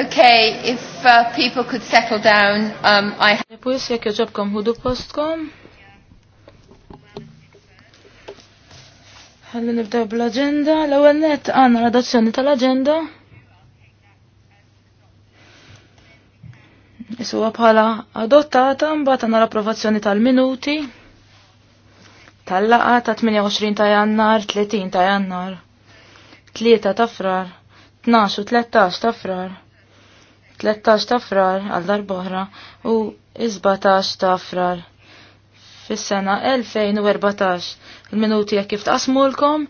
Okay, if uh, people could settle down, um, I... have... Pwis jek joġobkom hudu postkom. Għalli nibdew bl-agenda. L-ewwel net għandna radazzjoni tal-agenda. Isu għabħala adottata mbagħad għandna l-approvazzjoni tal-minuti tal-laqa ta' 28 ta' jannar, 30 ta' jannar, 3 ta' frar, 12 u 13 ta' frar. 13 ta' frar għal darboħra u 17 ta' frar fis-sena 2014. Il-minuti jekk kif taqsmulkom,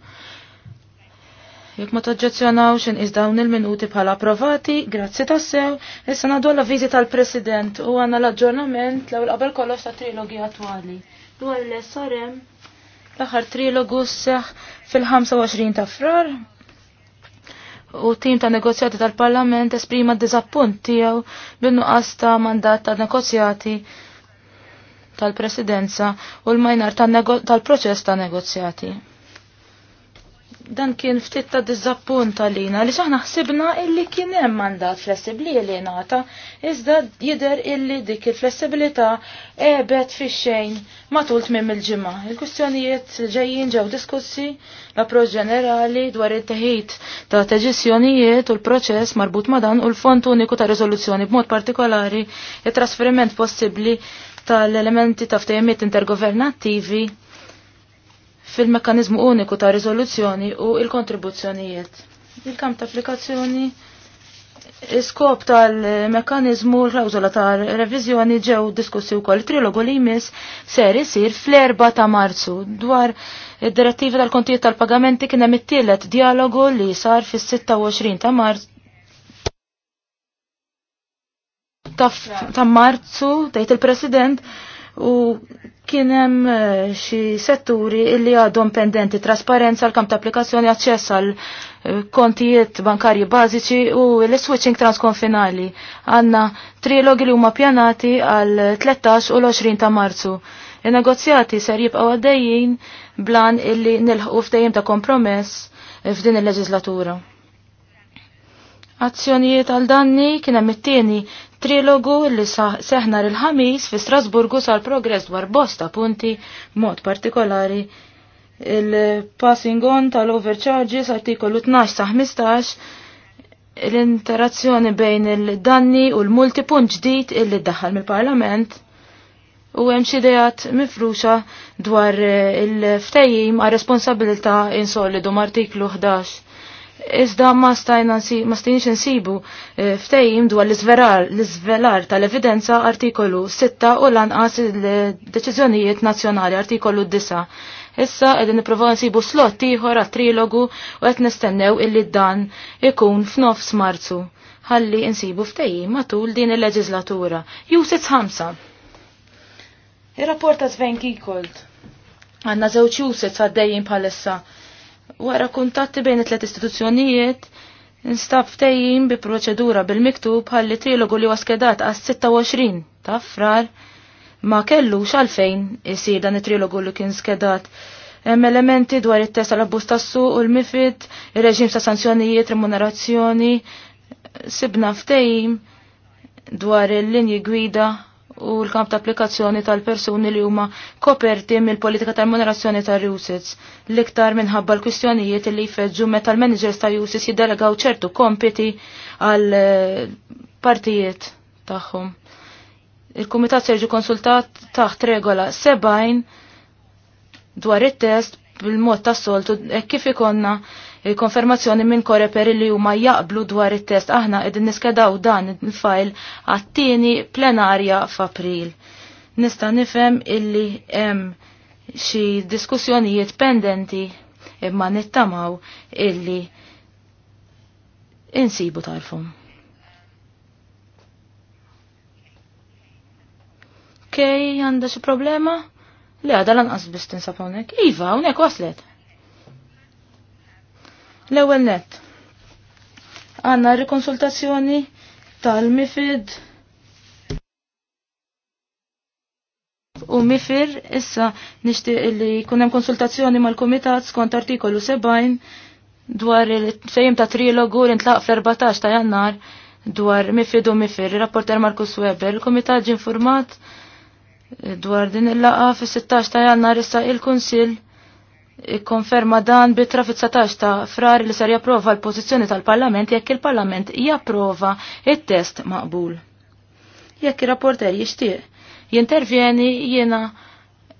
jekk ma toġġezzjonawx inqis dawn il-minuti bħala approvati, grazzi sew issa nagħdu għalla vizita tal-President u għanna l-aġġornament l-ewwel qabel kollox ta' trilogi attwali. Dwar l-SRM l-aħħar trilogu seħ fil-25 ta' frar u tim ta' negozjati tal-Parlament esprima d-dizappunt tiegħu bin-nuqqas ta' mandat ta' negozjati tal-Presidenza u l-majnar tal-proċess ta' negozjati dan kien ftit ta' diżappunt għalina li s'aħna ħsibna illi kien hemm mandat flessibbli li ngħata iżda jidher illi dik il-flessibilità ebet fix-xejn matul tmiem il-ġimgħa. Il-kwistjonijiet ġejjin ġew diskussi l-approċċ ġenerali dwar it-teħid ta' teġisjonijiet u l-proċess marbut ma' dan u l-fond uniku ta' riżoluzzjoni b'mod partikolari it-trasferiment possibbli tal-elementi ta' ftejmiet intergovernattivi fil-mekkanizmu uniku ta' riżoluzzjoni u il-kontribuzzjonijiet. Il-kamp ta' applikazzjoni Iskop tal-mekanizmu l-klawzola ta' revizjoni ġew diskussi wkoll trilogu li jmiss ser isir fl-4 ta' Marzu dwar id-direttiva tal-kontijiet tal-pagamenti kien hemm it-tielet dialogu li sar fis-26 ta' Marzu ta', ta Marzu tgħid il-President u kienem eh, xi setturi illi għadhom pendenti trasparenza l kamp ta' applikazzjoni aċċess għal eh, kontijiet bankarji bażiċi u l-switching transkonfinali. Għanna trilogi li huma pjanati għal 13 u l-20 ta' Marzu. Il-negozjati ser jibqgħu għaddejjin blan illi nilħqu f'dejjem ta' kompromess eh, f'din il-leġislatura azzjonijiet għal danni kien hemm it-tieni trilogu li seħnar il-ħamis fi Strasburgu sal progress dwar bosta punti mod partikolari il-passing on tal-overcharges artikolu 12 sa 15 l-interazzjoni bejn il-danni u l-multi punt ġdid illi ddaħħal mill-Parlament u hemm xi dejat mifruxa dwar il-ftejjim għar responsabilità insolidu mal-artiklu 11 Iżda ma stajna ma stajniex insibu eh, ftejim dwar l-izverar l-izvelar tal-evidenza artikolu 6 u lanqas il-deċiżjonijiet nazzjonali artikolu 9. Issa qegħdin nipprovaw nsibu slot ieħor għat-trilogu u qed nistennew illi dan ikun f'nofs Marzu ħalli nsibu ftejjim matul din il-leġislatura. Jusit ħamsa. Ir-rapport ta' Sven Kikold. Għanna zewċ jusit għaddejjin palissa. Wara kuntatti bejn it-tlet istituzzjonijiet, Instab ftejjim bi proċedura bil-miktub ħalli trilogu li waskedat għas 26 ta' frar ma kellu xalfejn isir dan it-trilogu li kien skedat. Hemm elementi dwar it-test tal-abbuż tassu u l-mifid, ir-reġim ta' sanzjonijiet, remunerazzjoni, sibna ftejjim dwar il-linji gwida u l-kamp ta' applikazzjoni tal-persuni li huma koperti mill-politika tal-monerazzjoni ta' Usits L-iktar minħabba l-kwistjonijiet li jfeġġu meta l-managers ta' usage jiddelegaw ċertu kompiti għal eh, partijiet tagħhom. Il-Kumitat serġu konsultat taħt regola 70 dwar it-test bil-mod tas-soltu e kif ikonna il-konfermazzjoni minn koreper li huma jaqblu dwar it-test aħna qegħdin niskedaw dan il-fajl għat-tieni plenarja f'April. Nista' nifhem illi hemm xi diskussjonijiet pendenti imma nittamaw illi insibu tarfum. Kej, għanda xi problema? Le, għadha lanqas biex tinsab hawnhekk. Iva, hawnhekk waslet. L-ewwel net. Għandna rikonsultazzjoni tal-MIFID u mifir issa nixtieq li jkun hemm konsultazzjoni mal-kumitat skont artikolu 70 dwar il-fejm ta' trilogu li ntlaq fl-14 ta' jannar dwar mifid u mifir. Rapporter Markus Weber, il-kumitat ġinformat dwar din il-laqa fis-16 ta' jannar issa il-Kunsill konferma dan bitra fit-19 ta' frari li ser japprova l-pożizzjoni tal-Parlament jekk il-Parlament japprova it-test maqbul. Jekk ir-rapporter jixtieq jintervjeni jiena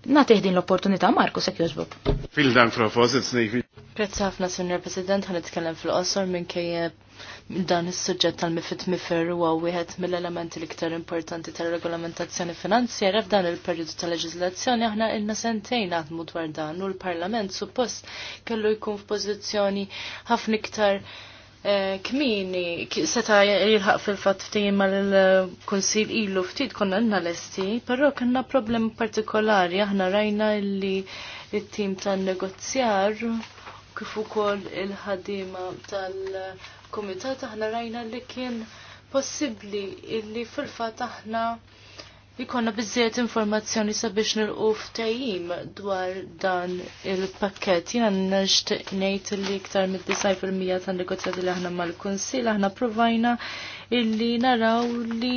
Na teħdin l-opportunità, Marku, sekk jożbok. Fil-dan, Frau snifi. Grazie ħafna, Sr. President, għan itkellem fil-qosor minn kejjeb dan is-suġġett tal-mifit mifer huwa wieħed mill-elementi l-iktar importanti tal-regolamentazzjoni finanzjera f'dan il periodu tal-leġiżlazzjoni aħna ilna sentejn naħdmu dwar dan u l-Parlament suppost kellu jkun f'pożizzjoni ħafna iktar Eh, kmini, seta jilħaq fil-fat ftijim l konsil ilu ftit konna għanna l-esti, pero kanna problem partikolari, aħna rajna li il-tim ta' negozjar kif ukoll il-ħadima tal-komitat, aħna rajna li kien possibli illi fil-fat aħna Ikonna bizziet informazzjoni sabiex nilqu tajim dwar dan il-pakket. Jina nishtiq nejt li iktar mid-9% ta' negozjati li aħna mal-Kunsil, aħna provajna illi naraw li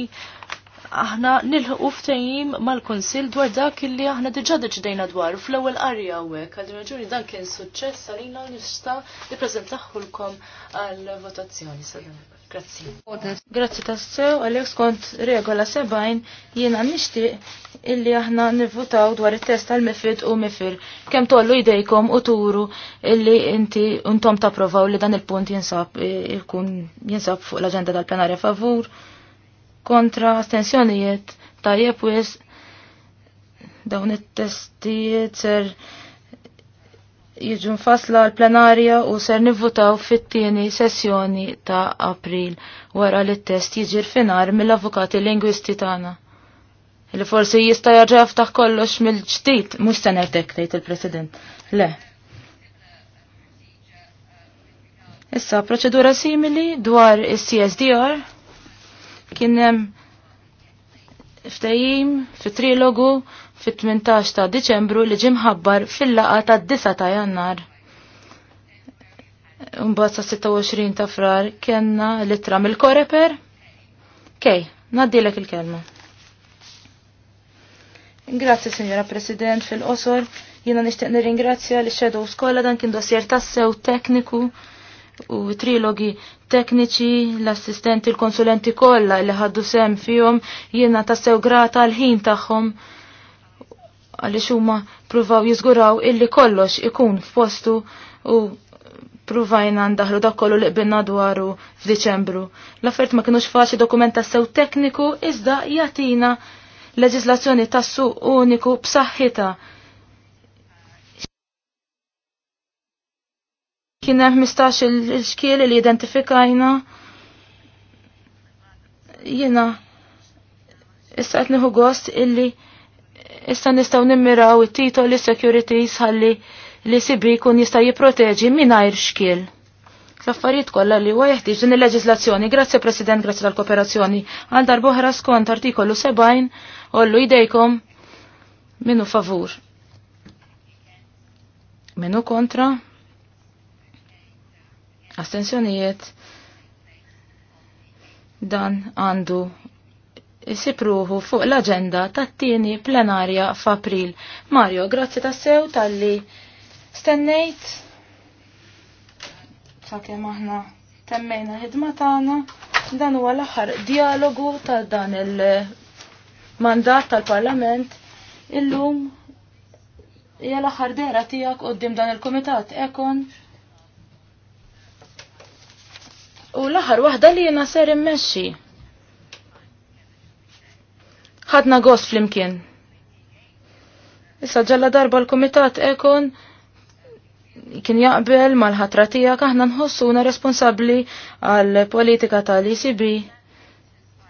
aħna nil-uf f'tajim mal-Kunsil dwar dak illi aħna diġa deċidejna dwar fl-ewwel qarja hawnhekk. Għal raġuni dan kien suċċess għalina nista' nippreżentaħħulkom għal votazzjoni sa' dan Grazzi. Grazzi tassew, għalek skont regola 70 jiena nixtieq illi aħna nivvutaw dwar it-test tal-mifid u mifir. Kemm tollu jdejkom u turu illi inti intom provaw li dan il-punt jinsab ikun jinsab fuq l-aġenda tal-plenarja favur kontra astensjonijiet tajjeb jepwis dawn it-testijiet ser jiġu nfasla l-plenarja u ser nivvutaw fit-tieni sessjoni ta' April wara li t-test jiġi finar mill-avukati lingwisti tagħna. Li forsi jista' jarġa' jaftaħ kollox mill-ġdid mhux se ngħidlek tgħid il-President. Le. Issa proċedura simili dwar is-CSDR kien hemm ftehim fit-trilogu fit-18 ta' Diċembru li ġim ħabbar fil-laqa ta' 9 ta' Jannar. Unbazza 26 ta' frar kellna litra mill-Koreper. Kej, naddilek il-kelma. Grazie, Signora President, fil-qosor. Jiena nixtieq nirringrazzja li Shadow Skola dan kien dosjer tassew tekniku u trilogi tekniċi, l-assistenti, l-konsulenti kollha li ħaddu sem fihom, jiena tassew grata l-ħin tagħhom għaliex huma pruvaw jiżguraw illi kollox ikun f'postu u pruvajna ndaħlu dak kollu li qbilna dwaru f'Diċembru. L-affert ma kienux faċi dokumenta sew tekniku iżda jatina leġislazzjoni tassu uniku b'saħħitha. Kien hemm 15 il-xkiel li identifikajna jiena issa qed gost illi issa nistgħu nimmiraw it-titoli securities ħalli li sibi kun jista' jipproteġi mingħajr xkiel. L-affarijiet kollha li huwa jeħtieġ din il-leġiżlazzjoni, grazzi President, grazzi tal-kooperazzjoni, għal darbohra skont artikolu 70, ollu idejkom minnu favur. Minnu kontra? Astensjonijiet? Dan għandu isipruħu fuq l-agenda tat-tieni plenarja f'April. Mario, grazzi tassew tal-li stennejt. Sakke aħna temmejna ħidma tagħna. Dan huwa l-aħħar dialogu ta' dan il-mandat tal-Parlament illum hija l-aħħar dera tiegħek qudiem dan il-Kumitat Ekon. U l-aħħar waħda li jiena ser immexxi ħadna gost flimkien. Issa ġalla darba l-Komitat Ekon kien jaqbel mal-ħatra tiegħek aħna nħossuna responsabbli għal politika tal icb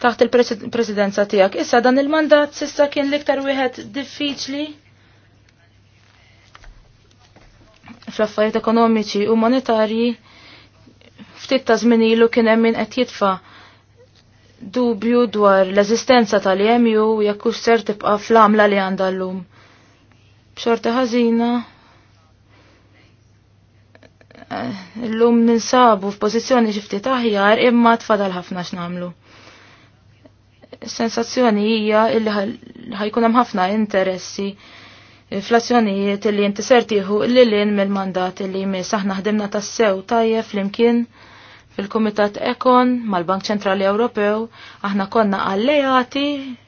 taħt il-presidenza tiegħek. Issa dan il-mandat sissa kien l-iktar wieħed diffiċli fl-affarijiet ekonomiċi u monetarji ftit ta' zmini ilu kien hemm min qed jitfa' dubju dwar l-eżistenza tal-EMU jekk hux ser tibqa' fl-għamla li għandha llum. B'xorta ħażina eh, llum ninsabu f'pożizzjoni xi ftit aħjar imma tfadal ħafna x'namlu. Sensazzjoni hija illi ħajkun hemm ħafna interessi fl-azzjonijiet illi inti ser tieħu lil mill-mandat illi jmiss aħna ħdimna sew tajjeb flimkien. imkien fil-Kumitat Ekon mal-Bank Ċentrali Ewropew aħna konna allejati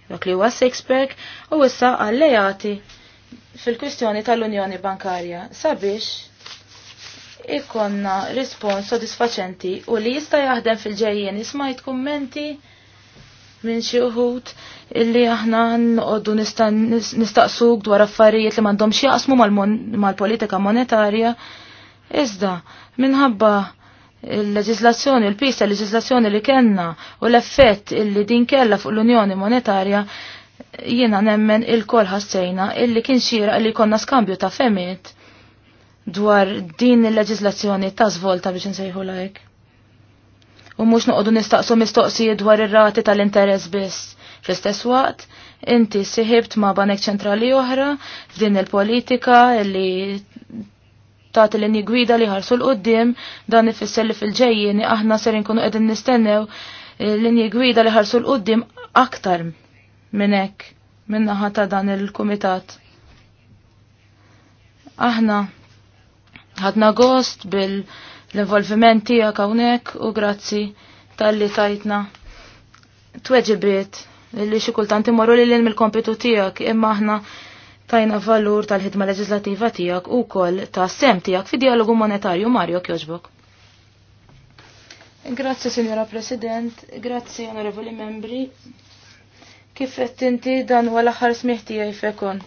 dak li huwa Sixpack u issa allejati fil-kwistjoni tal-Unjoni Bankarja sabiex ikonna rispons sodisfaċenti u li jista' jaħdem fil-ġejjien ismajt kummenti minn xi wħud illi aħna noqogħdu nistaqsuk dwar affarijiet li m'għandhomx jaqsmu mal-politika monetarja iżda minħabba il-leġislazzjoni, il-pista leġislazzjoni li kenna u l-effett illi din kella fuq l-Unjoni Monetarja jiena nemmen il-kol ħassejna illi kien xira li konna skambju ta' femit dwar din il-leġislazzjoni ta' zvolta biex nsejħu lajk. U mux noqdu nistaqsu mistoqsijiet dwar ir-rati tal-interess biss. Fl-istess waqt, inti siħibt ma' banek ċentrali oħra f'din il-politika li tagħti li gwida li ħarsu l-qoddim dan ifisser li fil ġejjini aħna ser inkunu qegħdin nistennew eh, li gwida li ħarsu l-qoddim aktar minn hekk min-naħa ta' dan il-kumitat. Aħna ħadna gost bil-involviment tiegħek hawnhekk u grazzi tal-li tajtna tweġibiet li xi kultant imorru lil mill-kompitu tiegħek imma aħna tajna valur tal-ħidma leġislativa tijak u kol ta' sem tijak fi dialogu monetarju Mario Kjoġbok. Grazie, Signora President, grazie, onorevoli membri. Kif qed inti dan wara aħħar smih tiegħi fekon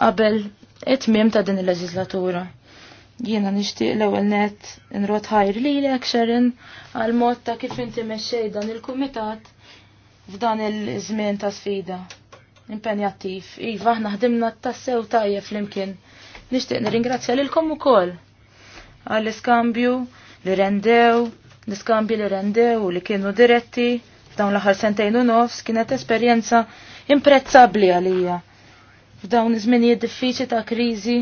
qabel it-tmiem ta' din il-leġislatura. Jiena nixtieq l-ewwel net inrod ħajr lilek Sharon għal mod ta' kif inti mexxej dan il-kumitat f'dan il-żmien ta' sfida impenjattif. Iva, aħna ħdimna tassew tajjeb flimkien. Nixtieq nirringrazzja lilkom ukoll għall-iskambju li rendew, l-iskambju li rendew li kienu diretti f'dawn l-aħħar sentejn u nofs kienet esperjenza imprezzabbli għalija. F'dawn iż-żminijiet ta' kriżi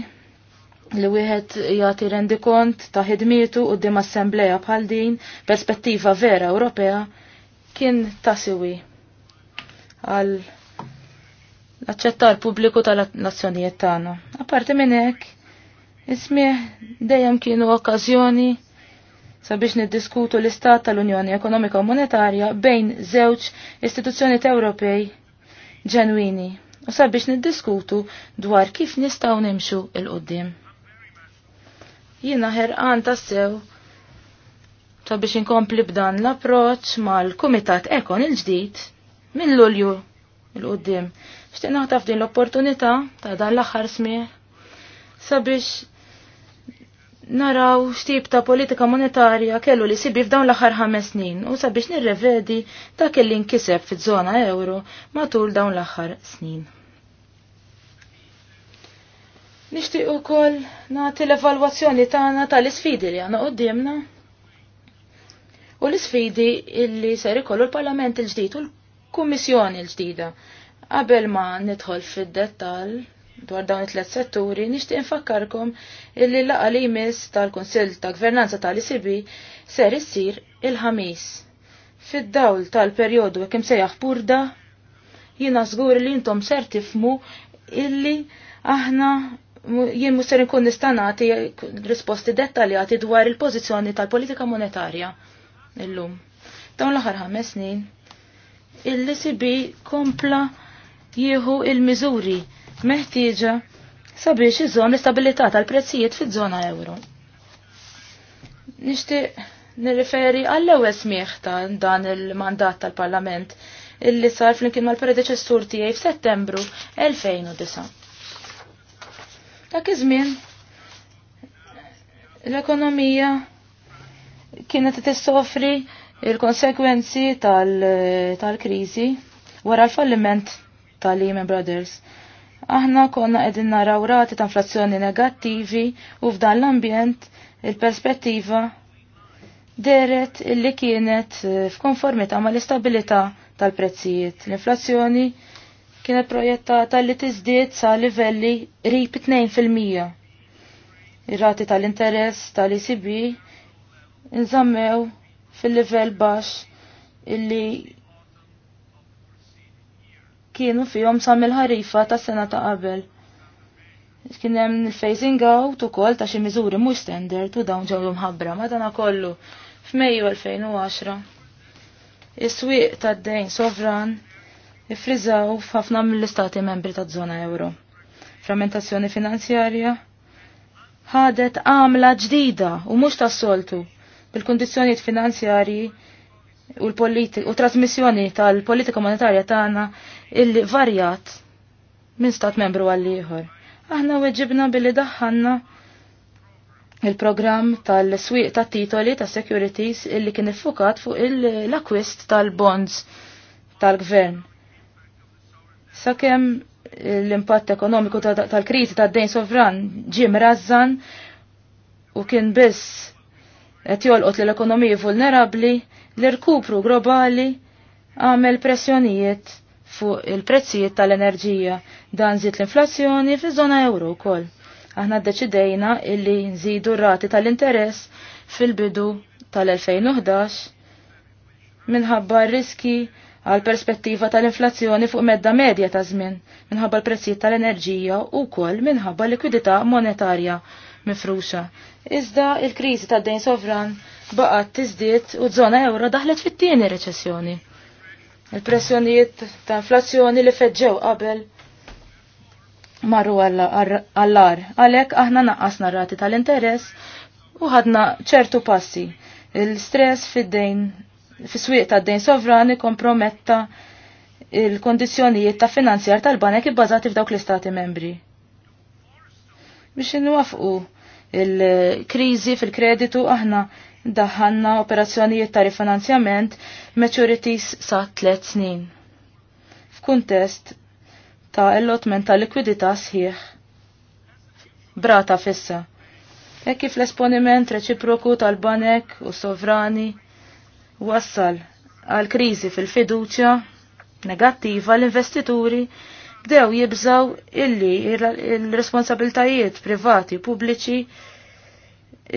li wieħed jagħti rendi kont ta' ħidmietu dim assembleja bħal din perspettiva vera Ewropea kien tasiwi għal l-aċċettar pubbliku tal-nazzjonijiet tagħna. Apparti minn hekk, ismih dejjem kienu okkażjoni sabiex niddiskutu l-istat tal-Unjoni Ekonomika u Monetarja bejn żewġ istituzzjonijiet Ewropej ġenwini u sabiex niddiskutu dwar kif nistgħu nimxu il-qudiem. Jiena ħerqan tassew sabiex inkompli b'dan l-approċ mal-Kumitat Ekon il-ġdid minn Lulju il-qoddim Xtiq naħtaf din l-opportunità ta' dan l-aħħar smieħ sabiex naraw xtib ta' politika monetarja kellu li sibi f'dawn l-aħħar ħames snin u sabiex nirrevedi ta' kelli nkiseb fiż-żona euro matul dawn l-aħħar snin. Nishtiq u koll nati l-evalwazzjoni tagħna tal-isfidi li għana qoddimna. U l-isfidi illi ser ikollu l-Parlament il-ġdid u l-Kummissjoni l-ġdida. Qabel ma nidħol fid-dettall dwar dawn it-tlet setturi, nixtieq infakkarkom illi laqa li jmiss tal-Kunsill ta' Gvernanza tal-ICB ser issir il-ħamis. Fid-dawl tal-perjodu kemm sejjaħ Purda, jiena żgur li intom ser tifmu illi aħna jien mhux ser inkun nista' nagħti risposti dettaljati dwar il-pożizzjoni tal-politika monetarja illum. Dawn l-aħħar ħames snin, il-ICB kompla jieħu il-miżuri meħtieġa sabiex iżżomm l-istabilità tal-prezzijiet fiż-żona euro. Nixtieq nirriferi għall-ewwel smieħ ta' dan il-mandat tal-Parlament illi sar flimkien mal-predeċessur tiegħi f'Settembru 2009. Dak iż-żmien l-ekonomija kienet tissofri il-konsekwenzi tal-kriżi wara l-falliment ta' Lehman Brothers. Aħna konna qegħdin naraw rati ta' inflazzjoni negattivi u f'dan l-ambjent il-perspettiva deret illi kienet eh, f'konformità ma' l-istabilità tal-prezzijiet. L-inflazzjoni kienet projettata li tizdiet sa' livelli rib 2%. Ir-rati tal-interess tal-ECB nżammew fil-livell baxx illi kienu fihom sa mill-ħarifa ta' sena ta' qabel. Kien hemm il-phasing out ukoll ta' xi miżuri mhux standard u dawn ġew ħabbra. madana kollu f'Mejju 2010. Is-swieq tad-dejn sovran ifriżaw f'ħafna mill-istati membri taż-żona euro. Frammentazzjoni finanzjarja ħadet għamla ġdida u mhux tas-soltu bil-kundizzjonijiet finanzjarji u trasmissjoni tal-politika monetarja tagħna illi varjat minn stat membru għal ieħor. Aħna weġibna billi daħħanna il-programm tal-swieq tat titoli ta' securities illi kien iffukat fuq l-akwist tal-bonds tal-gvern. Sakemm l-impatt ekonomiku tal-krizi tad-dejn sovran ġim razzan u kien biss qed jolqot l-ekonomiji vulnerabbli L-irkupru globali għamel pressjonijiet fuq il-prezzijiet tal-enerġija dan żied l-inflazzjoni fiż-żona euro wkoll. Aħna ddeċidejna illi nżidu r-rati tal-interess fil-bidu tal-2011 minħabba riski għal perspettiva tal-inflazzjoni fuq medda medja ta' żmien minħabba l-prezzijiet tal-enerġija u kol minħabba likwidità monetarja mifruxa. Iżda il-kriżi tad dejn sovran baqgħet tizdiet u żona euro daħlet fit-tieni reċessjoni. Il-pressjonijiet ta' inflazzjoni li feġġew qabel marru għallar. Għalhekk aħna naqqasna rati tal-interess u ħadna ċertu passi. Il-stress fid-dejn fis-swieq ta' dejn sovrani komprometta il-kondizjonijiet ta' finanzjar tal-banek ibbażati f'dawk l-istati membri. Biex nwafqu il-krizi fil-kreditu aħna daħanna operazzjonijiet ta' rifinanzjament maturities sa' tliet snin. F'kuntest ta' allotment ta' likwidità sħiħ. Brata fissa. E kif l-esponiment reċiproku tal-banek u sovrani wassal għal krizi fil-fiduċja negattiva l-investituri bdew jibżaw illi il-responsabiltajiet privati pubbliċi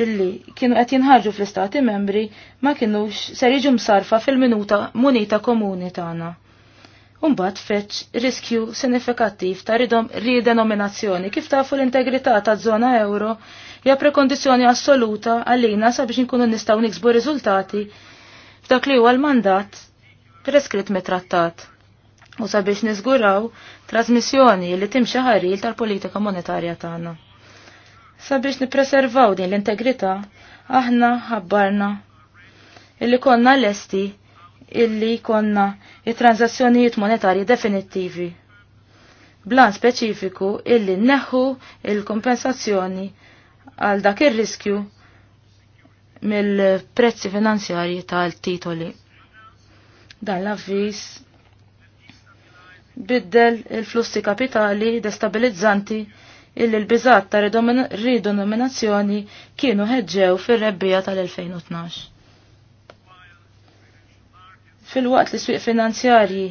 illi kienu qed jinħarġu fl-istati membri ma kienux ser jiġu msarfa fil-minuta munita komuni tagħna. Umbat feċ riskju sinifikattiv ta' ridom ridenominazzjoni kif tafu l-integrità ta' zona euro hija prekondizjoni assoluta għalina sabiex nkunu nistgħu niksbu riżultati f'dak li huwa l-mandat preskritt mit-trattat u sabiex niżguraw trasmissjoni li timxi ħaril tal-politika monetarja tagħna. Sabiex nippreservaw din l-integrità, aħna ħabbarna illi konna lesti illi konna it-transazzjonijiet monetarji definittivi. Blan speċifiku illi neħu il-kompensazzjoni għal dak ir-riskju mill-prezzi finanzjarji tal-titoli. Dan l avviz biddel il-flussi kapitali destabilizzanti illi l-bizat ta' ridominazzjoni kienu ħeġġew fir-rebbija tal-2012. Fil-waqt li swieq finanzjarji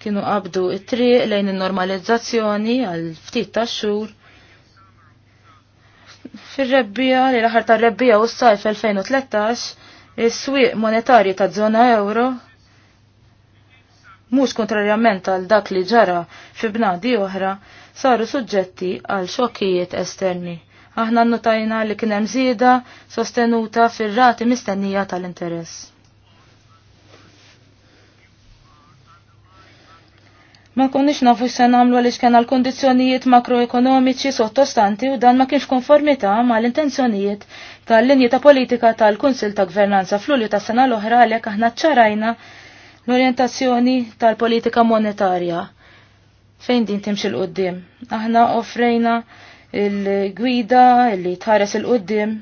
kienu qabdu it-triq lejn in-normalizzazzjoni għal ftit ta' xhur. Fir-rebbija li l-aħħar tar-rebbija u s-sajf 2013 is-swieq monetarji ta' żona euro mhux kontrarjament għal dak li ġara fi bnadi oħra, saru suġġetti għal xokkijiet esterni. Aħna notajna li kien hemm żieda sostenuta fir-rati mistennija tal-interess. Ma konniex nafu se nagħmlu għaliex kien l kundizzjonijiet makroekonomiċi sottostanti u dan ma kienx konformità mal-intenzjonijiet tal-linji ta' politika tal-Kunsil ta' Gvernanza fl-Ulju tas-sena l-oħra għalhekk aħna ċarajna l-orientazzjoni tal-politika monetarja fejn din timx il-qoddim. Aħna offrejna il-gwida li tħares il-qoddim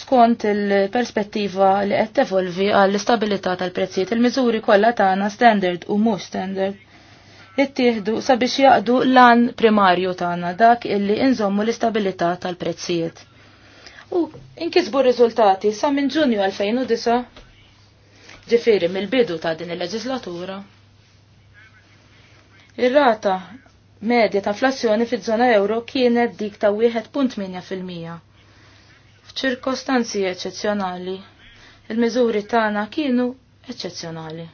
skont il-perspettiva li qed tevolvi għall-istabilità tal-prezzijiet. Il-miżuri kollha tagħna standard u mhux standard ittieħdu sabiex jaqdu lan primarju tagħna dak illi inżommu l-istabilità tal-prezzijiet u inkisbu rizultati sa minn ġunju 2009 ġifiri mill-bidu ta' din il-leġislatura. Ir-rata medja ta' inflazzjoni fiż-żona euro kienet dik ta' 1.8%. F'ċirkostanzi eċċezzjonali, il-miżuri tagħna kienu eċċezzjonali.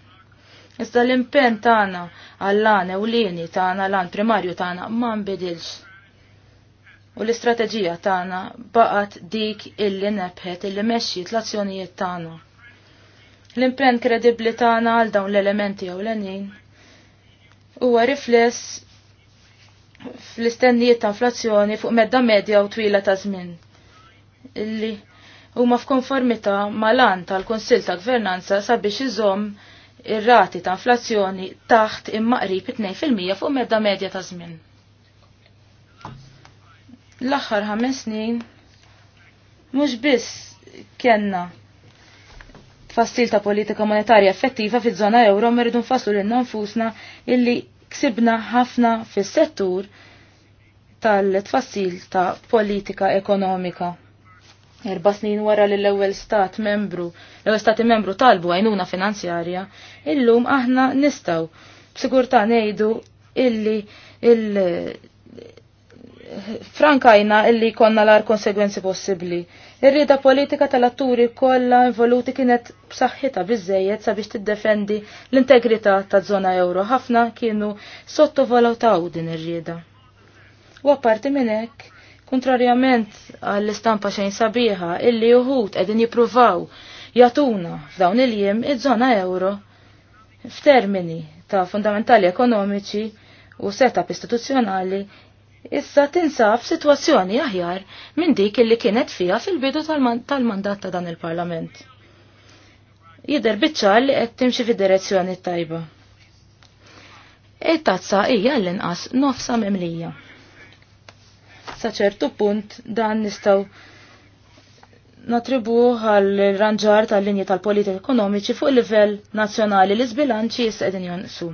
Iżda l-impenn tagħna għall għan ewlieni tagħna l għan primarju tagħna ma nbidilx. U l-istrateġija tagħna baqgħet dik illi nebħet illi mexxiet l-azzjonijiet tagħna. L-impenn kredibbli tagħna għal dawn l-elementi jew l-għenin huwa rifless fl-istennijiet ta' inflazzjoni fuq medda medja u twila ta' żmien. Illi huma f'konformità mal-an tal kunsill ta' Gvernanza sabiex iżomm ir-rati ta' inflazzjoni taħt imma qrib 2% fuq medda medja ta' żmien l-aħħar ħames snin mhux biss kienna tfassil ta' politika monetarja effettiva fiż-żona euro meridu nfasslu lil nfusna illi ksibna ħafna fis-settur tal-tfassil ta' politika ekonomika. Erba snin wara li l-ewwel stat membru, l-ewwel stati membru talbu għajnuna finanzjarja, illum aħna nistgħu b'sigurtà ngħidu illi frankajna illi konna l-ar konsegwenzi possibli. Ir-rieda politika tal-atturi kollha involuti kienet b'saħħitha biżejjed sabiex tiddefendi l-integrità taż-żona euro. Ħafna kienu sottovalutaw din ir-rieda. U apparti minn hekk, kontrarjament għall-istampa xejn sabiħa illi uħud qegħdin jippruvaw jatuna f'dawn il-jiem iż-żona euro f'termini ta' fundamentali ekonomiċi u setup istituzzjonali issa tinsab situazzjoni aħjar minn dik illi kienet fija fil-bidu tal-mandat ta' dan il-Parlament. Jider biċċar li qed timxi fid-direzzjoni tajba. Il-tazza hija l-inqas nofsa memlija. Sa ċertu punt dan nistaw natribu għal ranġar tal-linji tal-politika ekonomiċi fuq livell nazzjonali li sbilanċi qegħdin jonqsu.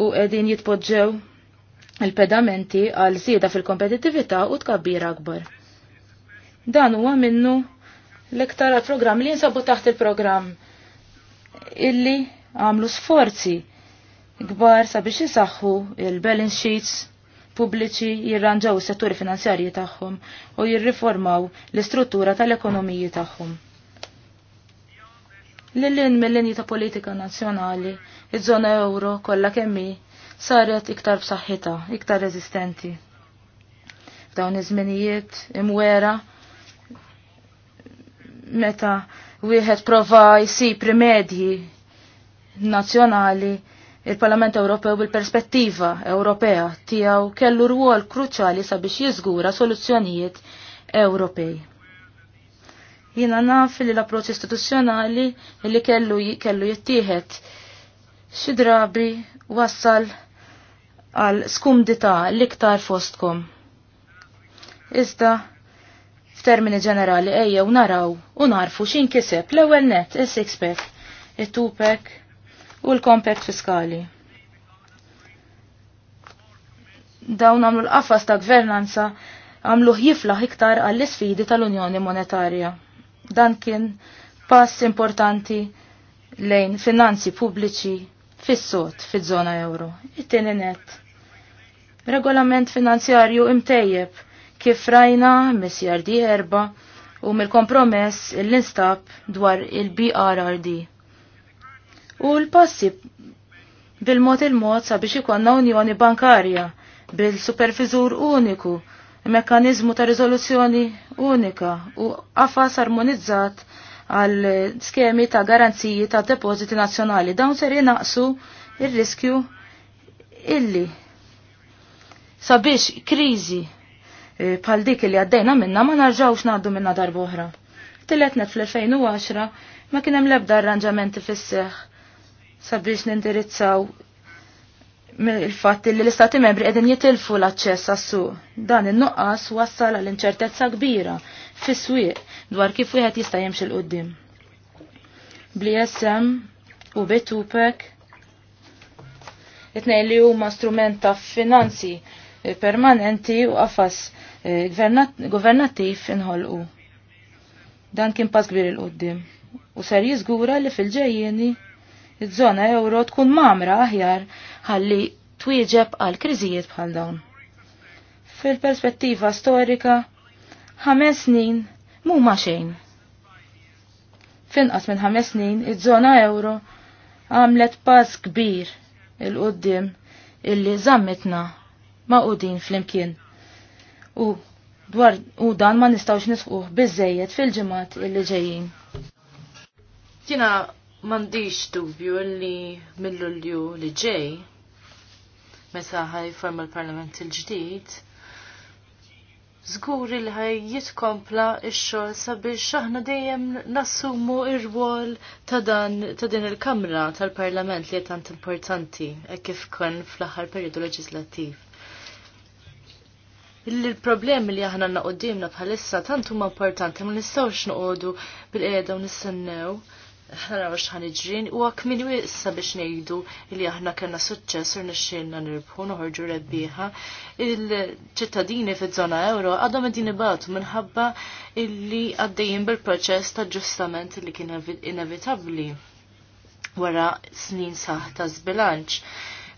U qegħdin jitpoġġew il-pedamenti għal zieda fil kompetitività u tkabbir akbar. Dan huwa minnu l-iktar għal li jinsabu taħt il-programm illi għamlu sforzi gbar sabiex jisaxħu il-balance sheets pubbliċi jirranġaw is-setturi finanzjarji tagħhom u jirriformaw l-istruttura tal-ekonomiji tagħhom. Lillin mill-linji ta' politika nazzjonali, iż-żona euro kollha kemm saret iktar b'saħħitha, iktar rezistenti. F'dawn iż-żminijiet imwera meta wieħed prova jsib rimedji nazzjonali il-Parlament Ewropew bil-perspettiva Ewropea tiegħu kellu rwol kruċjali sabiex jiżgura soluzzjonijiet Ewropej. Jiena naf li l-approċċ istituzzjonali li kellu jittieħed xi drabi wassal għal skumdita l-iktar fostkom. Iżda, f'termini ġenerali ejja u naraw u narfu xin kiseb l ewwel net, il-six-pack, il-two-pack u l-compact fiskali. Dawn għamlu l-qafas ta' gvernanza għamlu jiflaħ iktar għall-sfidi tal-Unjoni Monetarja. Dan kien pass importanti lejn finanzi pubbliċi fis-sot fiż-żona euro. It-tieni net regolament finanzjarju imtejjeb kif rajna mis di erba u mill-kompromess l-instab dwar il-BRRD. U l-passi bil-mod il-mod sabiex ikonna unjoni bankarja bil-supervizur uniku, mekanizmu ta' rizoluzzjoni unika u għafas armonizzat għal skemi ta' garanziji ta' depoziti nazzjonali. Dawn ser jinaqsu il-riskju illi sabiex kriżi bħal eh, dik li għaddejna minna ma narġawx ngħaddu minna darba oħra. Tilletnet fl-2010 ma kien hemm l-ebda arranġamenti fis-seħħ sabiex nindirizzaw il fatti li l-istati membri qegħdin jitilfu l-aċċess għas-suq. Dan in-nuqqas wassal għal inċertezza kbira fis dwar kif wieħed jista' jimxi l qudiem Bl-ISM u bitupek it-tnejn li huma strument ta' finanzi permanenti u għafas eh, governattiv inħolqu. Dan kien pass kbir il-qoddim. U ser jiżgura li fil-ġejjeni iż-żona euro tkun mamra aħjar ħalli twieġeb għal kriżijiet bħal dawn. Fil-perspettiva storika, ħames snin mu xejn. Finqas minn ħames snin iż-żona euro għamlet pass kbir il-qoddim illi zammitna ma' u din flimkien. U dwar u dan ma nistawx nisquh biżejjed fil-ġimgħat illi ġejjin. Jiena m'għandix dubju li mill-Lulju li ġej meta ħajforma l-Parlament il-ġdid Zgur li ħaj jitkompla ix-xogħol sabiex aħna dejjem nassumu ir wol ta' dan ta' din il-Kamra tal-Parlament li tant importanti e kif kon fl-aħħar perjodu leġislattiv il-problemi li aħna naqoddimna bħalissa tant huma importanti ma nistgħux noqogħdu bil-qiegħda u nistennew aħna naraw x'ħan iġrin u għak min wisa biex ngħidu li aħna kellna suċċess u nixxielna nirbħu noħorġu rebbieħa. Il-ċittadini fiż-żona euro għadhom qegħdin ibatu minħabba illi għaddejjin bil-proċess ta' ġustament li kien inevitabbli wara snin saħ ta' zbilanċ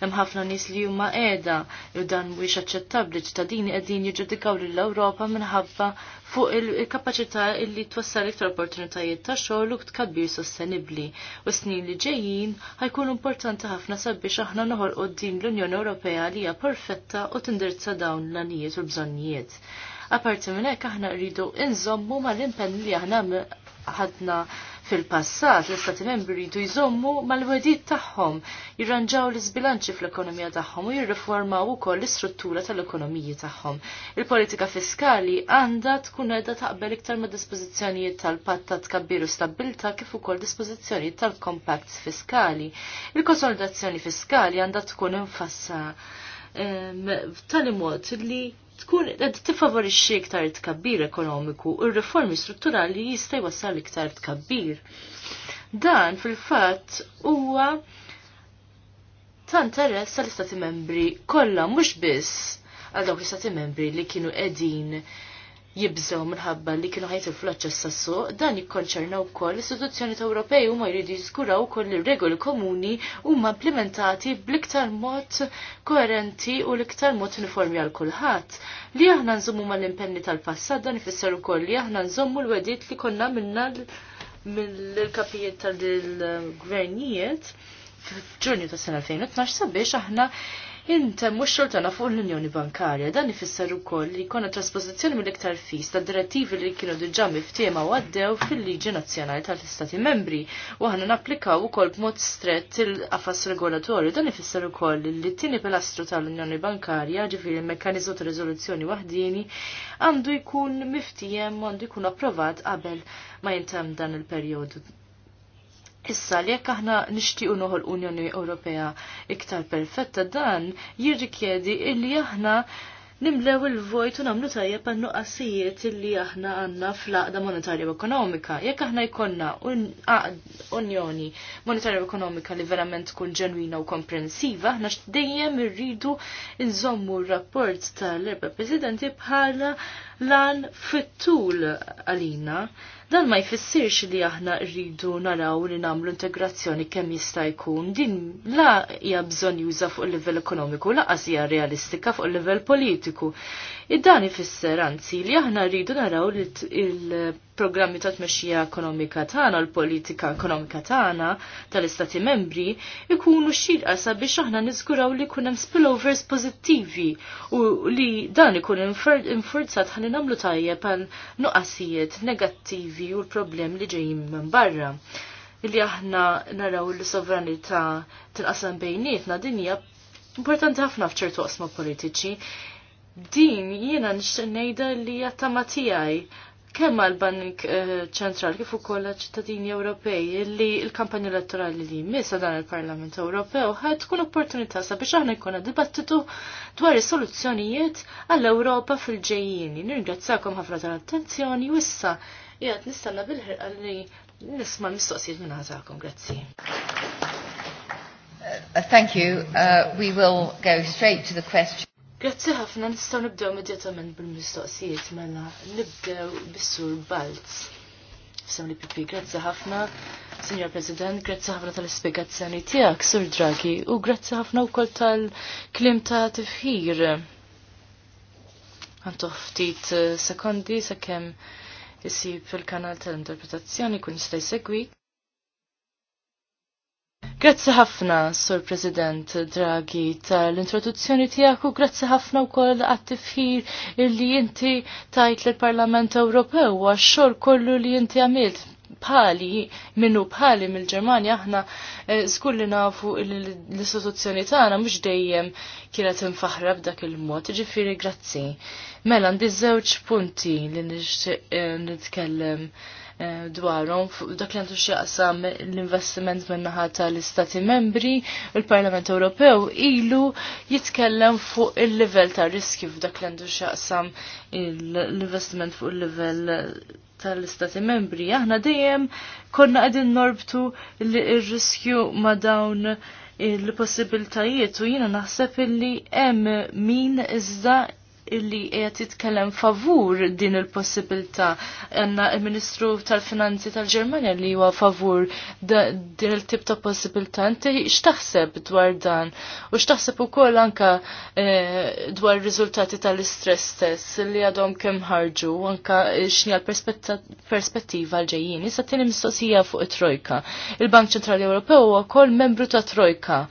hemm ħafna nies li huma qiegħda u dan mhuwiex aċċettabbli ċittadini qegħdin jiġġudikaw lill-Ewropa minħabba fuq il kapaċità illi twassal iktar opportunitajiet ta' xogħol u tkabbir sostenibbli. U snin li ġejjin ħajkun importanti ħafna sabiex aħna noħol din l-Unjoni Ewropea li hija perfetta u tindirizza dawn l-anijiet u l-bżonnijiet. Aparti minn hekk aħna rridu inżommu mal-impenn li aħna ħadna Fil-passat, l-Istati membri jridu jżommu mal-wedid tagħhom, jirranġaw l-isbilanċi fl-ekonomija tagħhom u jirriformaw ukoll l-istruttura tal-ekonomiji tagħhom. Il-politika fiskali għandha tkun edha taqbel iktar ma' dispożizzjonijiet tal-patta tkabbir u stabilta kif ukoll dispożizzjonijiet tal-kompakt fiskali. Il-konsolidazzjoni fiskali għandha tkun infassa ehm, tal mod li tkun qed tifavorixxi iktar tkabbir ekonomiku u r-riformi strutturali jista' jwassal iktar tkabbir. Dan fil-fatt huwa ta' interess għall istati membri kollha mhux biss għal dawk l-istati membri li kienu qegħdin jibżaw minħabba li kienu ħajt il-flotċa s suq dan jikkonċerna kol l-istituzzjonijiet Ewropej huma jridu jizguraw kol l regoli komuni huma implementati bl-iktar mod koerenti u l-iktar mod uniformi għal kulħadd. Li aħna nżommu mal-impenni tal-passat dan ifisser ukoll li aħna nżommu l-wedit li konna minna mill-kapijiet tal-gvernijiet f'Ġunju tas sena 2012 sabiex aħna intemmu mux xoltana fuq l-Unjoni Bankarja. Dan ifisser ukoll li jkollna trasposizjoni mill-iktar fis ta' direttivi li kienu diġà miftiema u għaddew fil-Liġi Nazzjonali tal-Istati Membri u aħna napplikaw ukoll b'mod strett il-qafas regolatorju. Dan ifisser ukoll li t-tieni pilastru tal-Unjoni Bankarja, ġifiri l-mekkaniżmu ta' rizoluzzjoni wahdini, għandu jkun miftijem għandu jkun approvat qabel ma jintemm dan il-perjodu Issa li jekk aħna nixtiequ noħol Unjoni Ewropea iktar perfetta dan jirrikjedi illi aħna nimlew il-vojt u nagħmlu tajjeb għan nuqqasijiet illi aħna għandna fl-aqda monetarja u ekonomika. Jekk aħna jkollna Unjoni Monetarja u Ekonomika li verament tkun ġenwina u komprensiva, aħna dejjem irridu nżommu r-rapport tal-erba' Presidenti bħala lan fit-tul għalina Dan ma jfissirx li aħna rridu naraw li namlu integrazzjoni kemm jista' jkun din la hija bżonn juża fuq il-livell ekonomiku laqas hija realistika fuq il-livell politiku. Id-dan ifisser anzi li aħna rridu naraw li il programmi ta' tmexxija ekonomika tagħna, l-politika ekonomika tagħna tal-Istati Membri ikunu xilqa sabiex aħna niżguraw li jkun hemm spillovers pożittivi u li dan ikun infurzat ħalli nagħmlu tajjeb għal nuqqasijiet negattivi u l-problemi li ġejjin minn barra li aħna naraw l-sovranità tinqasam bejnietna din hija importanti ħafna f'ċertu qosma politiċi. Din jiena nixtieq ngħidha li hija tama tiegħi kemm għal bank eh, ċentrali kif ukoll ċittadini Ewropej li l-kampanja elettorali li jmissa dan il-Parlament Ewropew ħad tkun opportunità sabiex aħna jkunna dibattitu dwar is-soluzzjonijiet għall-Ewropa fil-ġejjin. Nirringrazzjakom ħafna tal-attenzjoni u issa qiegħed nistanna bil-ħirqa li nisma' mistoqsijiet minn ħażakom. Grazzi. Uh, thank you. Uh, we will go straight to the question. Grazzi ħafna nistgħu nibdew immedjatament bil-mistoqsijiet mela nibdew bis-sur Balz. F'sem li pipi, grazzi ħafna, Signor President, grazzi ħafna tal-ispjegazzjoni tiegħek, Sur Draghi, u grazzi ħafna wkoll tal-klim ta' tifħir. Għantu ftit eh, sekondi sakemm isib fil-kanal tal-interpretazzjoni kun jista' jsegwik. Grazzi ħafna, Sur President Draghi, tal-introduzzjoni tiegħek u grazzi ħafna wkoll għat-tifħir li inti tajt lill-Parlament Ewropew għax-xogħol kollu li inti għamilt bħali, minnu bħali mill-Ġermanja, aħna zgur eh, li nafu l-istituzzjoni tagħna mhux dejjem kienet infaħra b'dak il-mod, ġifieri grazzi. Mela, għandi żewġ punti li nixtieq eh, nitkellem dwarhom dak li għandu x'jaqsam l-investiment min-naħa tal-Istati Membri, il-Parlament Ewropew ilu jitkellem fuq il-livell ta' riski f'dak li għandu x'jaqsam l-investiment fuq il-livell tal-istati membri, aħna dejjem konna għedin norbtu l-riskju ma dawn il-possibiltajiet u jina naħseb illi hemm min iżda illi qiegħed jitkellem favur din il-possibilità. Għandna il-Ministru tal-Finanzi tal-Ġermanja li huwa favur din il-tip ta' possibilità. Inti x'taħseb dwar dan? U x'taħseb ukoll anke eh, dwar riżultati tal-istress test li għadhom kemm ħarġu anka x'nija l-perspettiva l-ġejjin. Issa tieni mistoqsija fuq it-Trojka. Il-Bank Ċentrali Ewropew huwa wkoll membru ta' Trojka.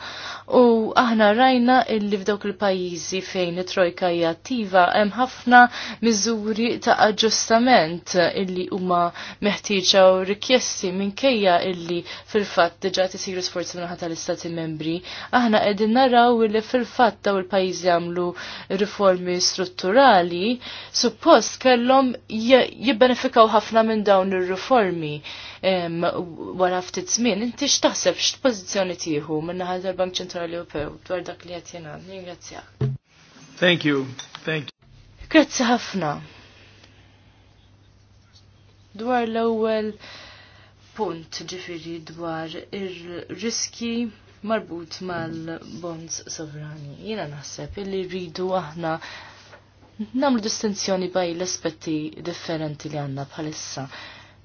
U aħna rajna illi f'dawk il-pajjiżi fejn it-Trojka hija attiva iva hemm ħafna miżuri ta' aġġustament illi huma meħtieġa u rikjesti minkejja illi fil-fatt diġà tisiru sforzi minħata tal-istati membri. Aħna qegħdin naraw illi fil-fatt daw il-pajjiżi jagħmlu riformi strutturali suppost kellhom jibbenefikaw ħafna minn dawn ir-riformi wara ftit żmien. Inti x'taħseb x'pożizzjoni tieħu minn naħa tal-Bank Ċentrali Ewropew dwar dak li qed jingħad. Ringrazzjak. Thank you. Thank you. Grazzi ħafna. Dwar l-ewwel punt ġifiri dwar ir-riski marbut mal-bonds sovrani. Jiena naħseb li rridu aħna namlu distinzjoni baj l-aspetti differenti li għandna bħalissa.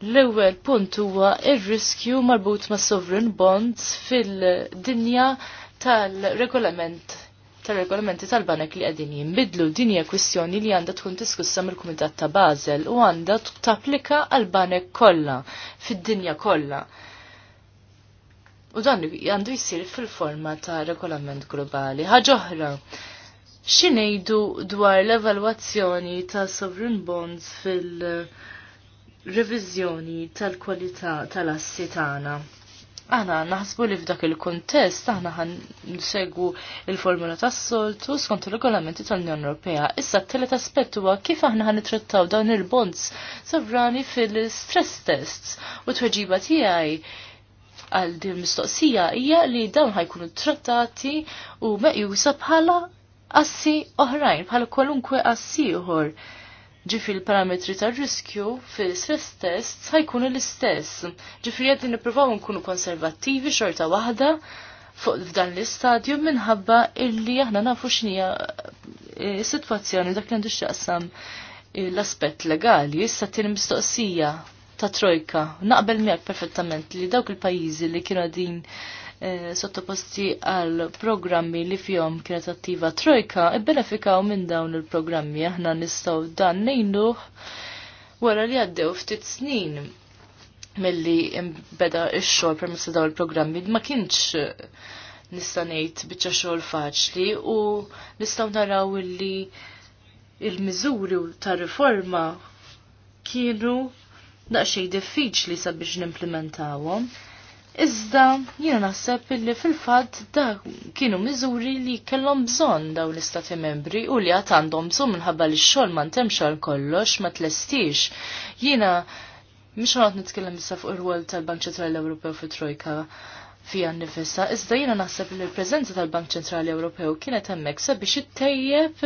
L-ewwel punt huwa ir-riskju marbut ma' sovereign bonds fil-dinja tal-regolament tar-regolamenti tal-banek li qegħdin jinbidlu din hija kwistjoni li għandha tkun diskussa mill-Kumitat ta' Bazel u għandha tapplika għal banek kollha fid-dinja kollha. U dan għandu jsir fil-forma ta' regolament globali. Ħaġa oħra, x'inejdu dwar l-evalwazzjoni ta' sovereign bonds fil- revizjoni tal-kwalità tal-assi tagħna. Aħna naħsbu li f'dak il-kontest aħna ħan nsegwu il-formula tas-solt u skont il-regolamenti tal-Unjoni Ewropea. Issa t-telet aspett huwa kif aħna ħan nittrattaw dawn il-bonds sovrani fil-stress tests u tweġiba tiegħi għal din mistoqsija hija li dawn ħajkunu trattati u meqjusa bħala assi oħrajn bħala kwalunkwe assi ieħor. Ġifi l-parametri tar riskju fil-stress test ħajkunu l-istess. Ġifri għed niprofaw nkunu konservattivi xorta waħda fuq f'dan l-istadju minħabba illi aħna nafu x'nija e, situazzjoni dak li għandu x'jaqsam l-aspett legali. Issa t mistoqsija ta' trojka. Naqbel miegħek perfettament li dawk il-pajjiżi li kienu din Eh, sottoposti għal programmi li fjom kienet attiva trojka ibbenefikaw minn dawn il-programmi aħna nistaw dan nejnuh wara li għaddew ftit snin milli beda ix-xogħol permezz dawn il-programmi ma kienx eh, nista' ngħid biċċa xogħol faċli u nistgħu naraw li il-miżuri ta' riforma kienu daqsxejn diffiċli sabiex nimplementawhom. Iżda jiena naħseb li fil-fatt da kienu miżuri li kellhom bżonn daw l-istati membri u li għad għandhom bżonn minħabba li x-xogħol ma ntemx għal kollox ma tlestix. Jiena mhux ħadd nitkellem issa fuq ir-rwol tal-Bank Ċentrali Ewropew fit-Trojka fija nifissa, iżda jiena naħseb li l prezenza tal-Bank Ċentrali Ewropew kienet hemmhekk sabiex ittejjeb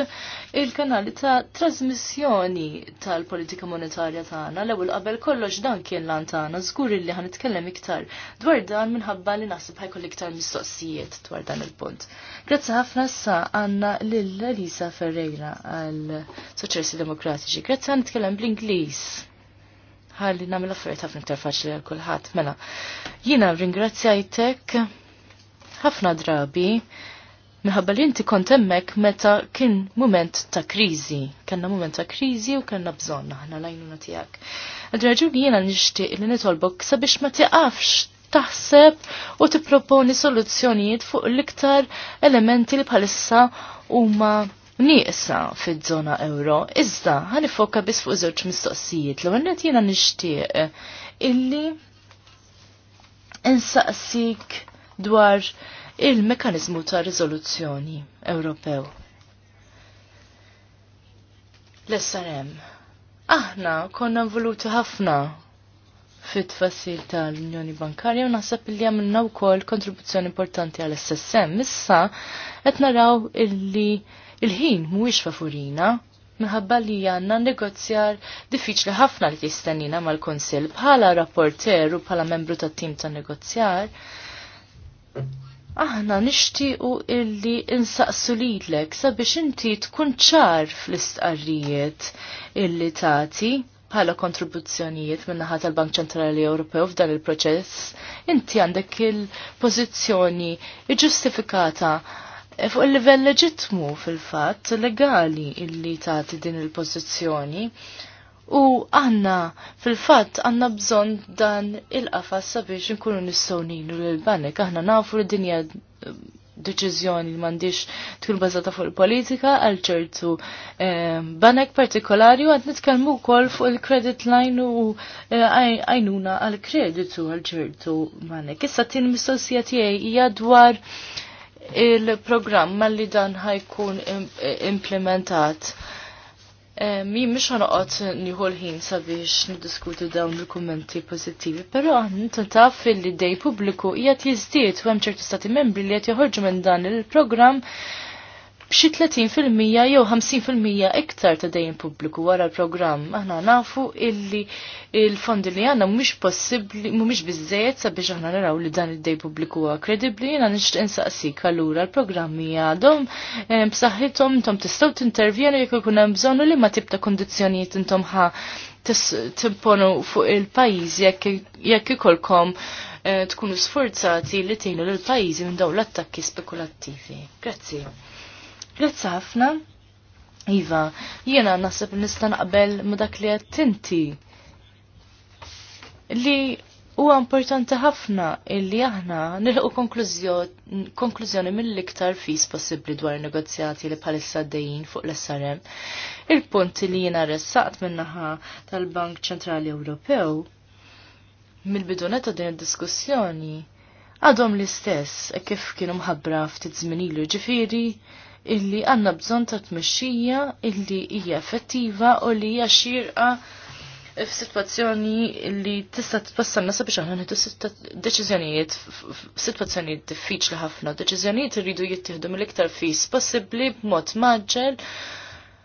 il-kanali ta' trasmissjoni tal-politika monetarja tagħna l-ewwel qabel kollox dan kien lan tagħna żgur li ħanitkellem iktar dwar dan minħabba li naħseb ħajkun iktar mistoqsijiet dwar dan il-punt. Grazzi ħafna sa għandna lil Elisa Ferreira għal Soċjalisti Demokratiċi. Grazzi ħanitkellem bl-Ingliż ħalli nagħmel affarijiet ħafna iktar faċli għal kulħadd. Mela, jiena ringrazzjajtek ħafna drabi minħabba li inti kont hemmhekk meta kien mument ta' kriżi. Kenna mument ta' kriżi u kellna bżonn aħna lajnuna tiegħek. Għad-raġuni jiena nixtieq li nitolbok sabiex ma tiqafx taħseb u tipproponi soluzzjonijiet fuq l-iktar elementi li bħalissa huma nieqsa fid-żona euro, iżda ħanifoka biss fuq żewġ mistoqsijiet l għannet jiena nixtieq illi insaqsik dwar il-mekanizmu ta' riżoluzzjoni Ewropew. L-SRM. Aħna konna involuti ħafna fit tfassil tal-Unjoni Bankarja u naħseb li għamilna wkoll kontribuzzjoni importanti għal SSM. Issa qed naraw illi Il-ħin mhuwiex favorina minħabba li għanna negozjar diffiċli ħafna li tistennina mal-Konsil bħala rapporter u bħala membru tat tim ta' negozjar. Aħna nixtiequ illi insaqsu lilek sabiex inti tkun ċar fl-istqarrijiet illi tagħti bħala kontribuzzjonijiet minnaħat tal-Bank Ċentrali Ewropew f'dan il-proċess, inti għandek il-pożizzjoni ġustifikata il Eh, fuq il-livell leġitmu fil-fatt legali illi tagħti din il-pożizzjoni. U għanna fil-fatt għanna bżon dan il-qafas sabiex nkunu nistgħu nilu l-banek. Aħna nafu li dinja eh, deċiżjoni li m'għandix tkun bażata fuq il-politika għal ċertu eh, banek partikolari u għad nitkellmu wkoll fuq il-credit line u għajnuna għal kreditu għal ċertu banek. Issa tin mistoqsija tiegħi hija dwar il-programm li dan ħajkun implementat. Eh, mi mhux ħanoqgħod nieħu ħin sabiex nidiskutu dawn il-kummenti pożittivi, però inti taf li dej pubbliku qiegħed jiżdied u hemm ċerti stati membri li qed joħorġu minn dan il-programm b'xi 30% jew 50% iktar ta' dejjem pubbliku wara l-programm. Aħna nafu illi il-fondi li għandna mhumiex possibbli mhumiex biżejjed sabiex aħna naraw li dan id-dej pubbliku huwa kredibbli, jiena nixtieq insaqsik allura l-programmi għadhom eh, b'saħħithom intom tistgħu tintervjenu jekk ikun hemm bżonn li ma tibta kondizzjonijiet intom ħa timponu fuq il-pajjiż jekk ikolkom eh, tkunu sforzati li tgħinu lill-pajjiżi minn dawn l-attakki spekulattivi. Grazzi. Grazzi ħafna. Iva, jiena naħseb nista' naqbel ma' dak li qed Li huwa importanti ħafna illi aħna nilħu konklużjoni mill-iktar fis possibbli dwar negozjati li bħalissa dejjin fuq l-SRM. Il-punt li jiena ressaqt min-naħa tal-Bank Ċentrali Ewropew mill bidunetta din id-diskussjoni għadhom l-istess kif kienu mħabbra ftit żmien ġifiri illi għanna bżon ta' tmexxija illi hija effettiva u li hija xirqa f'sitwazzjoni li tista' nasa sabiex aħna nieħdu deċiżjonijiet f'sitwazzjonijiet diffiċli ħafna. Deċiżjonijiet irridu jittieħdu mill-iktar fis possibbli b'mod maġġel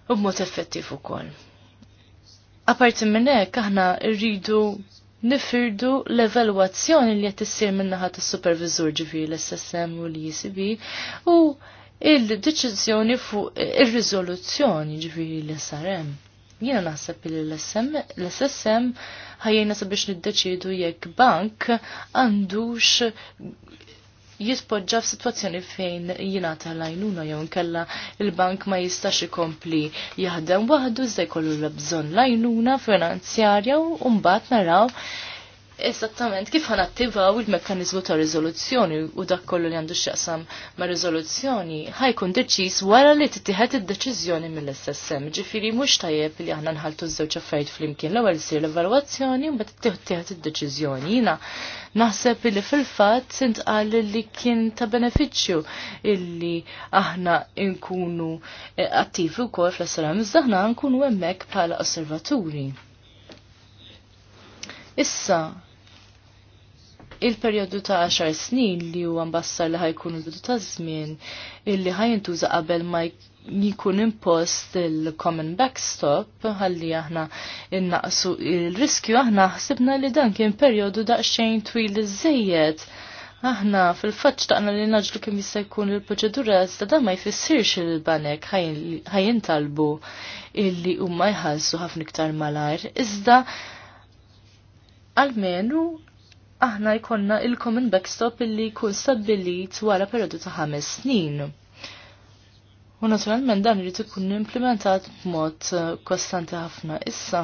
u b'mod effettiv ukoll. Aparti minn hekk aħna rridu nifirdu l-evalwazzjoni li qed issir min-naħa tas-supervisur ġifieri l-SSM u l-ECB u il-deċizjoni fuq il-rizoluzzjoni ġifiri l-SRM. Jiena naħseb il l-SSM ħajjena sabiex niddeċidu jekk bank għandux jitpoġġa f'sitwazzjoni fejn jingħata lajnuna jew nkella il-bank ma jistax ikompli jaħdem waħdu iżda jkollu l bżon lajnuna finanzjarja u mbagħad naraw Esattament, kif ħan attivaw il mekanizmu ta' rizoluzzjoni u dak kollu li għandu xaqsam ma' rizoluzzjoni ħajkun deċis wara li t-tiħet id-deċizjoni mill-SSM. Ġifiri mux tajjeb li ħana nħaltu żewġ affarijiet flimkien l-ewwel sir l evaluazzjoni u mbagħad tiħet id-deċiżjoni. Jiena naħseb li fil-fatt intqal li kien ta' benefiċċju illi aħna nkunu eh, attivi wkoll fl-SSM zaħna aħna nkunu hemmhekk bħala osservaturi. Issa, il-perjodu ta' 10 snin li huwa mbassar li ħajkun il-bidu ta' żmien illi ħajintuża qabel ma jikun impost il-common backstop ħalli aħna innaqsu il-riskju aħna ħsibna li dan kien perjodu daqsxejn twil iż Aħna fil-faċ taqna li naġlu kemm jista' jkun il-proċedura iżda dan ma jfissirx il-banek ħajintalbu illi huma jħallsu ħafna iktar malajr iżda għalmenu aħna jkonna il-common backstop illi jkun stabbilit wara periodu ta' ħames snin. U naturalment dan irid ikun implementat b'mod eh, kostanti ħafna issa.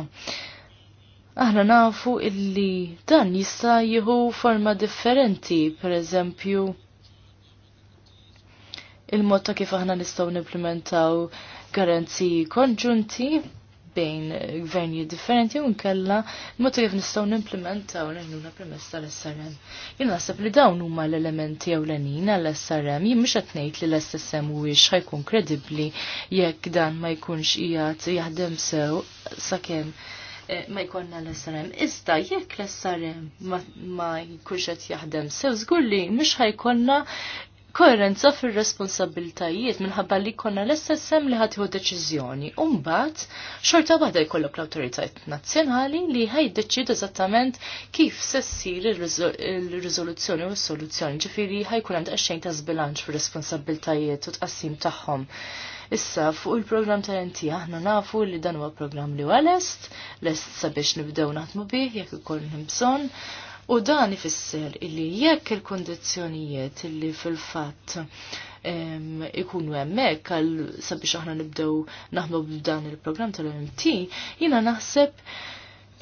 Aħna nafu illi dan jista' jieħu forma differenti, pereżempju il-mod ta' kif aħna nistgħu nimplementaw garanziji konġunti bejn gvernijiet differenti u nkella mod kif nistgħu nimplementaw l-għajnuna permezz tal-SRM. Jien naħseb li dawn huma l-elementi ewlenin għall-SRM jien mhux qed ngħid li l-SSM huwiex ħajkun kredibbli jekk dan ma jkunx qiegħed jaħdem sew sakemm eh, ma jkollna l-SRM. Iżda jekk l-SRM ma jkunx qed jaħdem sew żgur li mhux korrenza fil-responsabiltajiet minħabba li konna l-SSM li ħatiħu deċizjoni. Umbat, xorta bada jkollok l-autoritajt nazzjonali li ħajdeċid eżattament kif sessir il-rizoluzzjoni u s-soluzzjoni, ġifiri ħajkun għand xejn ta' zbilanċ fil-responsabiltajiet u tqassim tagħhom. Issa fuq il-programm tal-enti aħna nafu li dan huwa programm li għalest, lest sabiex nibdew naħdmu bih jekk ikoll bżonn U dan ifisser illi jekk il-kondizjonijiet illi fil-fatt ikunu hemmhekk għal sabiex aħna nibdew naħmu b'dan il-programm tal-MT, jiena naħseb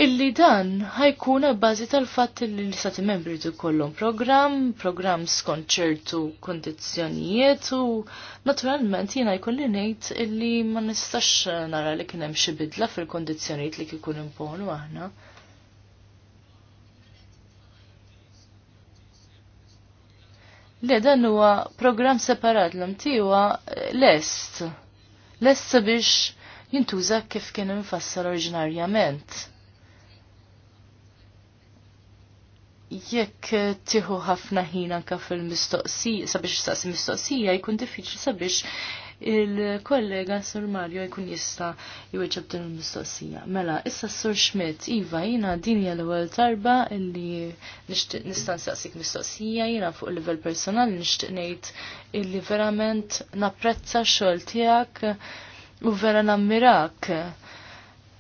Illi dan ħajkun bażi tal-fatt li l-istati membri kollhom program, program skont ċertu kondizzjonijiet u naturalment jiena jkolli ngħid illi ma nistax nara li kien hemm xi bidla fil-kondizzjonijiet li kikun imponu aħna. Le dan huwa programm separat l tiwa eh, lest. Lest sabiex jintuża kif kien infassal oriġinarjament. jekk tieħu ħafna ħin anka fil-mistoqsija sabiex staqsi mistoqsija jkun diffiċli sabiex il-kollega Sur Mario jkun jista' jweċab din il-mistoqsija. Mela, issa Sur Schmidt, Iva, jina din hija l-ewwel tarba illi nixtieq nista' nsaqsik mistoqsija Jina fuq il-livell personal nixtieq ngħid illi verament napprezza xol xogħol tiegħek u vera nammirak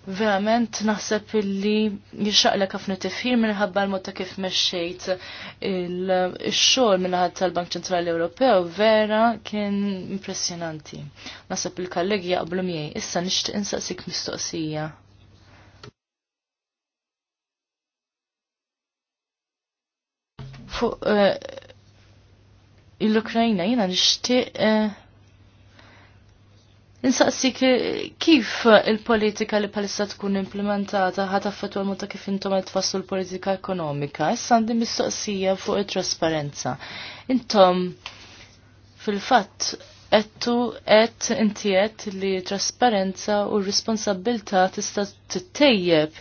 verament naħseb illi jixaqlek ħafna tifħir minħabba l motta kif meċċejt il-xogħol minħabba tal-Bank Ċentrali Ewropew vera kien impressjonanti. Naħseb il-kollegi jaqblu miegħi, issa nixtieq insaqsik mistoqsija. Fuq eh, il ukrajna jiena nixtieq uh, Insaqsi kif il-politika li palissa tkun implementata ħata affetwa l ta' kif intom qed l-politika ekonomika. Issa għandi mistoqsija fuq it-trasparenza. Intom fil-fatt ettu et intiet li trasparenza u responsabilta tista tittejjeb.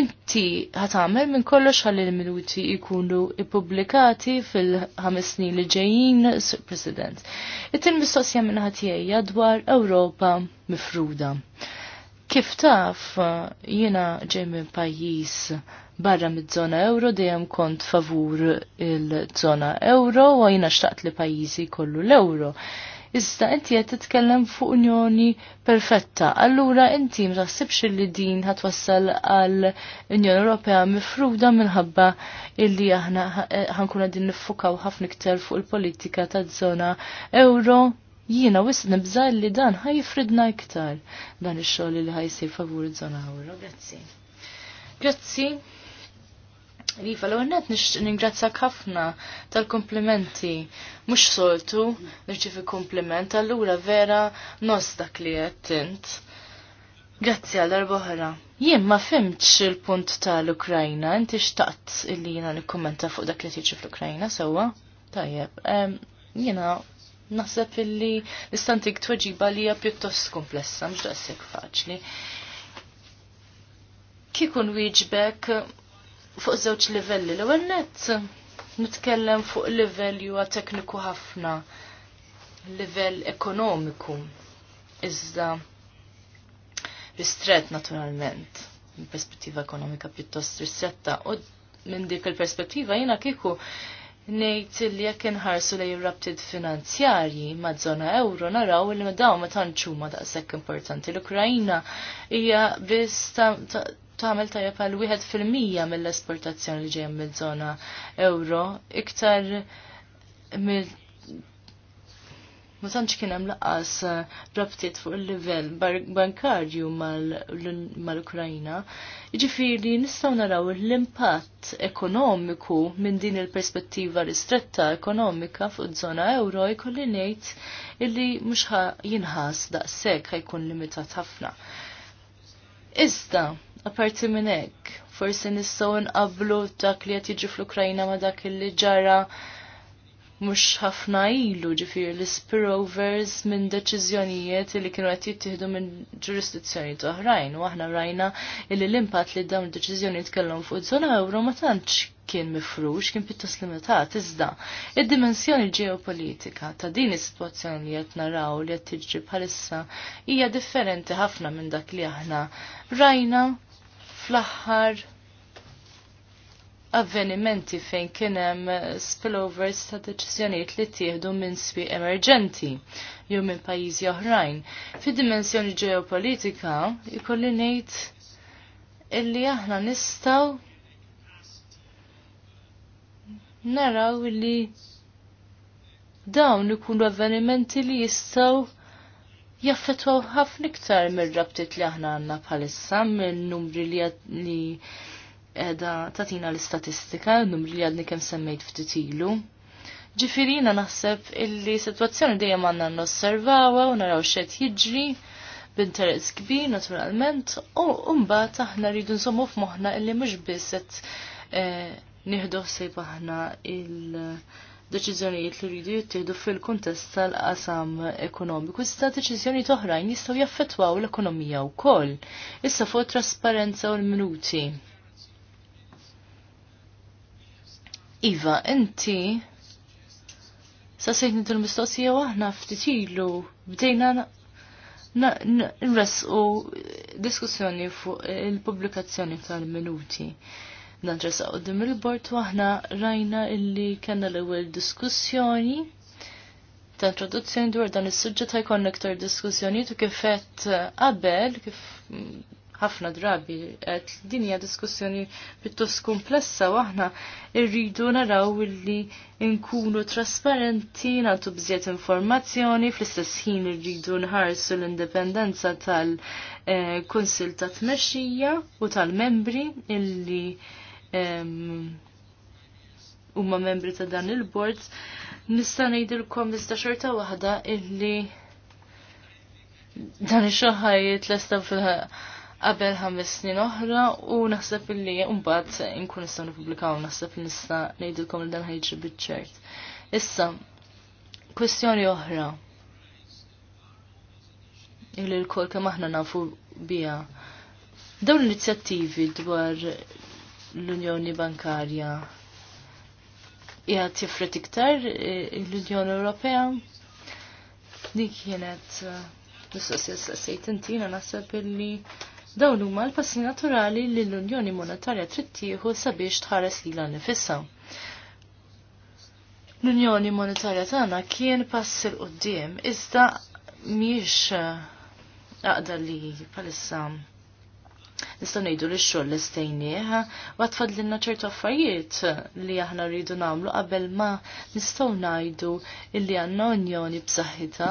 Inti ħatamel minn kollox ħalli l-minuti ikunu ippubblikati fil-ħames snin li ġejjin, Sir President. it mistoqsija minn ħatijajja dwar Ewropa mifruda. Kif taf jiena ġej minn pajjiż barra mid-żona euro dejjem kont favur il-żona euro u jiena xtaqt li pajjiżi kollu l-euro. Iżda inti qed titkellem fuq unjoni perfetta. Allura inti ma taħsibx li din ħatwassal għal Unjoni Ewropea mifruda minħabba illi aħna eh, ħankun din niffukaw ħafna iktar fuq il-politika taż-żona euro jiena wis nibża li dan ħajfridna iktar dan ix-xogħol li ħajsir favur iż-żona euro. Grazzi. Grazzi. Iva, l-għonet n-ingrazzak ħafna tal-komplimenti. Mux soltu, nirċifi kompliment, allura vera nos dak li għettint. Grazzi għal darbohra. Jien ma fimċ il-punt tal-Ukrajna, inti xtaqt illi jena nikkommenta fuq dak li tiġi fl-Ukrajna, sewa? Tajjeb, jena naħseb illi l-istantik tweġiba li hija pjuttost komplessa, mhux daqshekk faċli. Kikun wieġbek fuq żewġ livelli. L-ewwel nett nitkellem fuq livell huwa tekniku ħafna, livell ekonomiku. Iżda ristret naturalment, perspettiva ekonomika pjuttost ristretta u minn dik il-perspettiva jiena kieku Nejt li jekk inħarsu lej rabtiet finanzjarji ma' zona euro naraw li dawn ma tantx huma daqshekk importanti. L-Ukrajna hija biss tagħmel tajjeb għal wieħed fil-mija mill-esportazzjoni li ġejja mill-żona euro iktar mill Ma tantx kien hemm laqas eh, rabtiet fuq il-livell bankarju mal-Ukrajna. Jiġifieri nistgħu naraw l-impatt ekonomiku minn din il-perspettiva ristretta ekonomika fuq żona euro jkolli ngħid illi mhux jinħas daqshekk ħajkun limitat ħafna. Iżda, Aparti minn hekk, forsi nistgħu nqablu dak li qed jiġi fl-Ukrajna ma' dak li ġara mhux ħafna ilu ġifier l spillovers minn deċiżjonijiet li kienu qed jittieħdu minn ġurisdizzjoni oħrajn u aħna rajna li l-impatt li dawn id-deċiżjonijiet kellhom fuq żona euro ma tantx kien mifrux, kien pittos limitat, iżda id-dimensjoni ġeopolitika ta' din is-sitwazzjoni li qed naraw li qed tiġri bħalissa hija differenti ħafna minn dak li aħna rajna fl-aħħar avvenimenti fejn kien hemm spillovers ta' deċiżjonijiet li ttieħdu minn swieq emerġenti jew minn pajjiżi oħrajn. Fid-dimensjoni ġeopolitika jkolli ngħid illi aħna nistgħu naraw illi dawn ikunu avvenimenti li jistgħu jaffetwaw ħafna iktar mir-rabtiet li aħna għandna bħalissa minn numri li li edha tatina l-istatistika, numri li għadni kem semmejt ftitilu. Ġifirina naħseb illi situazzjoni dejjem n-osservawa u naraw xed jiġri b'interess kbir naturalment u mbagħad aħna rridu nsommu f'moħħna illi mhux biss qed eh, nieħdu ħsieb aħna il- deċiżjonijiet li rridu jittieħdu fil-kuntest tal-qasam ekonomiku. Issa deċiżjonijiet oħrajn jistgħu jaffettwaw l-ekonomija wkoll. Issa fuq trasparenza u l-minuti. Iva, inti sa sejtni tal-mistoqsija waħna ilu bdejna nresqu diskussjoni fuq il-pubblikazzjoni tal-minuti nadresa dim il-bord waħna rajna illi kena l-ewwel diskussjoni ta' introduzzjoni dwar dan is-suġġett ta' iktar diskussjonijiet u kif qed qabel kif ħafna drabi qed din hija diskussjoni pittost komplessa waħna rridu naraw illi nkunu trasparenti nagħtu bżiet informazzjoni fl-istess ħin irridu nħarsu l-indipendenza tal eh, konsil ta' Tmexxija u tal-membri illi huma membri ta' dan il bord nista' ngħidilkom iżda xorta waħda illi dan ix-xaħajiet l fil qabel ħames snin oħra u naħseb illi mbagħad inkun nistgħu nippublikaw naħseb li nista' ngħidilkom li dan ħajġi biċ-ċert. Issa, kwestjoni oħra illi l-kol kemm aħna nafu biha. Dawn l-inizjattivi dwar l-Unjoni Bankarja jgħat jifret iktar e, l-Unjoni Ewropea. Dik kienet e, l-sosja s-sejt intina nasab illi dawn huma l-passi naturali li l-Unjoni Monetarja trid tieħu sabiex tħares lilha nifisha. L-Unjoni Monetarja tagħna kien pass il qudiem iżda mhijiex e, għaqda li palissa Nistgħu ngħidu li x-xogħol l-istejnieh għat fadlinna ċertu affarijiet li aħna rridu nagħmlu qabel ma nistgħu ngħidu illi għandna unjoni b'saħħitha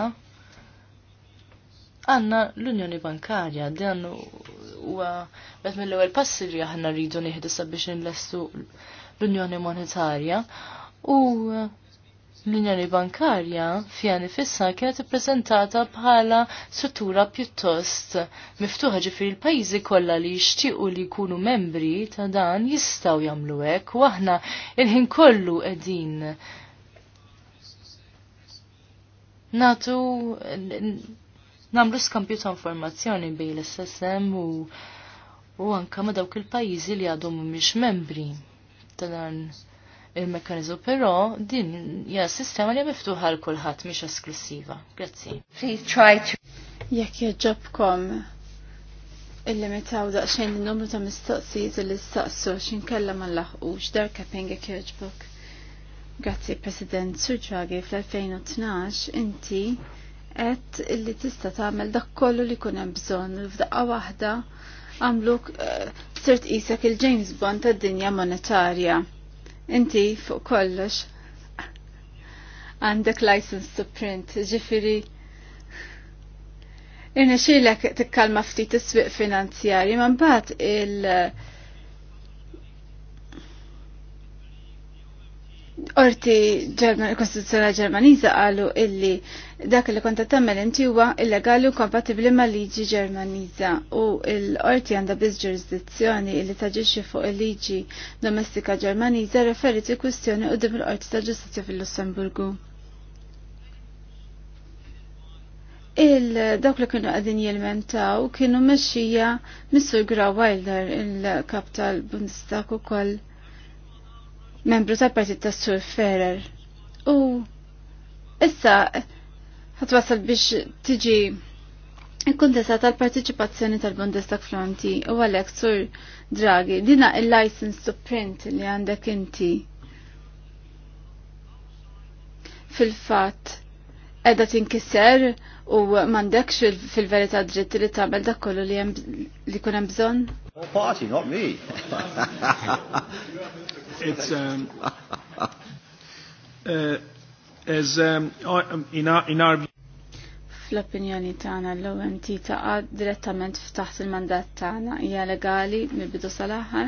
għanna l-Unjoni Bankarja, dan huwa qed mill-ewwel passi li aħna rridu nieħdu sabiex nlestu l-Unjoni Monetarja u l-Unjoni Bankarja fija nifissa kienet ippreżentata bħala struttura pjuttost miftuħa ġifieri l-pajjiżi kollha li jixtiequ li jkunu membri ta' dan jistgħu jagħmlu hekk u aħna il-ħin kollu qegħdin natu namlu skampju ta' informazzjoni bej l-SSM u u anka ma dawk il-pajjiżi li għadhom mhumiex membri ta' dan il-mekkanizmu, però din hija sistema li miftuħa l kulħadd mhix esklusiva. Grazzi. Please try to jekk jaġobkom il-limitaw daqsxejn il-numru ta' mistoqsijiet li staqsu xinkella ma nlaħqux dar kapping jekk jaġbok. Grazzi President Surġagi fl-2012 inti qed illi tista' tagħmel dak kollu li kun hemm bżonn f'daqqa waħda għamluk eh, sirt qisek il-James Bond tad-dinja monetarja inti fuq kollox għandek license to print, ġifiri irna xilek t-kalma ftit is sbiq finanzjari, man bat il- Orti Kostituzzjonali Ġermaniża qalu illi dak li konta tagħmel inti huwa illegali u kompatibbli mal-liġi Ġermaniża u l-qorti għandha biss ġurisdizzjoni li taġixxi fuq il-liġi domestika Ġermaniża referiti kwistjoni dim il-Qorti ta' Ġustizzja fil-Lussemburgu. il-dawk li kienu għadin jilmentaw kienu meċxija Mr. Gra Wilder, il-kap tal-Bundestag u koll membru tal-partit tas Sur Ferrer. U issa wasal biex tiġi il-kontesta tal-partiċipazzjoni tal-Bundestag Flanti u għalek Sur Draghi dina il-license to print li għandek inti fil-fat edha tinkisser u mandekx fil-verità dritt li tagħmel dak kollu li kunem li kun hemm bżonn? Whole party, not me. it's um, uh, as um, um in our in our fl-opinjoni tagħna l-OMT taqa' direttament f'taħt il-mandat tagħna hija legali mill-bidu sal-aħħar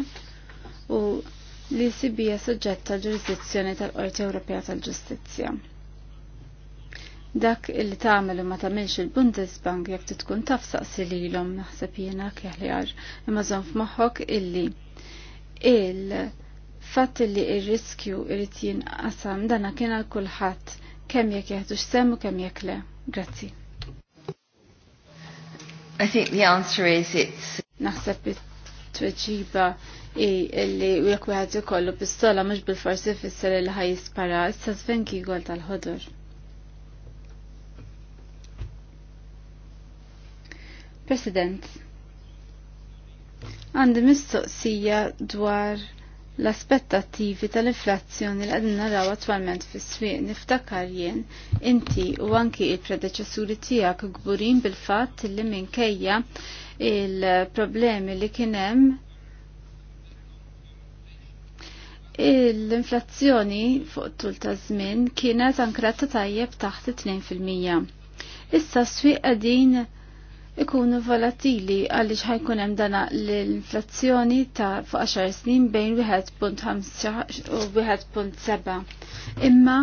u li sibija suġġett tal-ġurisdizzjoni tal-Qorti Ewropea tal-Ġustizzja dak illi tagħmel u ma tagħmilx il-Bundesbank jekk tkun taf saqsi lilhom naħseb jiena kjaħjar imma żon f'moħħok illi il-fatt illi ir-riskju irid jinqasam dana kien għal kulħadd kemm jekk jeħdu x'semm u kemm jekk le. Grazzi. I think the answer is it's naħseb it-tweġiba illi u jekk wieħed ikollu pistola mhux bil-forsi fisser il ħaj jispara issa żvenki gol tal-ħodur. President, għandi mistoqsija dwar l-aspettattivi tal-inflazzjoni li għadna naraw attualment fis-swieq niftakar jien inti u anki il-predeċessuri tiegħek gburin bil-fatt li minkejja il-problemi li kien hemm l-inflazzjoni fuq tul ta' żmien kienet ankratta tajjeb taħt 2%. Issa s-swieq qegħdin ikunu volatili għaliex ħajkun hemm dana l-inflazzjoni ta' fuq 10 snin bejn 1.5 u 1.7. Imma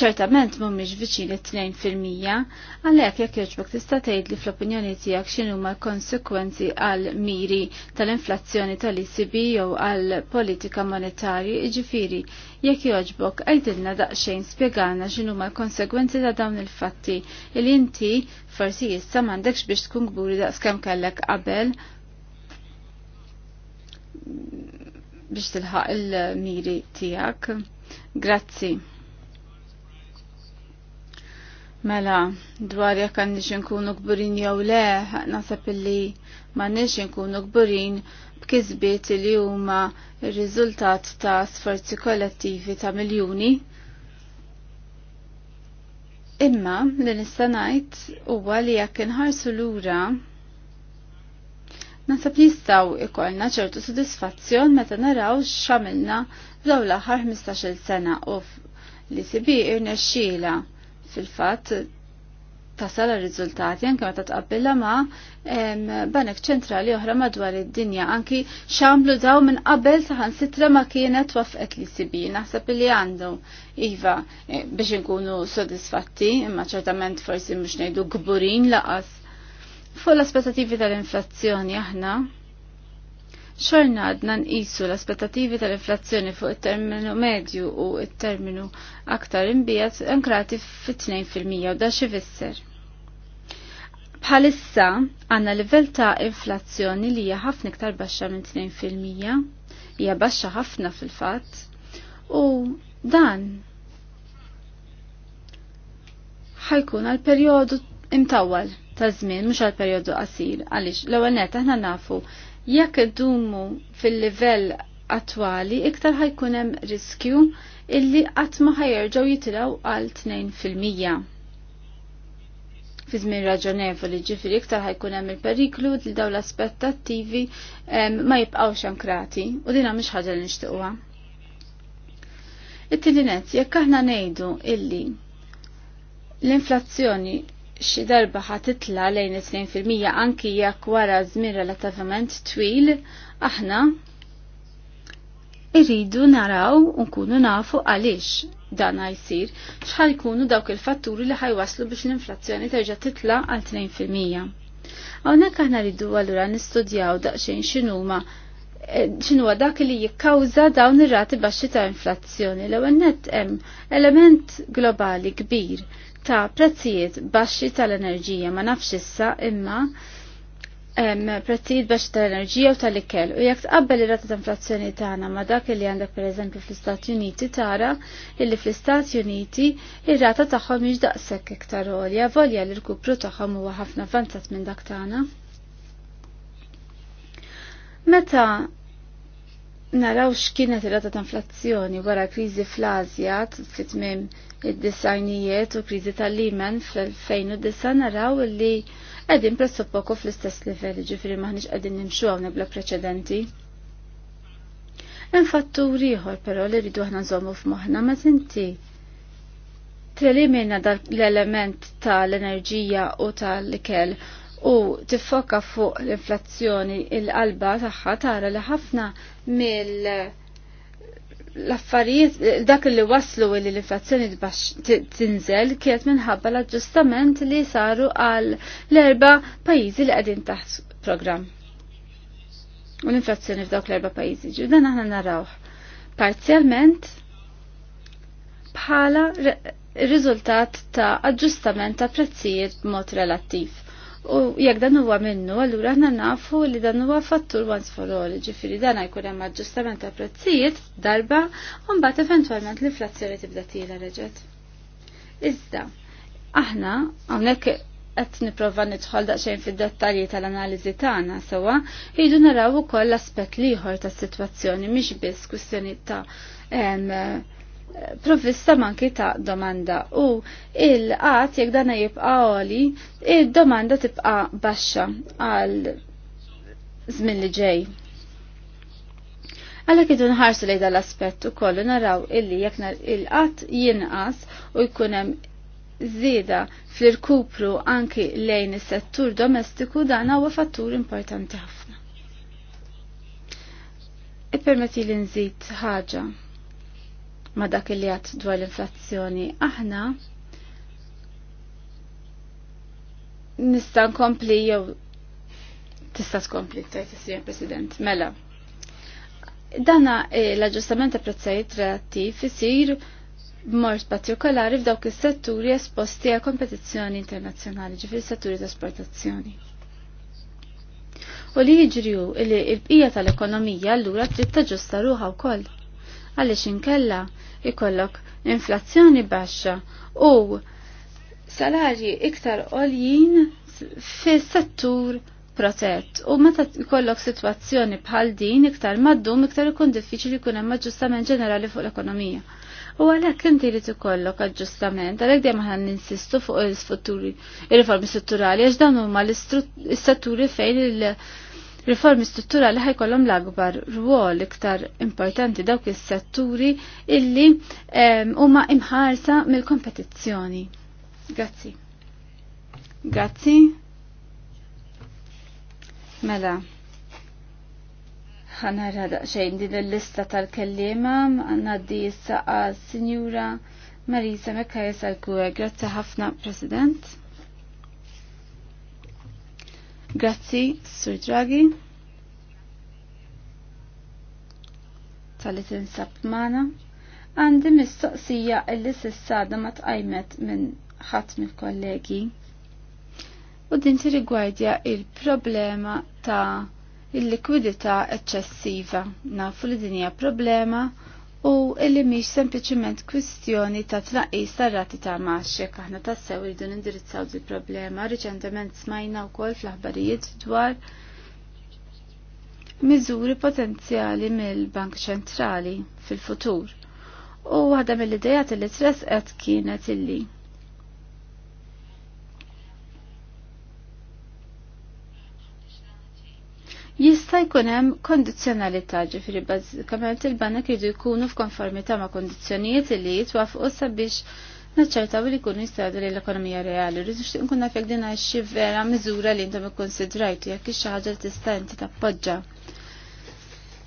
ċertament mhumiex viċini t-tnejn 2% għalhekk jekk jogħġbok tista' tgħid li fl-opinjoni tiegħek x'inhu ma' konsekwenzi għal miri tal-inflazzjoni tal-ECB jew għal politika monetarji, jiġifieri jekk jogħġbok għajdilna daqsxejn spjegana x'inhu ma' konsegwenzi ta' dawn il-fatti li inti forsi issa m'għandekx biex tkun gburi daqskemm kellek qabel biex tilħaq il-miri tiegħek. Grazzi. Mela, dwar jekk għandix nkunu kburin jew le, nasab illi m'għandniex nkunu kburin b'kisbiet li huma r-riżultat ta' sforzi kollettivi ta' miljuni. Imma li nista' ngħid huwa li jekk inħarsu lura Nasab jistaw ikolna ċertu sodisfazzjon meta naraw x'għamilna f'dawn l-aħħar 15-il sena u li sibi irnexxiela fil-fatt tasal il riżultati anke meta tqabbilha ma' banek ċentrali oħra madwar id-dinja anki xamlu daw minn qabel saħansitra ma kienet wafqet li sibi naħseb li għandu iva e, biex inkunu sodisfatti imma ċertament forsi mhux ngħidu gburin laqas fuq l-aspettativi tal-inflazzjoni aħna xorna għadna nqisu l-aspettativi tal-inflazzjoni fuq il-terminu medju u il-terminu aktar imbijat krati fit-2% u da xivisser. Bħalissa għanna livell ta' inflazzjoni li hija ħafna iktar baxxa minn 2%, hija baxxa ħafna fil-fatt, u dan ħajkun għal perjodu imtawwal ta' żmien mhux għal perjodu qasir għaliex l-ewwel net aħna nafu Jekk dumu fil-livell attwali, iktar ħajkun hemm riskju illi qatt ma ħajerġgħu jitilgħu għal 2%. Fi żmien raġonevoli ġifieri iktar ħajkun hemm il-periklu li dawn l-aspettattivi ma jibqgħux ankrati u dinha mhix ħaġa li nixtiequha. It-tieni jekk aħna ngħidu illi l-inflazzjoni xi darba ħatitla lejn 2% anki jekk wara żmien relattivament twil, aħna irridu naraw u nkunu nafu għaliex dan jsir x'ħal jkunu dawk il-fatturi li ħajwaslu biex l-inflazzjoni terġa' titla għal 2%. Hawnhekk aħna rridu allura nistudjaw daqsxejn x'inhuma ċinu eh, dak li jikkawza dawn ir-rati baxxi ta' inflazzjoni l ewwel nett hemm element globali kbir ta' prezzijiet baxxi tal-enerġija ma nafx issa imma prezzijiet baxxi tal-enerġija u tal-ikel u jekk tqabbel ir-rata ta' inflazzjoni tagħna ma dak li għandek pereżempju fl-Istati Uniti tara li fl-Istati Uniti ir-rata tagħhom mhix daqshekk iktar għolja volja li l-kupru tagħhom huwa ħafna avvanzat minn dak tagħna. Meta naraw x'kienet ir-rata ta' inflazzjoni wara kriżi fl-Asja fit-tmiem id-disajnijiet u kriżi tal-Liman fl-2009 naraw li qegħdin poko fl-istess livell, ġifieri maħniex qegħdin nimxu hawnhekk bla preċedenti. Hemm fattur ieħor però li rridu aħna nżommu f'moħħna ma tinti trelimina l-element tal-enerġija u tal-ikel u tiffoka fuq l-inflazzjoni il-qalba tagħha tara li ħafna mill l-affarijiet dak li waslu li l-inflazzjoni tinżel kienet minħabba l-aġġustament li saru għal l-erba pajjiżi li qegħdin taħt programm. U l-inflazzjoni f'dawk l-erba pajjiżi. Ġu dan aħna narawh parzjalment bħala riżultat ta' aġġustament ta' prezzijiet b'mod relattiv. U jekk dan huwa minnu, allura aħna nafu li dan huwa fattur once for all, ġifieri dan jkun hemm aġġustament ta' prezzijiet darba u mbagħad eventwalment l-inflazzjoni tibda tila reġgħet. Iżda, aħna hawnhekk qed nipprova nidħol daqsxejn fid-dettalji tal-analiżi tagħna sewwa, jridu naraw ukoll l-aspett ieħor tas-sitwazzjoni mhix biss kwistjoni ta' provvista manki ta' domanda u il-qat jek dana jibqa għoli il-domanda tibqa baxxa għal żmien li ġej. Għalek id nħarsu lejda l-aspettu kollu naraw illi jek il-qat jinqas u jkunem zida fl-irkupru anki lejn is-settur domestiku dan huwa fattur importanti ħafna. Ippermetti li nżid ħaġa ma dak li għat dwar l-inflazzjoni. Aħna nista' nkompli jew tista' tkompli tajt is President. Mela. Dana l-aġġustament ta' prezzajiet relattiv isir b'mod partikolari f'dawk is-setturi esposti għal kompetizzjoni internazzjonali ġifieri setturi ta' esportazzjoni. U li jiġriju li l-bqija tal-ekonomija allura trid taġġusta ruħha wkoll għaliex inkella ikollok inflazzjoni baxxa u salarji iktar għoljin fis-settur protett. U meta jkollok sitwazzjoni bħal din iktar maddum iktar ikun diffiċli jkun hemm aġġustament ġenerali fuq l-ekonomija. U għalhekk inti li ikollok aġġustament, għalhekk dejjem aħna ninsistu fuq il-riformi strutturali għax dan huma l-setturi fejn il- Riformi strutturali ħajkollhom l-akbar rwol iktar importanti dawk is-setturi illi huma imħarsa mill-kompetizzjoni. Grazzi. Grazzi. Mela. Ħanara daqsxejn din il-lista tal-kellima għandna di issa għas Sinjura Marisa Mekkajes kwe Grazzi ħafna, President. Grazzi, Sur Draghi. Talit insabmana. tinsab mana. Għandi mistoqsija illi s-sada ma tqajmet minn ħadd mill-kollegi. U din tirrigwardja il-problema ta' il-likwidità eċċessiva. Nafu li din hija problema u illi miex sempliciment kwistjoni ta' tnaqqis ta' rati ta' maxxek aħna tassew irridu nindirizzaw di problema riċentement smajna wkoll fl-aħbarijiet dwar miżuri potenzjali mill-Bank Ċentrali fil-futur. U waħda mill-idejat li tresqet kienet illi jista' jkun hemm kondizzjonalità ġifieri bażikament il-banek jridu jkunu f'konformità ma' kondizzjonijiet li jitwafqu sabiex naċċertaw li jkunu jistgħu lill ekonomija reali. Rridu xtieq nkun naf jekk din xi vera miżura li intom ikkonsidrajtu jekk xi ħaġa li tista' inti tappoġġa.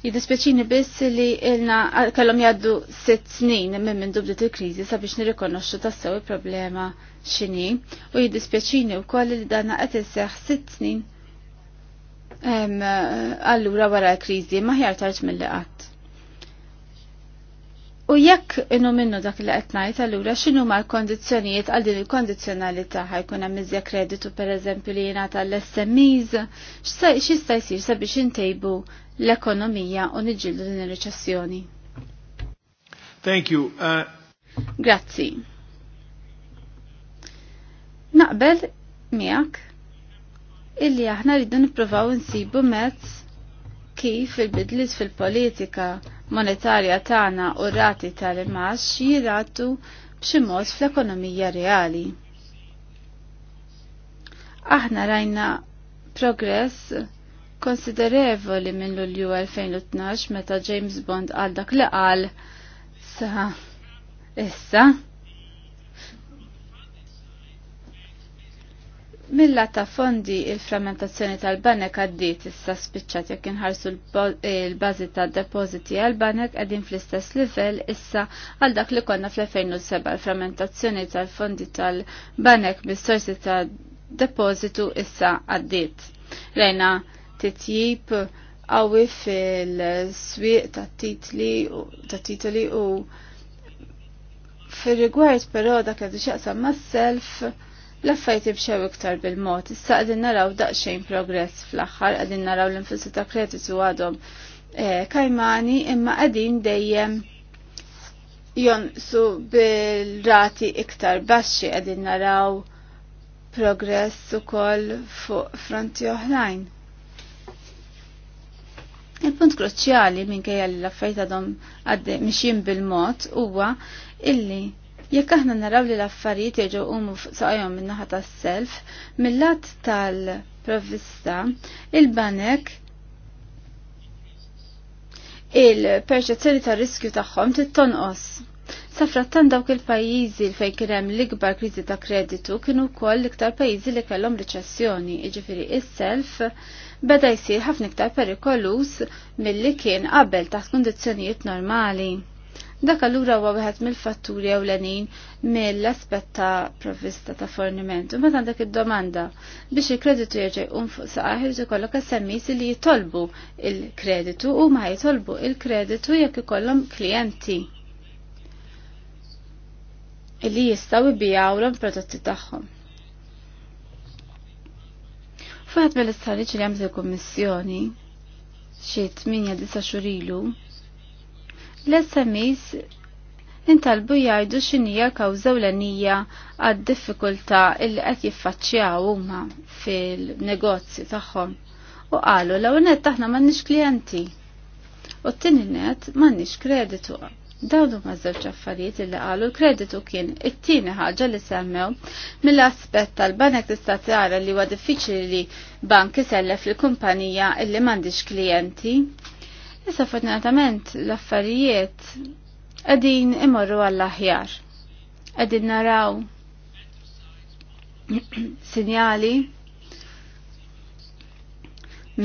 Jidispeċini biss li ilna kellhom jaddu sitt snin minn minn dubdu il-kriżi sabiex nirrikonoxxu tassew il-problema x'inhi u jidispeċini wkoll li dana qed isseħħ sitt snin allura wara l-krizi maħjar tart mill-li qatt. U jekk innu minnu dak li qed ngħid allura xinu ma l-kondizzjonijiet għal din il-kondizzjonalità ħajkun hemm kreditu per pereżempju li jingħata l-SMEs, x'ista jsir sabiex intejbu l-ekonomija u niġġieldu din ir-riċessjoni. Thank you. Uh... Grazzi. Naqbel miegħek illi aħna rridu nippruvaw nsibu mezz kif il-bidlis fil-politika monetarja tagħna u rati tal-imax jiratu b'xi mod fl-ekonomija reali. Aħna rajna progress konsiderevoli minn Lulju 2012 meta James Bond għal dak li qal sa issa. Milla ta' fondi il-frammentazzjoni tal-banek għaddit issa spiċċat jekk inħarsu l-bażi ta' depositi għal-banek għaddin fl-istess livell issa għal dak li konna fl-2007 il-frammentazzjoni tal-fondi tal-banek bis-sorsi ta' depozitu issa għaddit. Rejna titjib qawwi fil-swieq ta' titli ta' titoli u fir-rigward però dak għaddi xaqsa mas-self l bxew iktar bil-mod. Issa għadin naraw daqxejn progress fl-axħar, għadin naraw l infissu ta' kreditu għadhom eh, kajmani imma għadin dejjem jonqsu bil-rati iktar baxxi għadin naraw progress ukoll fuq fronti oħrajn. Il-punt kruċjali minkejja li l-affajt għadhom mixjin bil-mod huwa illi Jekk aħna naraw li l-affarijiet jeġu' qumu saqajhom min-naħa tas-self, mill-lat tal-provvista il-banek il-perċezzjoni tar riskju tagħhom tittonqos. Safrattan dawk il-pajjiżi fejn kien hemm l-ikbar kriżi ta' kreditu kienu wkoll l-iktar pajjiżi li kellhom riċessjoni, jiġifieri is-self beda jsir ħafna iktar perikolus milli kien qabel taħt kundizzjonijiet normali. Dak allura huwa wieħed mill-fatturi ewlenin mill-aspett ta' provvista ta' forniment. U meta għandek id-domanda biex il-kreditu jerġa' jqum fuq saqaħ irid ikollok SMEs li jitolbu il-kreditu u ma jitolbu il-kreditu jekk ikollhom klijenti li jistgħu jbijawlhom prodotti tagħhom. Fuħat mill-istħarriċ li għamżi kummissjoni xi 8-9 xurilu l-SMEs intalbu jgħidu x'inhija kawża l-għanija għad-diffikultà illi qed jiffaċċjaw huma fil-negozju tagħhom. U qalu l net aħna m'għandniex klijenti. U t-tieni net m'għandniex kreditu. Dawn huma żewġ affarijiet illi qalu l-kreditu kien it-tieni ħaġa li semmew mill-aspett tal-banek tista' tara li huwa diffiċli li bank isellef fil kumpanija illi m'għandix klijenti Issa fortunatament l-affarijiet qegħdin imorru għall-aħjar. Qegħdin naraw sinjali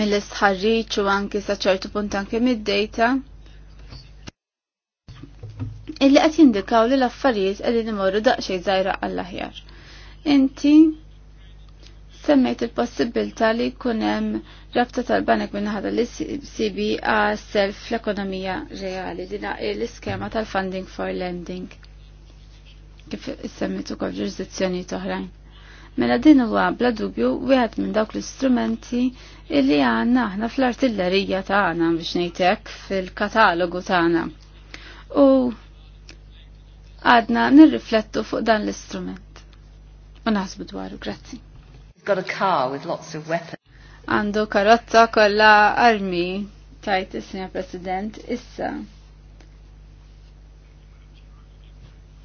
mill-istħarriċ u anki sa ċertu punt anki mid-dejta illi qed jindikaw li l-affarijiet qegħdin imorru daqsxejn żgħira għall-aħjar. Inti semmejt il-possibilta li kunem rabta tal-banek minna ħada li sibi self l-ekonomija reali, dina l-iskema tal-funding for lending, kif semmejt u kol ġurisdizzjoni toħrajn. Mela din huwa bla dubju wieħed minn dawk l-istrumenti illi għanna aħna fl-artillerija tagħna biex ngħidlek fil-katalogu tagħna. U għadna nirriflettu fuq dan l-istrument. U naħsbu dwaru, grazzi got a car with lots of weapons. Għandu karozza kollha armi, tajt il sinja President, issa.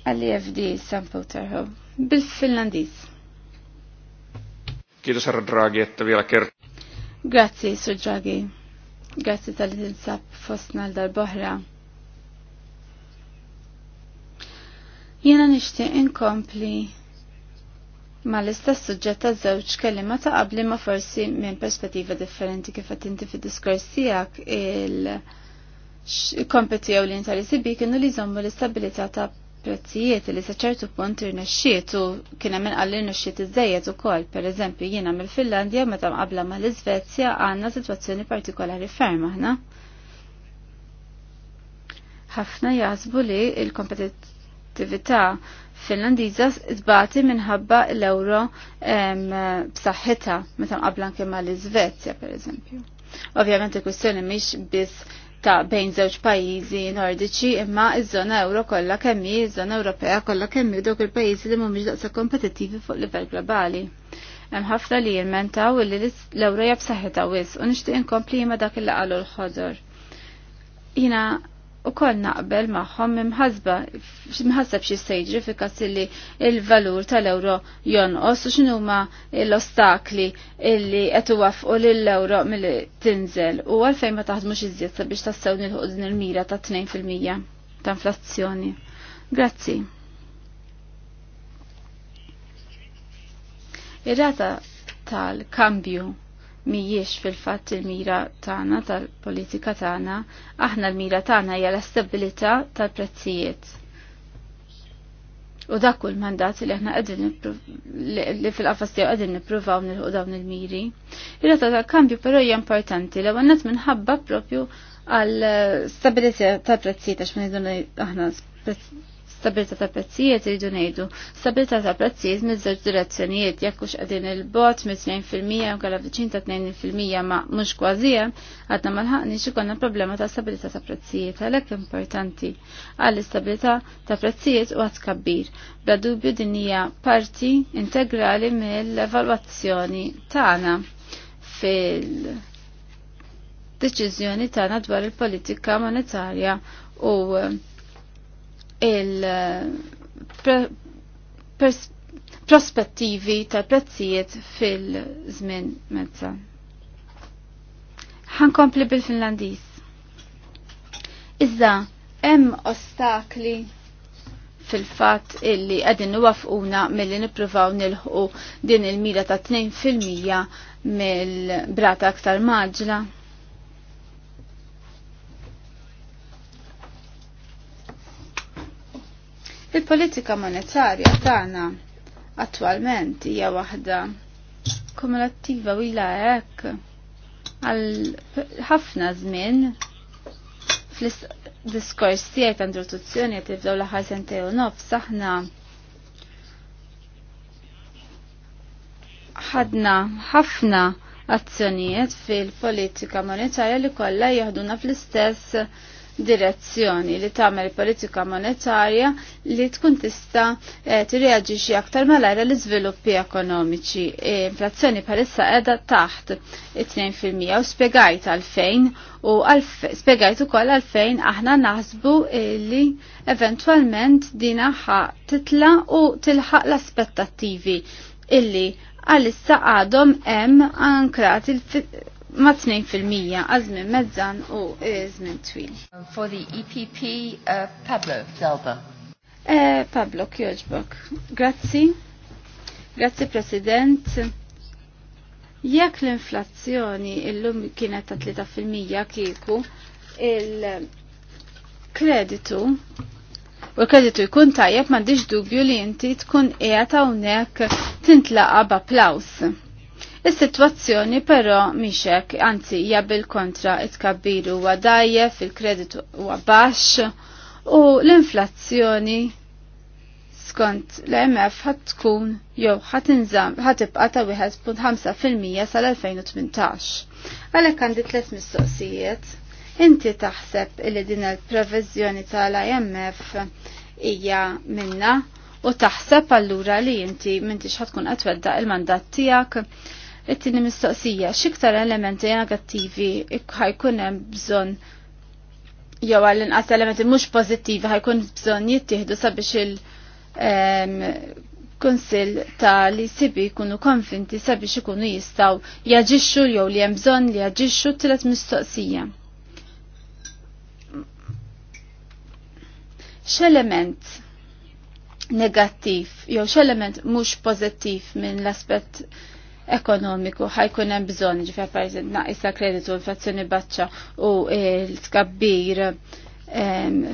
Għalli FD San Poterho, bil-Finlandis. Kiitos herra Draghi, että vielä kert. Grazie, su Draghi. Grazie tal-insab fostna l-dal-bohra. Jena nishtiq inkompli ma l-istess suġġett ta' żewġ kelima ta' qabli ma' forsi minn perspettiva differenti kif qed inti fid-diskors tiegħek il-kompeti li tal-ECB kienu li jżommu l-istabilità ta' prezzijiet li sa ċertu punt irnexxiet u kien hemm inqal irnexxiet iżejjed ukoll. Pereżempju jiena mill-Finlandja meta mqabla ma' l-Iżvezja għandna sitwazzjoni partikolari ferm aħna. Ħafna jaħsbu li l-kompetittività Finlandiża zbati minħabba l-euro b'saħħitha meta mqabla anke mal-Iżvezja pereżempju. Ovvjament il-kwistjoni mhix biss ta' bejn żewġ pajjiżi nordiċi imma iż-żona euro kollha kemm hi iż-żona Ewropea kollha kemm hi dawk il-pajjiżi li mhumiex daqshekk kompetittivi fuq livell globali. Hemm ħafna li jilmentaw li l-euro hija b'saħħitha wis u nixtieq inkompli ma' dak il-laqalu l-ħodor. Jina u koll naqbel maħħom imħazba, xie sejġri fi kassilli il-valur tal-euro jonqos u xinu ma l-ostakli illi għetu wafqu l-euro mill tinżel u għalfej ma taħdmux iżjed biex tassew nil-ħuqdin il-mira ta' 2% ta' inflazzjoni. Grazzi. Ir-rata tal-kambju mijiex fil-fatt il-mira tagħna tal-politika tagħna, aħna l-mira tagħna hija l-istabilità tal-prezzijiet. U dak kull mandat li aħna qegħdin li fil-qafas tiegħu qegħdin nippruvaw nilħu dawn il-miri. Ir-rata tal-kambju però hija importanti li għannat minħabba propju għal stabilità tal-prezzijiet għax ma aħna Stabilità ta' prezzijiet iridu ngħidu. Stabilità ta' prezzijiet miż żewġ direzzjonijiet jekk hux qegħdin il-bot fil 2% u kellha viċin ta' 2% ma mhux kważi għadna ma lħaqniex ikollna problema ta' stabilità ta' prezzijiet għalhekk importanti għall-istabilità ta' prezzijiet u għad kabbir. Bla dubju din hija parti integrali mill-evalwazzjoni tagħna fil- deċiżjoni tagħna dwar il-politika monetarja u il-prospettivi tal-prezzijiet fil-żmien mezza. Ħankompli bil-Finlandiż. Iżda hemm ostakli fil-fatt illi qegħdin niwafquna milli nippruvaw nilħu din il-mira ta' 2% mill-brata aktar maġla. Il-politika monetarja tagħna attwalment hija waħda kumulattiva u ila hekk għal ħafna żmien fl-diskors tiegħi ta' introduzzjoni qed tibdew l-aħħar sentej u nofs aħna ħadna ħafna azzjonijiet fil-politika monetarja li kollha jaħduna fl-istess direzzjoni li tagħmel politika monetarja li tkun tista eh, tirreaġixxi aktar malajra l iżviluppi ekonomiċi. E, inflazzjoni bħalissa qiegħda taħt 2% u spjegajt għalfejn u spjegajt ukoll għalfejn aħna naħsbu e, li eventwalment din aħħa titla u tilħaq l-aspettattivi illi għalissa għadhom hemm ankrati ma' 2% mija żmien mezzan u żmien e, twil. For the EPP, uh, Pablo Zalba. E, Pablo Kjoġbok. Grazzi. Grazzi, President. Jekk l-inflazzjoni illum kienet ta' 3% kieku, il-kreditu u l-kreditu jkun tajjeb ma dubju li inti tkun qiegħed hawnhekk tintlaqa b'applaws Is-sitwazzjoni però mixek, anzi hija bil-kontra it-kabbir huwa dajjef, il-kredit huwa baxx u l-inflazzjoni skont l-MF ħadd tkun jew ħat inżamm ħat ibqa' ta' fil-mija sal-2018. Għalhekk għandi tliet mistoqsijiet. Inti taħseb li din il-previżjoni tal-IMF hija minna u taħseb allura li inti m'intix tkun qed tweddaq il-mandat tiegħek It-tieni mistoqsija, x'iktar elementi negattivi ħajkun hemm bżonn jew għal inqas elementi mhux pożittivi ħajkun bżonn jittieħdu sabiex il kunsil ta' li sibi kunu konfinti sabiex ikunu jistaw jaġixxu jew li hemm bżonn li jaġixxu tlet mistoqsija. X'element negattiv jew x'element mhux pożittiv minn l-aspett ekonomiku ħajkun hemm bżonn ġifier pereżempju naqisa kreditu inflazzjoni baċċa u e, l-tkabbir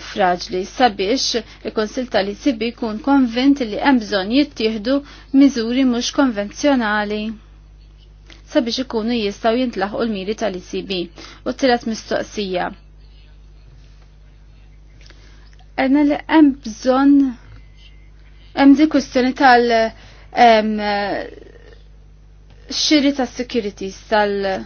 fraġli sabiex il-Konsil tal-ICB jkun konvint li hemm bżonn jittieħdu miżuri mhux konvenzjonali sabiex ikunu jistaw jintlaħqu l-miri tal-ICB. U t-tilet mistoqsija. Għanna li hemm bżonn hemm di kwistjoni tal- xiri ta' securities tal-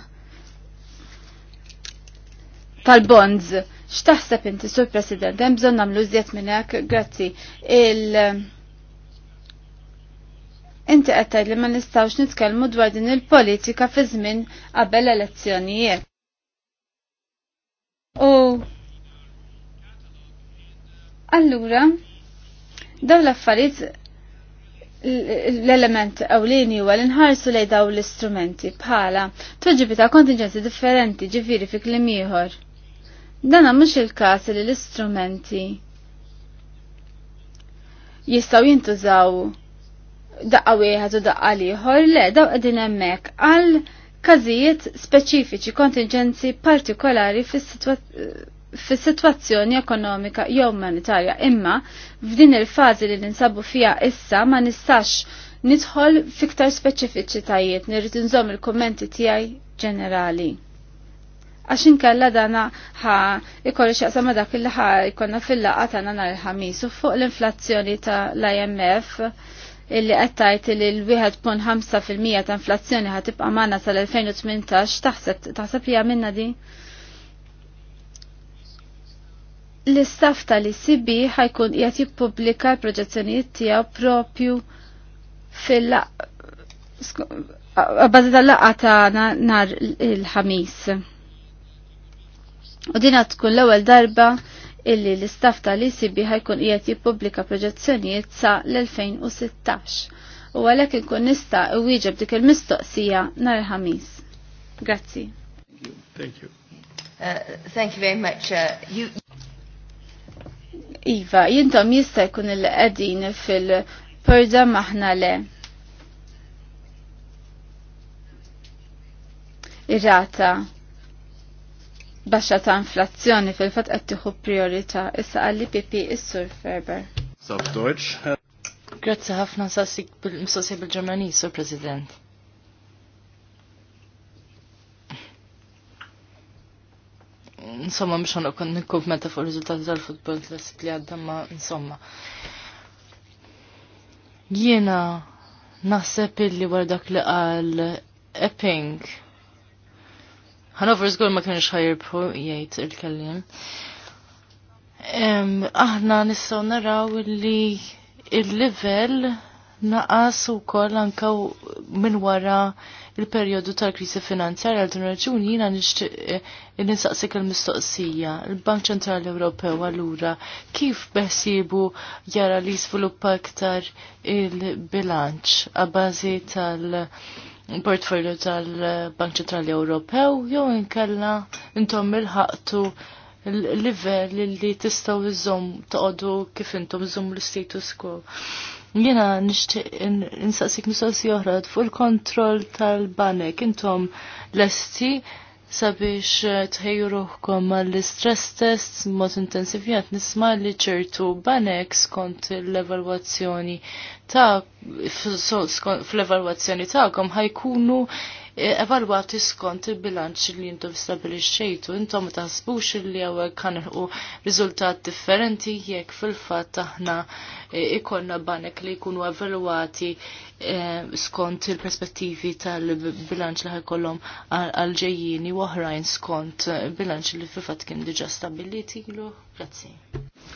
tal-bonds. X'taħseb inti, Sur President, hemm bżonn nagħmlu żjed minn hekk, grazzi. Il Inti qed tgħid li ma nistgħux nitkellmu dwar din il-politika fi żmien qabel elezzjonijiet. U allura dawn l-affarijiet l-element ewlieni huwa l-inħarsu lej daw l-istrumenti bħala toġibi ta' kontingenzi differenti ġifiri fi klim ieħor. Dana mhux il-każ li l-istrumenti jistgħu jintużaw daqqa wieħed u daqqa ieħor le daw qegħdin hemmhekk għal każijiet speċifiċi kontingenzi partikolari fis-sitwazzjoni fis situazzjoni ekonomika jew humanitarja imma f'din il-fażi li ninsabu fija issa ma nistax nidħol fiktar speċifiċitajiet nirrid inżomm il-kummenti tiegħi ġenerali. Għax inkella dana ħa ikolli xaqsa ma dak il ħa ikonna fil-laqa tagħna nhar il-ħamis u fuq l-inflazzjoni ta' l-IMF illi għattajt li l-1.5% ta' inflazzjoni ħatibqa' manna sal-2018 taħseb li għamilna din? L-istaff tal-ICB ħajkun qiegħed jippubblika l-proġezzjonijiet tiegħu propju fil bażi tal-laqgħa tagħna nhar il-ħamis. U din tkun l-ewwel darba illi l-istaff tal-ICB ħajkun qiegħed jippubblika proġezzjonijiet sa l-2016. U għalhekk inkun nista' iwieġeb dik il-mistoqsija il ħamis. Grazzi. Thank you. Thank you. Uh, thank you very much. Uh, you... Iva, jintom jista' jkun il-qegħdin fil-perda maħna le. Irata Baxa ta' inflazzjoni fil-fatt qed tieħu priorità issa għalli pipi is-Sur Ferber. Sab Deutsch. Grazzi ħafna sasik bil-ġermani, Sur President. insomma mhux ħanqod meta fuq riżultati tal-futbol klassik li għadda ma insomma. Jiena naħseb illi wara dak li qal Epping. Hanover żgur ma kienx ħajirbħu jgħid il-kellim. Aħna nistgħu naraw illi il-livell naqas ukoll anke minn wara il-perjodu tal-krisi finanzjarja għal din raġuni jiena nixtieq eh, ninsaqsik il-mistoqsija. Il-Bank Ċentrali Ewropew allura kif beħsibu jara li jiżviluppa aktar il-bilanċ għabbażi tal- portfolio tal-Bank Ċentrali Ewropew jew inkella intom il-ħaqtu l-livell li tistaw iżomm toqgħodu kif intom iżom l-status quo. Jena nishtiq insaqsik mistoqsi oħra fuq il-kontroll tal-banek intom l-esti sabiex eh, tħejju ruħkom mal stress tests mod intensivjat nisma li ċertu banek skont l-evalwazzjoni ta' fl-evalwazzjoni ta'kom ħajkunu evalwati skont il-bilanċ li jintom stabilixxejtu, intom ma taħsbux li għawek u rizultat differenti jekk fil-fatt aħna e, ikonna banek li jkunu evalwati e, skont il-perspettivi tal-bilanċ li ħajkollhom għal-ġejjini u oħrajn skont bilanċ li fil-fatt kien diġà stabiliti ilu. Grazzi.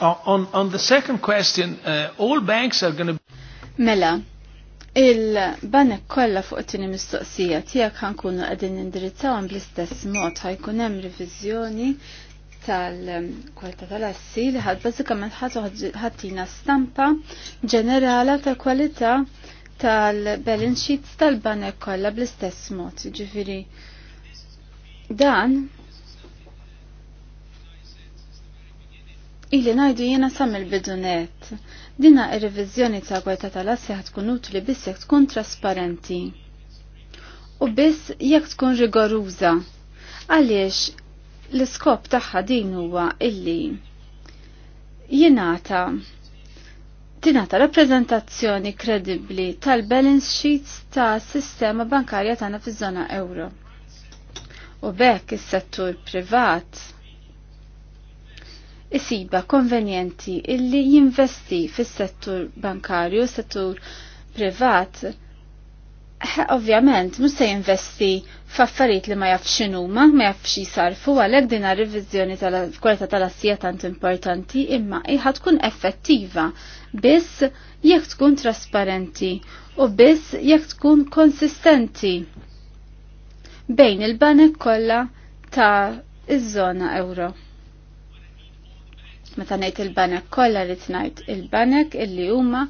On, on the second question, uh, all banks are going to Mela, Il-banek kollha fuq tini mistoqsija tiegħek ħankunu qegħdin indirizzawhom bl-istess mod ħajkun hemm revizjoni tal kwalta tal-assi li ħadd bażikament ħatina stampa ġenerala ta' kwalità tal-balance sheets tal-banek kollha bl-istess mod. Ġifieri dan Ili najdu jena sam il-bidunet Dina ir-reviżjoni ta' gwerta tal-assja tkun utli biss jekk tkun trasparenti. U biss jekk tkun rigoruża. Għaliex l-iskop tagħha din huwa illi jingħata tingħata rappresentazzjoni kredibbli tal-balance sheets ta' sistema bankarja tagħna fiż-żona euro. U bekk is-settur privat isiba konvenjenti illi jinvesti fis-settur bankarju, settur privat, eh, ovvjament mhux se jinvesti f'affarijiet li ma jafx x'inhuma, ma jafx sarfu għalhekk din ar riviżjoni tal-kwalità tal-assija tant importanti imma iħad tkun effettiva biss jekk tkun trasparenti u biss jekk tkun konsistenti bejn il-banek kollha ta' iż-żona euro. Meta ngħid il-banek kollha li tnajt il-banek illi huma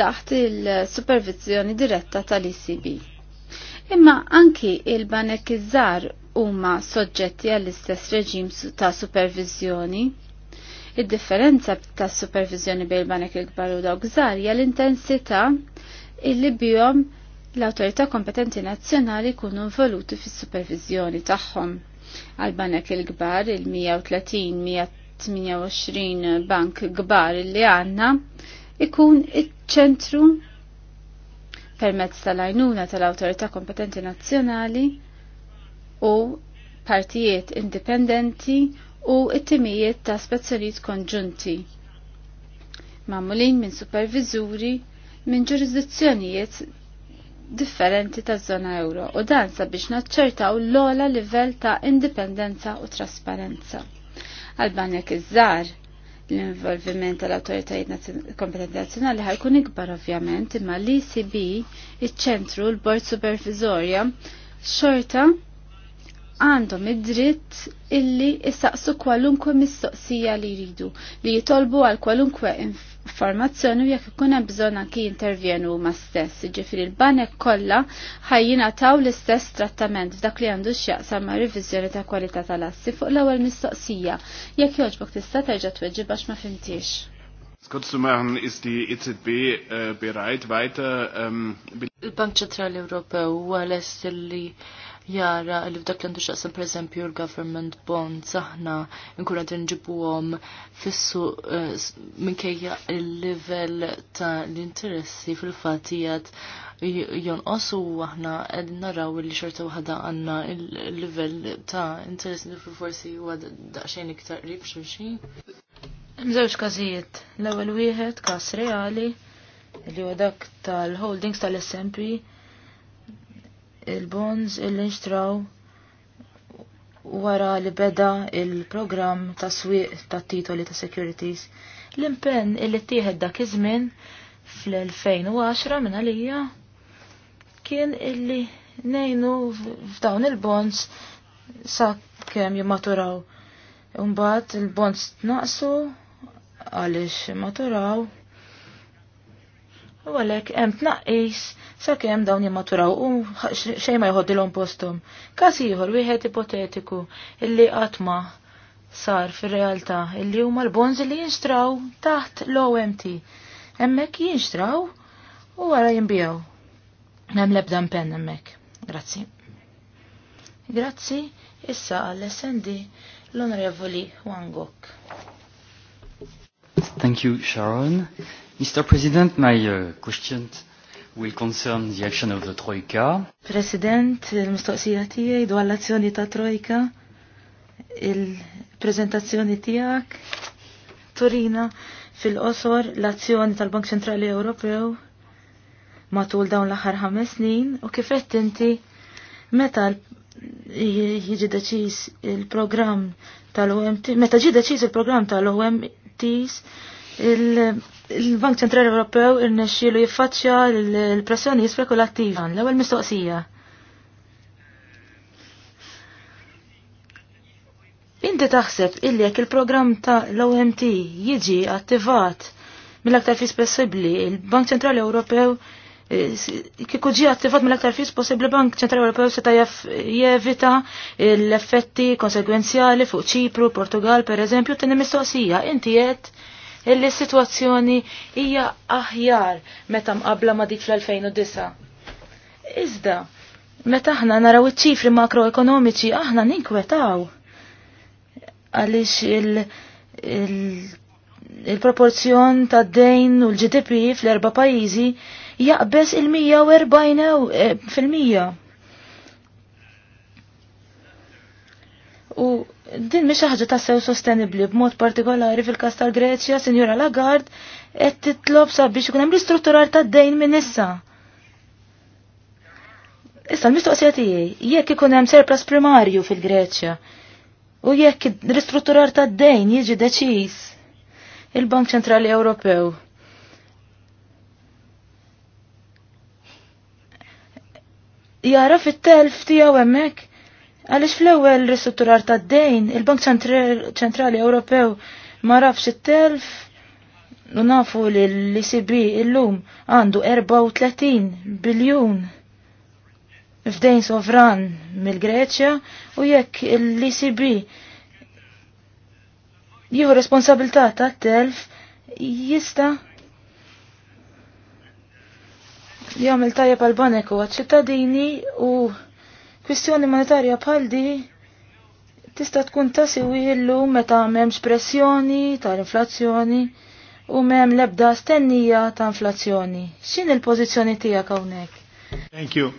taħt il-supervizjoni diretta tal-ECB. Imma anki il-banek iż-żar huma soġġetti għall-istess reġim ta' supervizjoni. Id-differenza ta' supervizjoni bejn banek il-kbar u dawk żgħar hija l-intensità illi bihom l-autorità kompetenti nazzjonali jkunu involuti fis-supervizjoni tagħhom. Għal banek il-kbar il-130 28 bank gbar li għanna ikun iċ-ċentru permezz tal-għajnuna tal-autorità kompetenti nazzjonali u partijiet indipendenti u it-timijiet ta' spezzjonijiet konġunti mamulin minn supervizuri minn ġurisdizzjonijiet differenti ta' zona euro u dan sabiex naċċertaw l-ola livell ta' indipendenza u trasparenza għal-banek iż-żar l-involviment tal-autoritajiet kompetenti nazzjonali ħajkun ikbar ovvjament imma l-ECB iċ-ċentru l-Bord Supervizorja xorta għandhom id-dritt illi issaqsu kwalunkwe mistoqsija li jridu li jitolbu għal kwalunkwe formazzjoni u jekk ikun hemm bżonn anke jintervjenu huma stess, jiġifieri l-banek kollha ħajjina taw l-istess trattament f'dak li għandu x'jaqsam ma' riviżjoni ta' kwalità tal-assi fuq l-ewwel mistoqsija. Jekk jogħġbok tista' terġa' tweġib għax ma fimtix. Kurz zu machen, ist die EZB vajta. Uh, um, Il-Bank Ċentrali Ewropew huwa lest li jara li f'dak l-għandu xaqsam per eżempju l-government bond aħna nkun għadin għom fissu eh, minkejja il-level ta' l-interessi fil-fatt jon osu aħna qed naraw li xorta waħda għandna il-level ta' interessi fil forsi huwa daqsxejn iktar qrib xulxin. Mżewġ każijiet, l-ewwel wieħed każ reali li għadak dak tal-holdings tal-SMP il-bonds illi nxtraw wara li beda il-programm ta' swiq ta' titoli ta' securities. L-impenn illi tieħed dak iż-żmien fl-2010 minn għalija kien illi nejnu f'dawn il-bonds sa' kemm jimmaturaw. Umbat il-bonds tnaqsu għaliex maturaw U għalek hemm tnaqqis sakemm dawn jimmaturaw u xejn ma jħoddilhom posthom. Każ ieħor wieħed ipotetiku illi qatt ma sar fir-realtà illi huma l bonzi li jinxtraw taħt l-OMT. Hemmhekk jinxtraw u wara jimbijaw. Nem lebda pen hemmhekk. Grazzi. Grazzi issa għall-SND l-Onorevoli Wangok. Thank you, Sharon. Mr. President, my uh, question will concern the action of the Troika. President, il-mistoqsija tiegħi dwar l-azzjoni ta' Trojka, il-prezentazzjoni tiegħek Torina fil-qosor l-azzjoni tal-Bank Ċentrali Ewropew matul dawn l-aħħar ħames snin u kif qed inti meta jiġi deċiż il-programm tal-OMT, meta ġi deċiż il-programm tal il-, -program tal omt meta ġi deċiż il programm tal omts il-Bank Ċentrali Ewropew irnexxielu jiffaċċja l-pressjoni spekulattiva l-ewwel mistoqsija. Inti taħseb illi jekk il-programm ta' l-OMT jiġi attivat mill-aktar fis possibbli, il-Bank Ċentrali Ewropew eh, kieku ġi attivat mill-aktar fis possibbli Bank Ċentrali Ewropew seta' jevita l-effetti konsegwenzjali fuq Ċipru, Portugal, per eżempju, tinni mistoqsija, inti qed illi situazzjoni sitwazzjoni hija aħjar meta mqabla ma dik fl-2009. Iżda, meta aħna naraw iċ-ċifri makroekonomiċi aħna ninkwetaw għaliex il-, il il-proporzjon ta' dejn u l-GDP fl-erba pajizi jaqbes il-140 e, fil-mija. U Din mi ħaġa ta' sew sostenibbli b'mod partikolari fil kas tal-Greċja, Signora Lagarde qed titlob sabiex ikun hemm ristrutturar tad-dejn minn issa. Issa l-mistoqsija tiegħi jekk ikun hemm surplus primarju fil-Greċja u jekk ristrutturar tad-dejn jiġi deċiż il-Bank Ċentrali Ewropew jara fit-telf tiegħu hemmhekk Għalix fl-ewel ristrutturar ta' d-dejn, il-Bank Ċentrali Ewropew ma rafx it-telf nafu li l-ECB illum għandu 34 biljun f'dejn sovran mill-Greċja u jekk l-ECB jihu responsabilità ta' telf jista jagħmel tajjeb pal banek u għaċ-ċittadini u Kwistjoni monetarja bħal di tista' tkun tasiwi llum meta m'hemmx pressjoni tal-inflazzjoni u m'hemm l-ebda stennija ta' inflazzjoni. X'in il-pożizzjoni tiegħek hawnhekk? Thank you.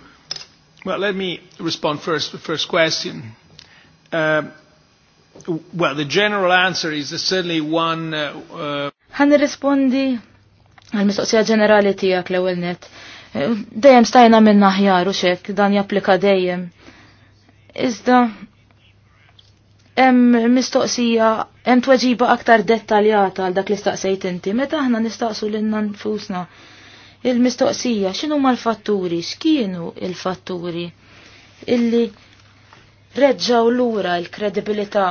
Well, let me respond first to the first question. Uh, well, the general answer is certainly one... Għan uh, uh rispondi għal-mistoqsija ġenerali tijak l ewwel net. Dejjem stajna minna ħjar u xek, dan japplika dejjem. Iżda hemm mistoqsija hemm tweġiba aktar dettaljata għal dak li staqsejt inti. Meta aħna nistaqsu lilna nfusna il-mistoqsija x'inhu mal-fatturi, x'kienu il-fatturi illi reġġaw lura l-kredibilità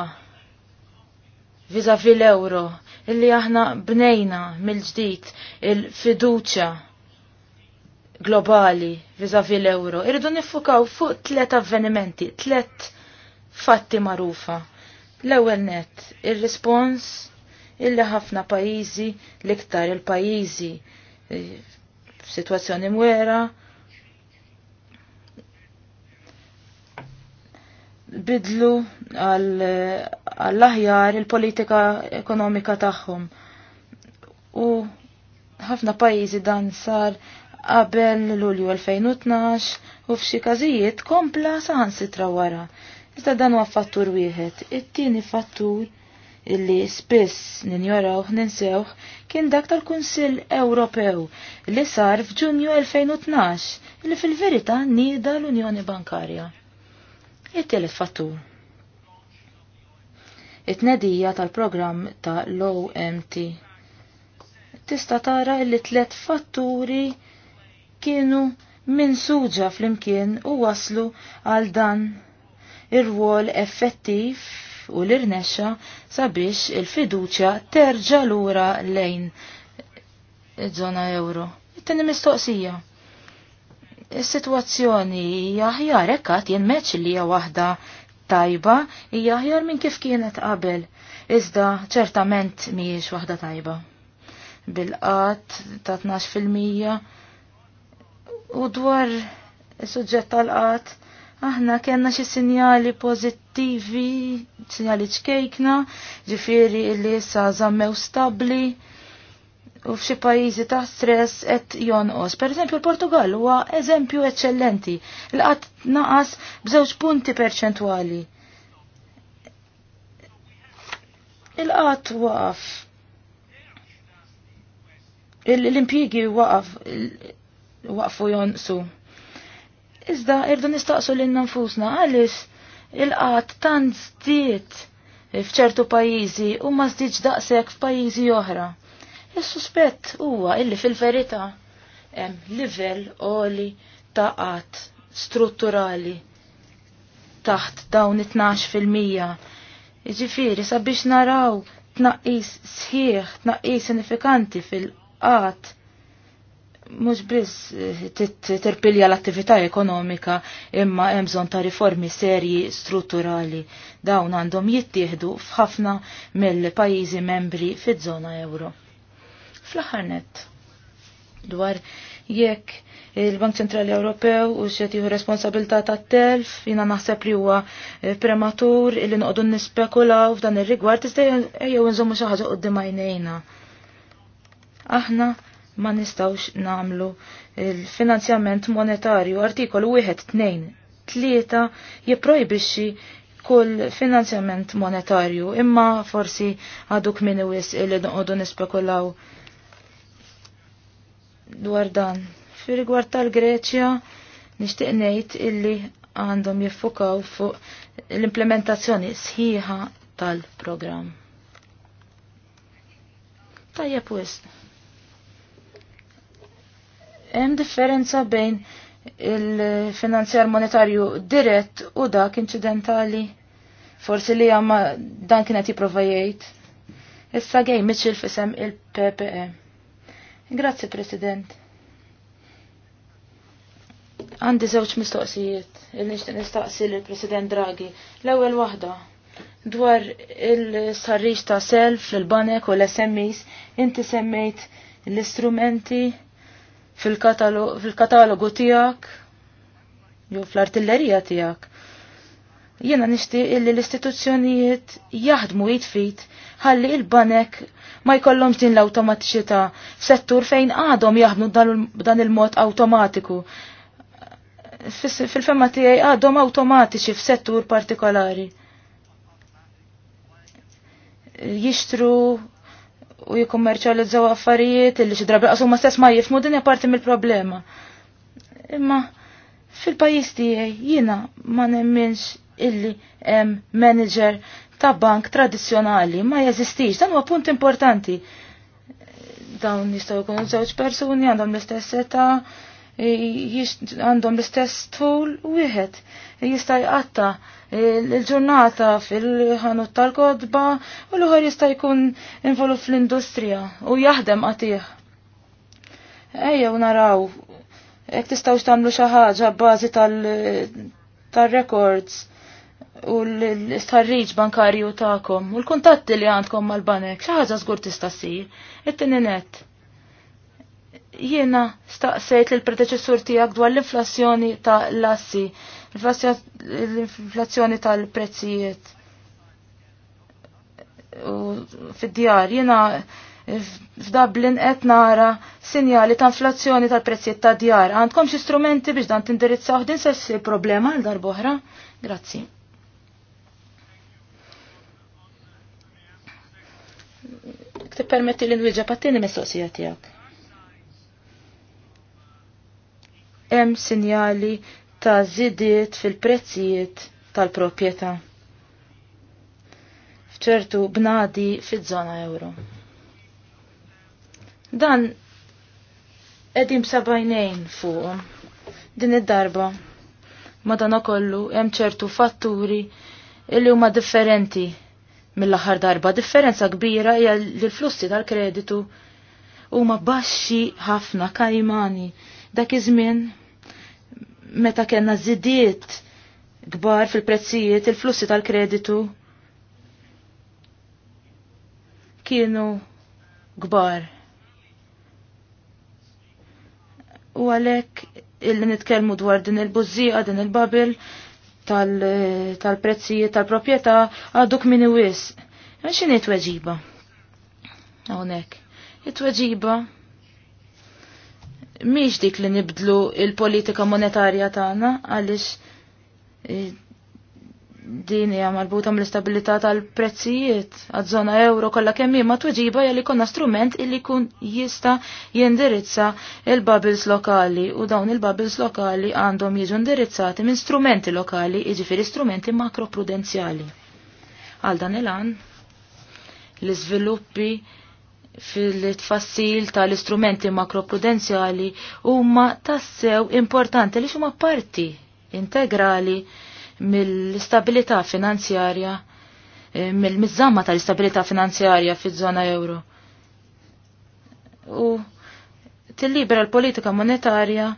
viża l-euro illi aħna bnejna mill-ġdid il-fiduċja globali vizavi l-euro. Irridu nifukaw fuq tlet avvenimenti, tlet fatti marufa. L-ewwel net, ir-rispons illi ħafna pajjiżi l-iktar il-pajjiżi f'sitwazzjoni eh, mwera bidlu għall-aħjar il-politika ekonomika tagħhom. U ħafna pajjiżi dan sar qabel Lulju 2012 u f'xi każijiet kompla saħansitra wara. Iżda dan huwa fattur wieħed. It-tieni fattur illi spiss ninjorawh ninsewh kien dak tal-Kunsill Ewropew li sar f'Ġunju 2012 li fil-verità nieda l-Unjoni Bankarja. It-tielet fattur. It-nedija tal-programm ta' l-OMT. Tista tara illi tlet fatturi kienu minn suġa fl-imkien u waslu għal dan ir-rwol effettiv u l-irnexxa sabiex il-fiduċja terġa' lura lejn iż-żona euro. It-tieni mistoqsija. Is-sitwazzjoni hija aħjar hekk qatt jien meċ li hija waħda tajba hija aħjar minn kif kienet qabel. Iżda ċertament mhijiex waħda tajba. Bil-qatt ta' 12 fil-mija U dwar is-suġġett tal-qat, aħna kena xi sinjali pozittivi, sinjali ċkejkna, ġifiri illi sa żammew stabbli u f'xi pajjiżi ta' stress qed jonqos. Pereżempju l-Portugal huwa eżempju eċċellenti. L-qat naqas b'żewġ punti perċentwali. il qat waqaf. L-impjigi waqaf. Il waqfu jonqsu. Iżda irdu nistaqsu l nfusna għalis il-qat tant zdiet fċertu pajizi u ma zdiċ daqsek f'pajizi oħra. Is-suspett huwa illi fil-verità hemm livell oli ta' qat strutturali taħt dawn 12%. Iġifiri, sabiex naraw tnaqqis sħiħ, tnaqqis sinifikanti fil-qat mhux biss eh, terpilja l-attività ekonomika imma hemm bżonn ta' riformi serji strutturali dawn għandhom jittieħdu f'ħafna mill-pajjiżi membri fiż-żona euro. Fl-aħħar nett dwar jekk il-Bank Ċentrali Ewropew u xed jieħu responsabilità tat-telf, jiena naħseb li huwa eh, prematur li noqogħdu nispekulaw f'dan ir-rigward iżda jew nżommu xi ħaġa quddiem għajnejna. Aħna ma nistawx namlu il-finanzjament monetarju artikolu 1, 2, 3 jiprojbixi kull finanzjament monetarju imma forsi għadu kmin wis li noqogħdu nispekulaw dwar dan. Fi rigward tal-Greċja nixtieq ngħid illi għandhom jiffukaw fuq l-implementazzjoni sħiħa tal-programm. Tajjeb wisq. Hemm differenza bejn il-finanzjar monetarju dirett u dak inċidentali. Forsi li għamma dan kienet jiprofa jgħid. Issa gej Mitchell fisem il-PPE. Grazzi, President. Għandi żewġ mistoqsijiet il nixtieq nistaqsi lill President Draghi. L-ewwel waħda dwar il-sarriġ ta' self l-banek u l-SMEs inti semmejt l-istrumenti fil-katalogu tijak, jew fl-artillerija tijak. Jena nishti illi l-istituzzjonijiet jaħdmu jitfit ħalli il-banek ma jkollhom din l-automatiċità f'settur fejn għadhom jaħdmu dan il-mod automatiku. Fil-femma tiegħi għadhom automatiċi f'settur partikolari. Jixtru u jikommerċjalizzaw affarijiet illi xi drabi qashom stess ma jifmu din hija parti mill-problema. Imma fil-pajjiż tiegħi jiena ma nemminx illi hemm manager ta' bank tradizzjonali ma jeżistix. Dan huwa punt importanti. Dawn jistgħu jkunu żewġ persuni għandhom l-istess età, għandhom l-istess tul wieħed jista' jqatta il-ġurnata fil-ħanut tal-kodba u l-ħor jista' jkun involu fl-industrija u jaħdem għatiħ. Ejja unaraw, naraw, jek tistawx tagħmlu xi ħaġa bbażi tal-records u l-istarriġ bankarju tagħkom u l-kuntatti li għandkom mal-banek, xaħġa zgur żgur tista' ssir. it tininet Jiena staqsejt l-predeċessur tiegħek dwar l-inflazzjoni ta' assi l-inflazzjoni tal-prezzijiet. U fid-djar, jiena f'Dublin qed nara sinjali ta' inflazzjoni tal-prezzijiet ta' djar. Għandkom xi strumenti biex dan tindirizzaw din sessi problema għal darb'oħra? Grazzi. Ti permetti l-inwiġa pattini mis-soqsija tiegħek. hemm sinjali ta' zidiet fil-prezzijiet tal-proprjetà. F'ċertu bnadi fiż-żona euro. Dan qegħdin sabajnejn fuq. Din id-darba madanakollu hemm ċertu fatturi illi huma differenti mill-aħħar darba. Differenza kbira hija li l-flussi tal-kreditu huma baxxi ħafna kajmani Dak iż-żmien meta kellna żidiet kbar fil-prezzijiet, il-flussi tal-kreditu kienu kbar. U għalhekk illi nitkellmu dwar din il-bużija, din il-babil tal-prezzijiet, tal tal-proprjetà għaduk min iwis. Għaxin it-tweġiba? Hawnhekk. It-tweġiba miex dik li nibdlu il-politika monetarja tagħna għaliex e, din hija marbuta mill-istabilità tal-prezzijiet għaż-żona euro kollha kemm ma tweġiba li konna strument illi jkun jista' jindirizza il-bubbles lokali u dawn il-bubbles lokali għandhom jiġu indirizzati minn strumenti lokali, jiġifieri strumenti makroprudenzjali. Għal dan il-għan l-iżviluppi fil-tfassil tal-istrumenti makroprudenzjali huma tassew importanti li huma parti integrali mill-istabilità finanzjarja eh, mill-mizzamma tal-istabilità finanzjarja fiż-żona euro. U tillibera l-politika monetarja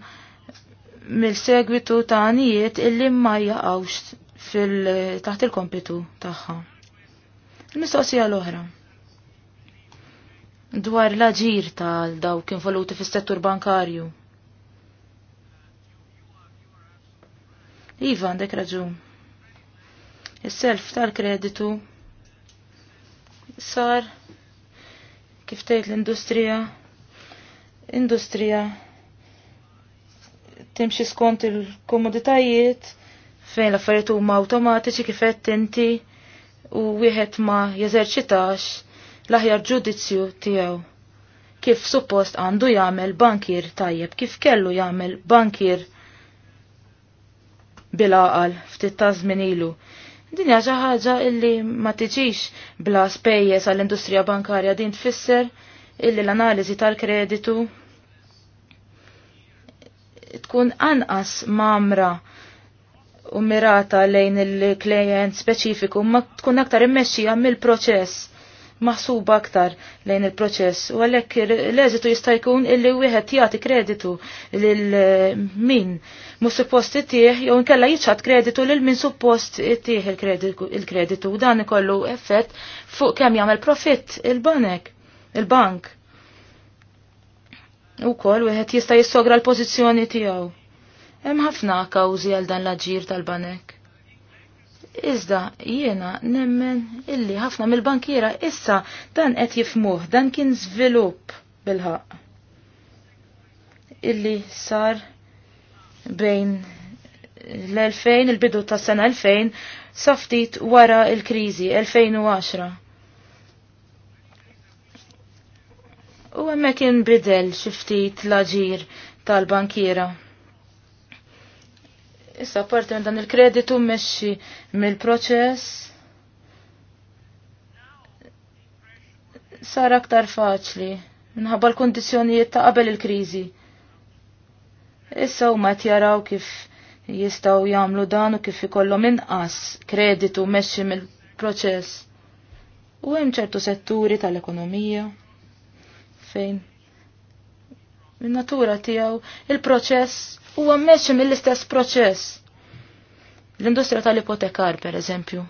mill-segwitu ta' għanijiet illi ma jaqawx fil-taħt il-kompitu tagħha. Il-mistoqsija l-oħra dwar l-aġir tal dawk involuti fis-settur bankarju. Iva, għandek raġun. Is-self tal-kreditu sar kif tgħid l-industrija industrija timxi skont il-komoditajiet fejn l-affarijiet huma awtomatiċi kif qed inti u wieħed ma jeżerċitax l-aħjar ġudizzju tiegħu. Kif suppost għandu jagħmel bankier tajjeb, kif kellu jagħmel bankier bil-aqal ftit ta' żmien ilu. Din hija xi ħaġa illi ma tiġix bla spejjeż għall-industrija bankarja din tfisser illi l-analiżi tal-kreditu tkun anqas mamra u mirata lejn il klejent speċifiku ma tkun aktar immexxija mill-proċess maħsuba aktar lejn il-proċess u għalhekk l-eżitu jista' jkun illi wieħed jagħti kreditu lil eh, min mhux suppost ittieħ jew inkella jiċċat kreditu lil min suppost ittieħ il-kreditu u dan ikollu effett fuq kemm jagħmel profitt il-banek il-bank. U kol wieħed jista' jissogra l-pożizzjoni tiegħu. Hemm ħafna kawżi għal dan l-aġir tal-banek. Iżda jiena nemmen illi ħafna mill-bankiera issa dan qed jifmuh, dan kien żvilupp bil-ħaq. Illi sar bejn l-2000, il-bidu tas sena 2000, saftit wara il-kriżi 2010. U hemmhekk inbidel xi ftit l-aġir tal-bankiera. Issa parti dan il-kreditu meċi mill-proċess. Sar aktar faċli minħabba l-kondizjonijiet ta' qabel il-kriżi. Issa huma qed jaraw kif jistgħu jagħmlu dan u kif ikollhom inqas kreditu meċi mill-proċess. U hemm ċertu setturi tal-ekonomija fejn min-natura tiegħu il-proċess huwa għammessu mill-istess proċess. L-industrija tal-ipotekar, per eżempju,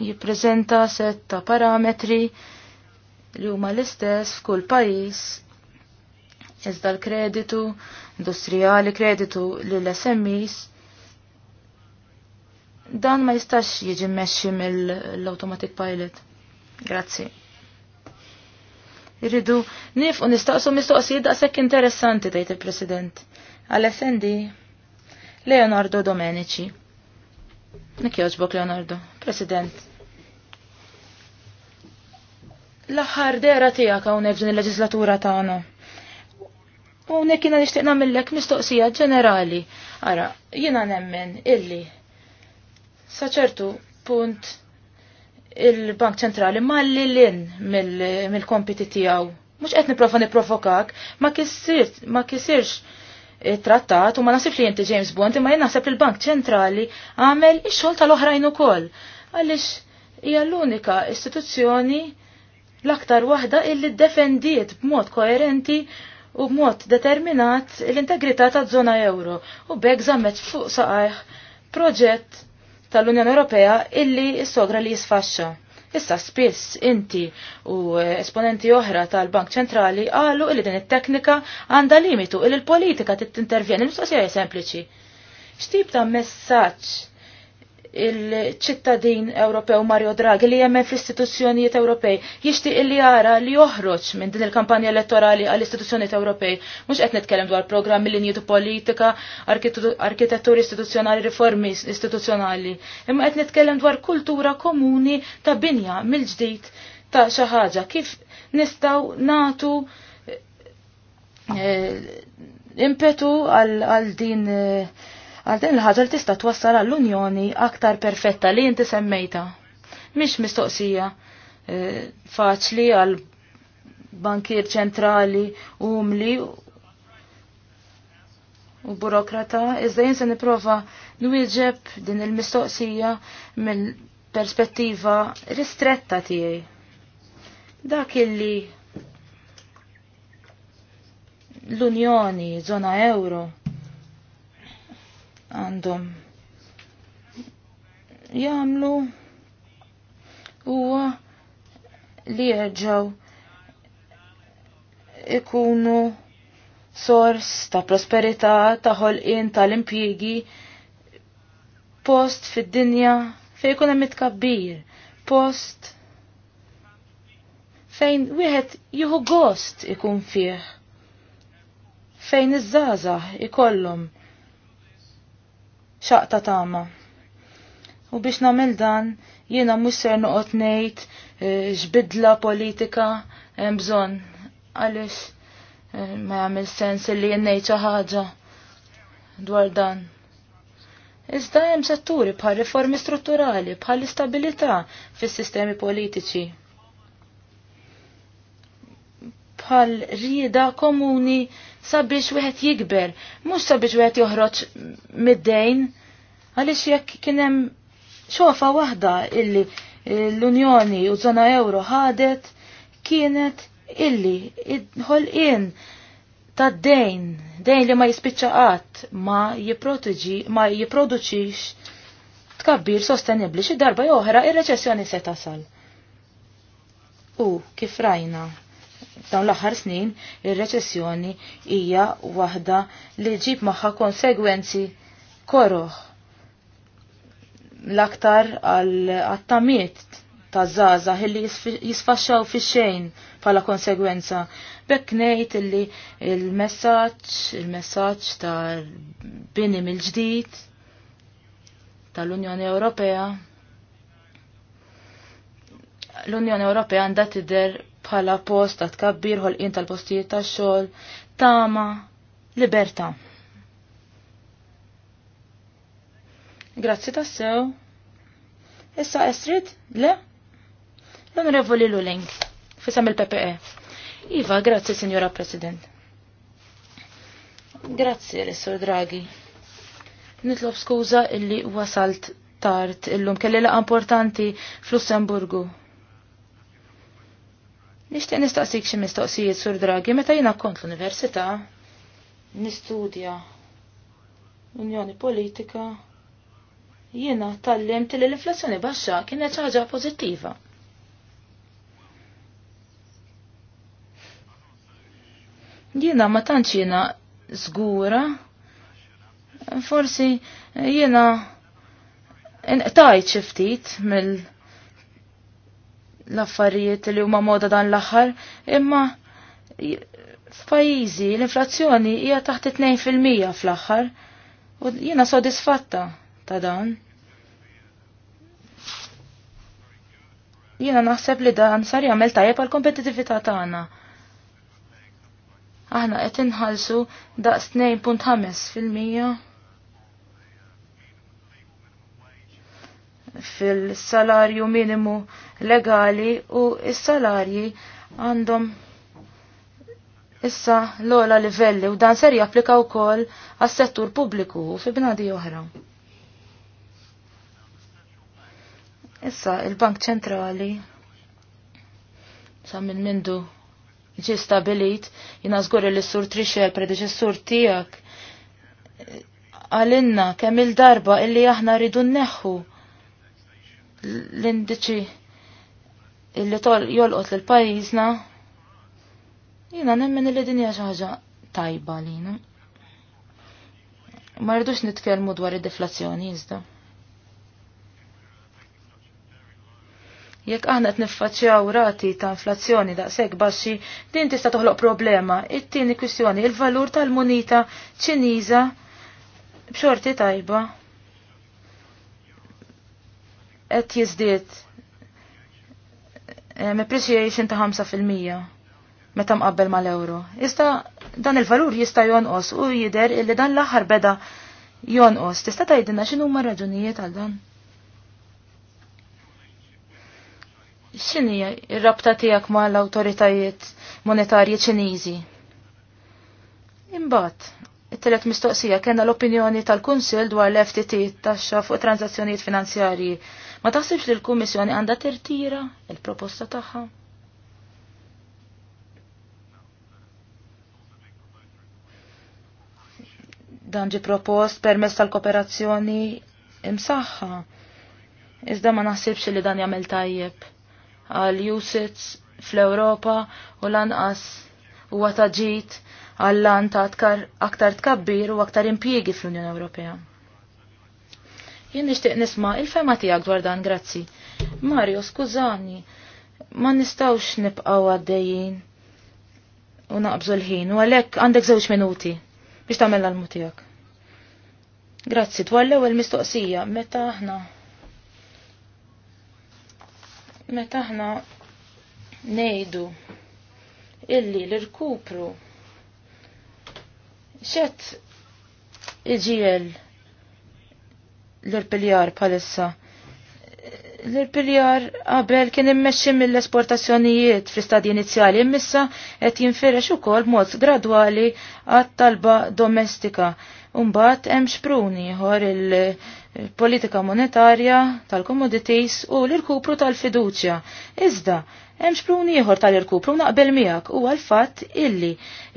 jippreżenta setta parametri li huma l-istess f'kull pajjiż. Iżda l-kreditu industrijali, kreditu lill smis dan ma jistax jiġi mmexxi mill-automatic pilot. Grazzi. Irridu nif u nistaqsu mistoqsijiet daqshekk interessanti tgħid il-President. Għal-SND Leonardo Domenici. Nik joġbok Leonardo, President. L-aħħar dera tiegħek hawnhekk din il-leġislatura tagħna. U hawnhekk jiena nixtieq nagħmellek mistoqsija ġenerali. Ara, jiena nemmen illi sa ċertu punt il-Bank Ċentrali malli l-in mill-kompiti mil tijaw. Mux qed niprofa niprofokak, ma kissirx ma kissirx trattat u ma nasib li jinti James Bond, ma jien naħseb il-Bank Ċentrali għamel ix-xogħol tal-oħrajn ukoll. Għaliex hija l-unika istituzzjoni l-aktar waħda illi defendiet b'mod koerenti u b'mod determinat l-integrità ta' zona euro u bekk zammet fuq saqajh proġett tal-Unjoni Ewropea illi s-sogra li jisfaxxa. Issa spiss inti u esponenti oħra tal-Bank Ċentrali qalu illi din it-teknika għandha limitu illi l-politika tittintervjeni mistoqsija sempliċi. X'tip ta' messaġġ il-ċittadin Ewropew Mario Draghi li jemmen fl-istituzzjonijiet Ewropej jishti li jara li joħroġ minn din il-kampanja elettorali għall-istituzzjonijiet Ewropej. Mhux qed nitkellem dwar programmi li njitu politika, arkitetturi istituzzjonali, riformi istituzzjonali, imma qed nitkellem dwar kultura komuni ta' binja mill-ġdid ta' xi ħaġa kif nistgħu natu eh, impetu għal din eh, Għal din il-ħaġa tista' twassal għall-Unjoni aktar perfetta li jinti semmejta. Mish mistoqsija eh, faċli għal bankier ċentrali umli u burokrata, iżda jinsa niprofa nwieġeb din il-mistoqsija mill perspettiva ristretta tiegħi. Dak illi l-Unjoni, zona euro, għandhom jagħmlu huwa li jerġgħu ikunu sors ta' prosperità ta' ħolqien tal-impjiegi post fid-dinja fejn ikun hemm itkabbir, post fejn wieħed jieħu gost ikun fih fejn iż-żaza ikollhom xaqta tama. U biex namil dan, jiena mhux ser noqgħod ngħid eh, x'bidla politika hemm bżonn eh, ma jagħmel sens li jennejt xi ħaġa dwar dan. Iżda hemm setturi bħal riformi strutturali, bħal istabilità fis-sistemi politiċi. Bħal rieda komuni sabiex wieħed jikber, mhux sabiex wieħed joħroġ mid-dejn għaliex jekk kien hemm xofa waħda illi l-Unjoni u żona euro ħadet kienet illi ħolqien ta' dejn, dejn li ma jispiċċa qatt ma jipproteġi, ma jipproduċix tkabbir sostenibli xi darba joħra ir-reċessjoni se tasal. U kif rajna dawn l-aħħar snin ir-reċessjoni hija waħda li ġib magħha konsegwenzi koroħ l-aktar għal attamiet ta' zaza illi jisfaxxaw fi xejn bħala konsegwenza. Bekk ngħid illi il-messaġġ, il-messaġġ ta' bini mill-ġdid tal-Unjoni Ewropea. L-Unjoni Ewropea għandha tidher bħala post ta' tkabbir ħolqien tal-postijiet tax-xogħol, tama, libertà. Grazzi tassew. Issa Estrid? Le? L-Onorevoli Luling, fisam il-PPE. Iva, grazzi, Signora President. Grazzi, Ressor Draghi. Nitlob skuża illi wasalt tard illum kelli laqa importanti fl-Lussemburgu. Nishtiq nistaqsik xi mistoqsijiet sur Draghi meta jiena kont l-università nistudja Unjoni Politika jiena tallim li l-inflazzjoni baxxa kienet ħaġa pożittiva. Jiena ma tantx jiena żgura forsi jiena tajt xi ftit mill- l-affarijiet li huma moda dan l-aħħar, imma f'pajjiżi l-inflazzjoni hija taħt 2% fl-aħħar u jiena sodisfatta ta' dan. Jiena naħseb li dan sar jagħmel tajjeb għal kompetitività tagħna. Aħna qed inħallsu daqs 2.5 fil-mija fil-salarju minimu legali u s-salarji għandhom issa l-ola livelli u dan ser japplika wkoll għas-settur pubbliku u fi bnadi oħra. Issa il-Bank Ċentrali sa minn mindu ġi stabilit jina żgur li s-sur Trixel predeċessur tiegħek għalinna kemm il-darba illi aħna rridu nneħħu l-indiċi illi tol jolqot l pajjiżna jina nemmen li dinja xaħġa tajba lina. Ma rridux nitkellmu dwar id-deflazzjoni iżda. Jek aħna t niffaċċjaw rati ta' inflazzjoni daqshekk baxxi, din tista' toħloq problema. It-tieni kwistjoni il-valur tal-munita Ċiniża b'xorti tajba qed jiżdied eh, appreciation ta' 5% meta mqabbel mal-euro. Iżda dan il-valur jista' jonqos u jidher illi dan l-aħħar beda jonqos. Tista' tgħidilna x'inhu huma raġunijiet għal dan? X'inhi r-rabta tiegħek mal-awtoritajiet monetarji Ċiniżi? Imbagħad, it-telet mistoqsija kellna l-opinjoni tal-Kunsill dwar l-FTT taxxa fuq transazzjonijiet finanzjarji Ma taħsibx li l-Kummissjoni għandha tirtira il-proposta tagħha? Dan ġi propost permess tal-kooperazzjoni imsaħħa. Iżda ma naħsibx li dan jagħmel tajjeb għal usits fl-Ewropa u lanqas huwa taġit għall-lan ta' aktar tkabbir u aktar impjiegi fl-Unjoni Ewropea. Jien nixtieq nisma' il-fema tiegħek dwar dan, grazzi. Mario, skużani, ma nistawx nibqgħu għaddejjin u naqbżu l-ħin, u għalhekk għandek żewġ minuti biex tagħmel l-almu tiegħek. Grazzi, dwar l-ewwel mistoqsija, meta aħna meta aħna ngħidu illi l-irkupru xed iġiel l-irpiljar palissa. L-irpiljar qabel kien immexxi mill-esportazzjonijiet fl-istadji inizjali immissa qed jinfirex ukoll mod gradwali għat-talba domestika. Umbat hemm xpruni ieħor il-politika monetarja tal-commodities u l-irkupru tal-fiduċja. Iżda, hemm xpruni ieħor tal-irkupru naqbel miegħek u għal fatt illi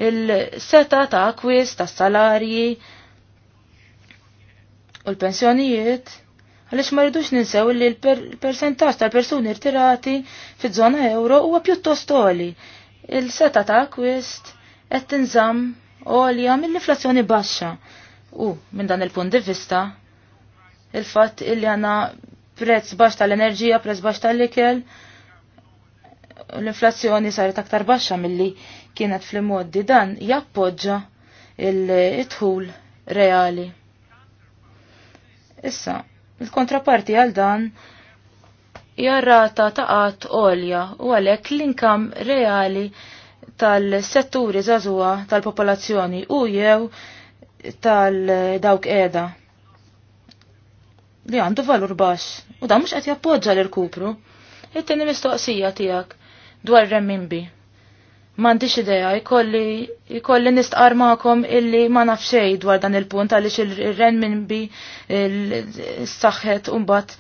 il-seta ta' akwis ta' salarji u l-pensjonijiet, għalix ma rridux ninsew li l-percentaġġ tal-persuni rtirati fiż-żona euro huwa pjuttost oli. Il-seta ta' akwist qed tinżamm għolja mill-inflazzjoni baxxa. U minn dan il-punt di vista, il-fatt illi għandna prezz baxx tal-enerġija, prezz baxx tal-ikel, l-inflazzjoni saret aktar baxxa milli kienet fl moddi dan jappoġġa il-tħul reali. Issa, il-kontraparti għal dan jarrata għat olja u għalek l-inkam reali tal-setturi zazua tal-popolazzjoni u jew tal-dawk edha li għandu valur baxx u da mux qed jappoġġa l-irkupru. It-tieni mistoqsija tiegħek dwar remminbi. M'għandix idea, jkolli jkolli nistqar magħkom illi ma nafxej dwar dan il-punt għaliex il ren minn bi s saxħet u mbagħad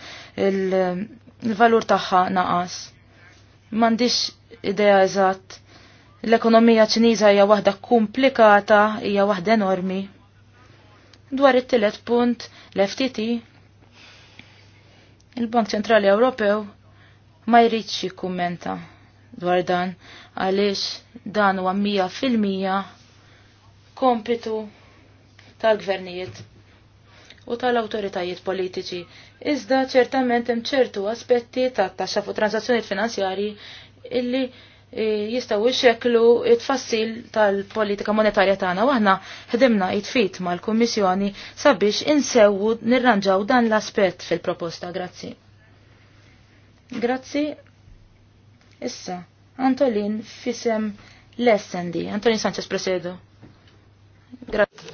il-valur tagħha naqas. M'għandix idea eżatt. L-ekonomija ċiniża hija waħda komplikata, hija waħda enormi. Dwar it tillet punt, l-FTT, il-Bank Ċentrali Ewropew ma jridx jikkummenta dwar dan għaliex dan huwa mija fil-mija kompitu tal-gvernijiet u tal-awtoritajiet politiċi. Iżda ċertament hemm ċertu aspetti ta' taxxa fuq transazzjonijiet finanzjarji illi e, jistgħu ixeklu it-fassil tal-politika monetarja tagħna waħna ħdimna it-fit mal-Kummissjoni sabiex insewwu nirranġaw dan l-aspett fil-proposta. Grazzi. Grazzi Issa, Antolin fisem l-SND. Antolin Sanchez Presedo. Grazie.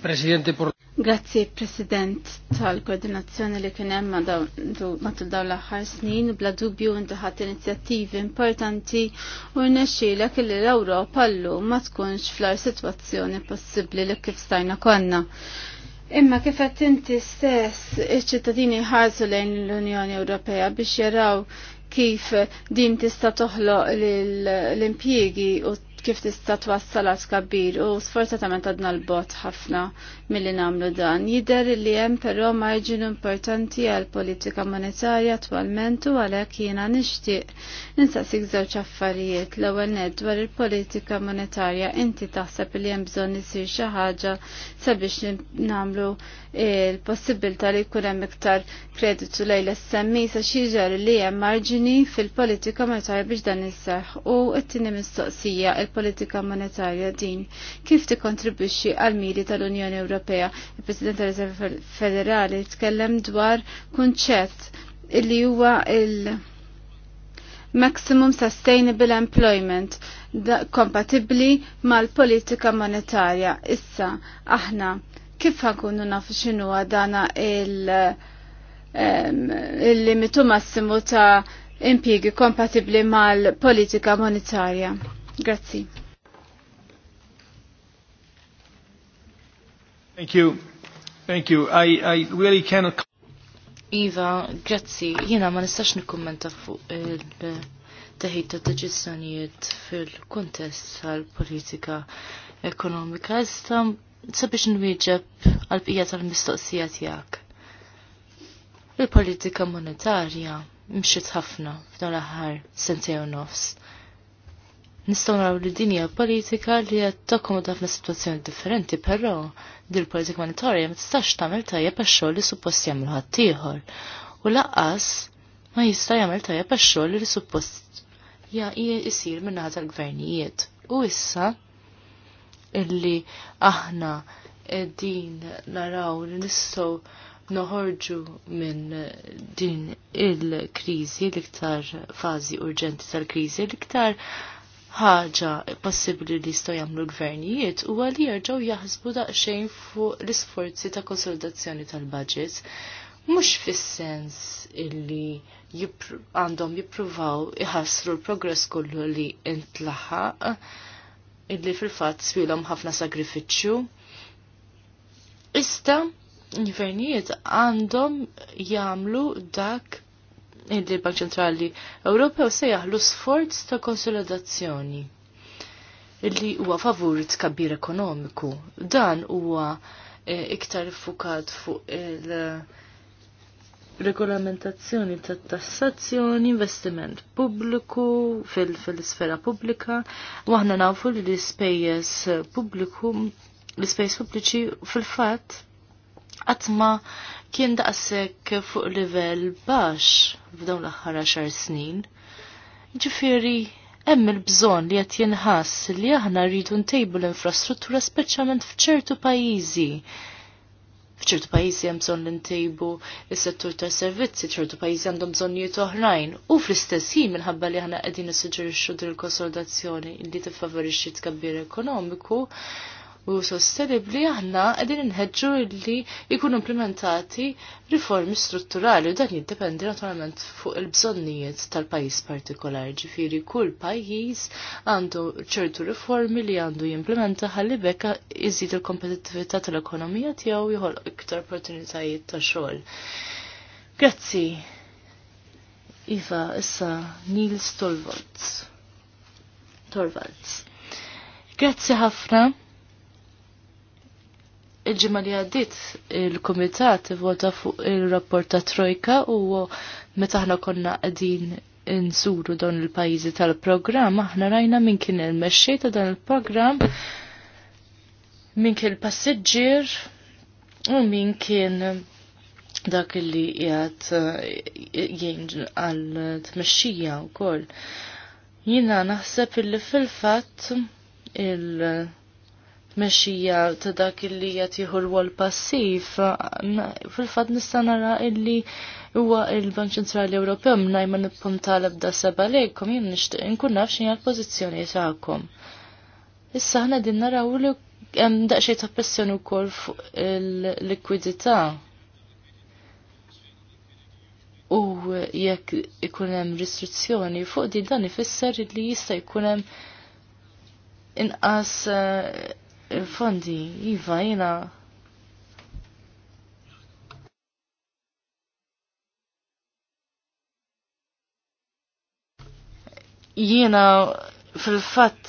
Presidente por... Grazie President tal-koordinazzjoni li kien hemm matul dawn l-aħħar snin bla dubju inti inizjattivi importanti u rnexxielek li l-Ewropa llum ma tkunx fl-ar situazzjoni possibbli li kif stajna konna. Imma kif qed inti stess iċ-ċittadini ħarsu lejn l-Unjoni Ewropea biex jaraw kif din tista' toħloq l-impjiegi u kif tista' twassal għal kabir u sfortatament għadna l-bot ħafna milli nagħmlu dan. Jider li hemm però marġinu importanti għal politika monetarja attualment u għalhekk jiena nixtieq nistaqsik żewġ affarijiet l-ewwel ned dwar il-politika monetarja inti taħseb li hemm bżonn nisir xi ħaġa sabiex nagħmlu l-possibilità li jkun hemm iktar kreditu lejn l-SMI sa xiġar li hemm marġini fil-politika monetarja biex dan isseħħ u it tieni mistoqsija il tal-politika monetarja din kif tikkontribwixxi għal miri tal-Unjoni Ewropea. Il-President tal-Riserva Federali tkellem dwar kunċett illi huwa il Maximum Sustainable Employment kompatibli mal-politika monetarja. Issa, aħna, kif ħankunu nafu xinu għadana il-limitu il massimu ta' impiegi kompatibli mal-politika monetarja? Grazzi. Thank you. Thank you. I, I really cannot... Iva, grazzi. Jina ma nistax nikkommenta fuq il-teħid ta' deċizjonijiet fil-kontest tal-politika ekonomika. Iżda sabiex nwieġeb għal-bqija tal-mistoqsija tiegħek. Il-politika monetarja mxiet ħafna f'dan l-aħħar sentej u nofs. Nistaw naraw li dinja politika li qed takkomoda f'na situazzjoni differenti, però dil politika monetarja ma tistax tagħmel tajjeb għax-xogħol li suppost jagħmel ħaddieħor. U laqqas ma jista' jagħmel tajjeb għax-xogħol li suppost ja isir naħa tal-gvernijiet. U issa illi aħna din naraw li nistgħu noħorġu minn din il-kriżi l-iktar fażi urġenti tal-kriżi l-iktar ħaġa possibbli li jistgħu jagħmlu l-gvernijiet huwa li jerġgħu jaħsbu daqsxejn fuq l-isforzi ta' konsolidazzjoni tal-budget. Mhux fis-sens illi għandhom jippruvaw iħassru l-progress kollu li intlaħaq illi fil-fatt swilhom ħafna sagrifiċċju. Ista, l-gvernijiet għandhom jagħmlu dak il-Bank Ċentrali Ewropew se jaħlu sforz ta' konsolidazzjoni illi huwa favur tkabbir ekonomiku. Dan huwa e, iktar fukat fuq il-regolamentazzjoni ta' tassazzjoni, investiment pubbliku fil-sfera fil pubblika, u aħna nafu li l-ispejjeż pubbliku l-ispejjeż pubbliċi fil-fatt għatma kien daqsek fuq livell bax f'dawn l-axħar xar snin. Ġifiri, hemm il-bżonn li qed jinħass li aħna rridu ntejbu l-infrastruttura speċjalment f'ċertu pajjiżi. F'ċertu pajjiżi hemm bżonn li ntejbu is-settur tas servizzi, ċertu pajjiżi għandhom bżonnijiet oħrajn. U fl-istess ħin minħabba li aħna qegħdin nissuġġerixxu din il-konsolidazzjoni li tiffavorixxi tkabbir ekonomiku, u sostenibli aħna qegħdin inħeġġu li jkunu implementati riformi strutturali u dan jiddependi naturalment fuq il-bżonnijiet tal-pajjiż partikolari. Ġifieri kull pajjiż għandu ċertu riformi li għandu jimplementa ħalli bekka iżid il kompetitivita tal-ekonomija tiegħu jħolq iktar opportunitajiet ta' xogħol. Grazzi. Iva, issa Nils Torvalds. Torvalds. Grazzi ħafna il-ġimma li għaddit il-komitat vota fuq il-rapport ta' Trojka u meta konna qegħdin insuru dawn il-pajjiżi tal-programm aħna rajna min kien il-mexxej ta' dan il-programm min kien il-passiġġier u min kien dak li jgħat jgħin għal tmexxija wkoll. Jina naħseb illi fil-fatt il-, -fil mexxija ta' dak illi qed jieħu l-wol passiv, fil-fatt nista' nara illi huwa il-Bank Ċentrali Ewropew mingħajr ma nippunta l-ebda seba' lejkom jien nixtieq inkun naf x'inhi l-pożizzjoni tagħkom. Issa aħna din naraw li hemm daqsxejn ta' pressjoni wkoll fuq il-likwidità. U jekk ikun hemm restrizzjoni fuq di dan ifisser li jista' jkun hemm inqas eh, il-fondi, jiva, jina. Jina, fil fat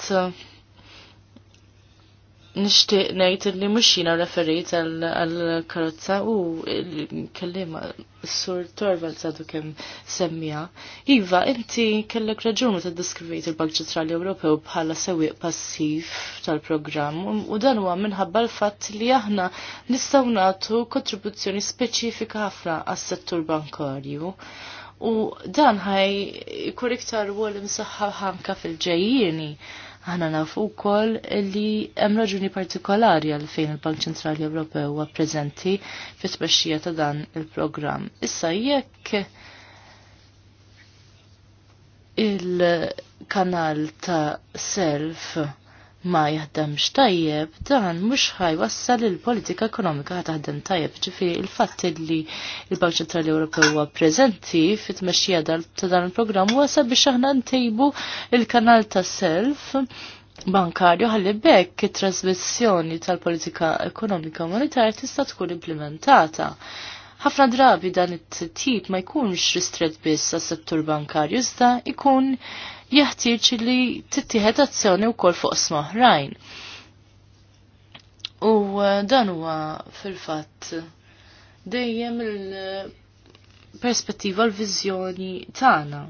nishtiq ngħid li mhux jiena referejt għall-karozza u kellima s-sur Torvald sadu kemm semmija. Iva, inti kellek raġun t-diskrivejt il-Bank Ċentrali Ewropew bħala sewwieq passiv tal-programm u dan huwa minħabba l-fatt li aħna nistgħu nagħtu kontribuzzjoni speċifika ħafna għas-settur bankarju. U dan ħaj korrektar iktar wol imsaħħa ħanka fil-ġejjieni Ħana nafu wkoll li hemm raġuni partikolari għal fejn il-Bank Ċentrali Ewropew huwa preżenti fi tmexxija ta' dan il-programm. Issa jekk il-kanal ta' self ma jaħdemx tajjeb, dan mhux ħajwassal il-politika ekonomika ħataħdem tajjeb. Ġifi il-fatt li il-Bank Ċentrali Ewropew huwa preżenti fit-tmexxija ta' dan il-programm huwa biex aħna ntejbu il-kanal ta' self bankarju ħalli bekk it-trasmissjoni tal-politika ekonomika monetarja tista' tkun implementata. Ħafna drabi dan it-tip ma jkunx ristret biss għas-settur bankarju iżda ikun jeħtieġ li tittieħed azzjoni wkoll fuq smaħrajn. U eh, dan huwa fil-fatt dejjem il-perspettiva l-viżjoni tagħna.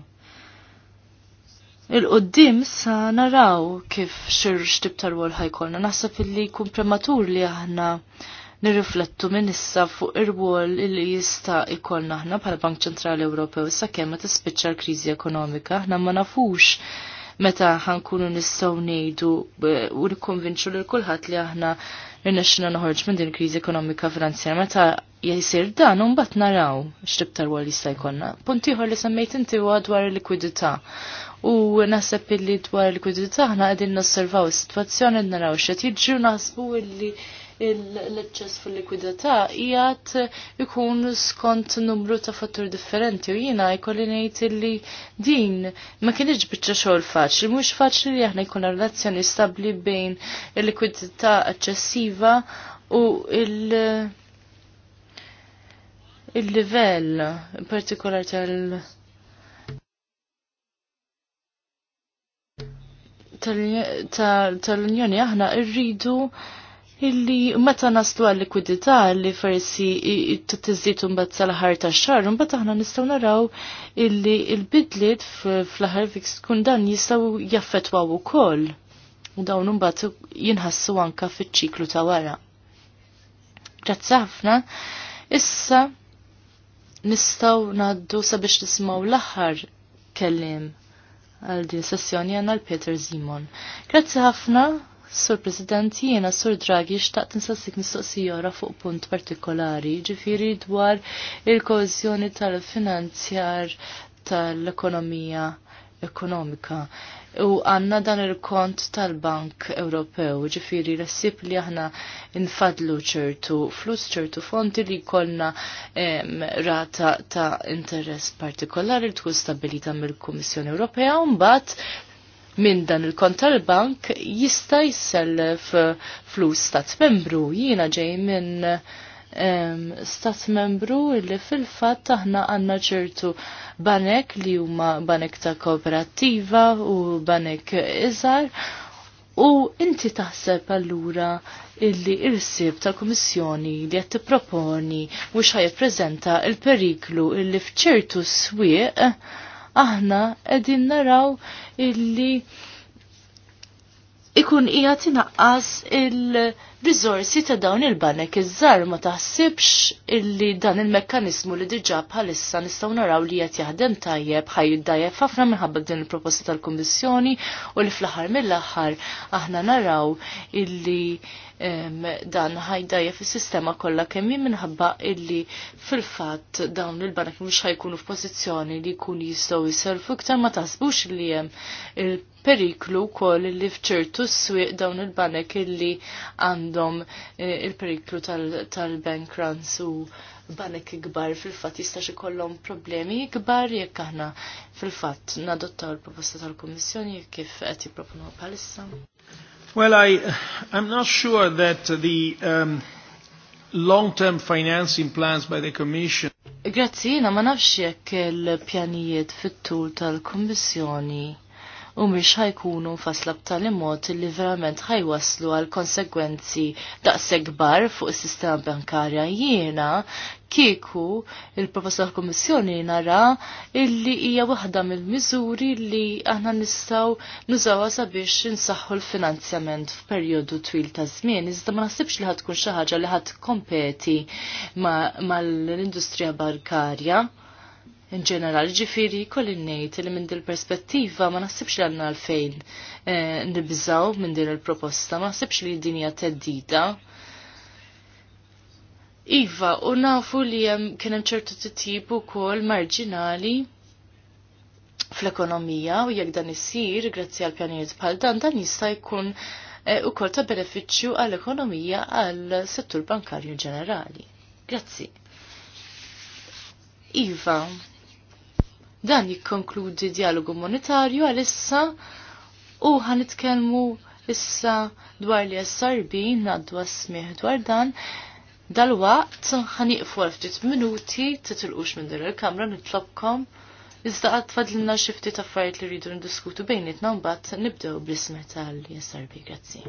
Il-qoddim sa naraw kif xir xtib tarwol ħajkolna. Naħseb illi kun prematur li aħna nirriflettu minn issa fuq ir-wol li jista' ikollna aħna bħala Bank Ċentrali Ewropew issa kemm ma tispiċċa l-kriżi ekonomika, aħna ma nafux meta ħankunu nistgħu ngħidu e, u nikkonvinċu lil kulħadd li aħna rnexxina noħorġ minn din il kriżi ekonomika finanzjera meta jisir dan u mbagħad naraw x'tibtar tarwol jista' jkollna. Punt ieħor li semmejt inti huwa dwar il-likwidità. U naħseb illi dwar il-likwidità aħna qegħdin nosservaw is-sitwazzjoni naraw x'qed jiġri naħsbu illi l-eċċess fil-likwidità jgħat ikun skont numru ta' fattur differenti u jiena jkolli ngħid li din ma kienieġ biċċa xogħol faċli, mhux faċli li aħna jkun relazzjoni stabbli bejn il-likwidità eċċessiva u il- il-livell partikolar tal- tal-Unjoni aħna rridu illi meta naslu għal likwidità li forsi t-tizzit mbagħad sal-ħar tax-xahar, mbagħad aħna nistgħu naraw illi l-bidliet fl ħar fix tkun dan jistgħu jaffettwaw ukoll. U dawn mbagħad jinħassu anka fiċ-ċiklu ta' wara. Grazzi ħafna. Issa nistgħu ngħaddu sabiex nismaw l-aħħar kellim għal din sessjoni għanna l-Peter Zimon. Grazzi ħafna Sur President, jiena Sur Draghi xtaqt nsassik mistoqsijora fuq punt partikolari, ġifiri dwar il-kozjoni tal-finanzjar tal-ekonomija ekonomika. U għanna dan il-kont tal-Bank Ewropew, ġifiri l-sib li aħna infadlu ċertu flus ċertu fonti li kolna em, rata ta' interess partikolari li tkun stabilita mill-Kummissjoni Ewropea, mbagħad minn dan il-kont tal-bank jista' jsell flus stat membru. Jiena ġej minn stat membru li fil-fatt aħna għandna ċertu banek li huma banek ta' kooperattiva u banek iżar. U inti taħseb allura illi irsib tal-Komissjoni li qed tipproponi mhux prezenta l-periklu illi fċertu swieq aħna qegħdin naraw illi ikun hija tinaqqas il-riżorsi ta' dawn il-banek iż-żar ma taħsibx illi dan il-mekkaniżmu li diġà bħalissa nistgħu naraw li qed jaħdem tajjeb ħaj dajjeb ħafna minħabba din il-proposta tal-Kummissjoni u li fl-aħħar mill-aħħar aħna naraw illi dan ħajdajja fis-sistema kollha kemm minħabba illi fil-fatt dawn il-banek mhux ħajkunu f'pożizzjoni li jkunu jistgħu jiservu iktar ma taħsbux li hemm il-periklu wkoll li fċertu s-swieq dawn il-banek illi għandhom eh, il-periklu tal-bank runs u banek kbar fil fatt jistax ikollhom problemi kbar jekk aħna fil-fatt nadottaw il-proposta tal-Kummissjoni kif qed jipproponu bħalissa. Well, I, I'm not sure that the um, long-term financing plans by the Commission Grazie, ma nafx il-pjanijiet fit-tul tal-Kommissjoni u mhix ħajkunu fasla b'tali mod li verament ħajwaslu għal konsegwenzi daqshekk kbar fuq is-sistema bankarja jiena kieku il-proposta tal-Kummissjoni nara illi hija waħda mill-miżuri li aħna nistgħu nużawha sabiex insaħħu l-finanzjament f'perjodu twil ta' żmien, iżda ma naħsibx li ħad tkun xi ħaġa li ħad kompeti mal-industrija ma bankarja in ġenerali ġifiri kolli ngħid li minn dil perspettiva ma naħsibx li għandna għalfejn eh, nibżaw minn din il-proposta, ma nasibx li din hija teddida. Iva, u nafu li jem kienem ċertu t tipu kol marġinali fl-ekonomija u jekk dan isir grazzi għal pjanijiet bħal dan dan jista' jkun eh, u kol ta' beneficju għall-ekonomija għall-settur bankarju ġenerali. Grazzi. Iva, Dan jikkonkludi dialogu monetarju għalissa u ħanitkellmu issa dwar li SRB naddu smih dwar dan. Dal-waqt ħaniqfu għal ftit minuti titilqux minn din il-kamra nitlobkom iżda qatt fadlilna xi ftit affarijiet li rridu ndiskutu bejnietna mbagħad nibdew bl-ismer tal-SRB. Grazzi.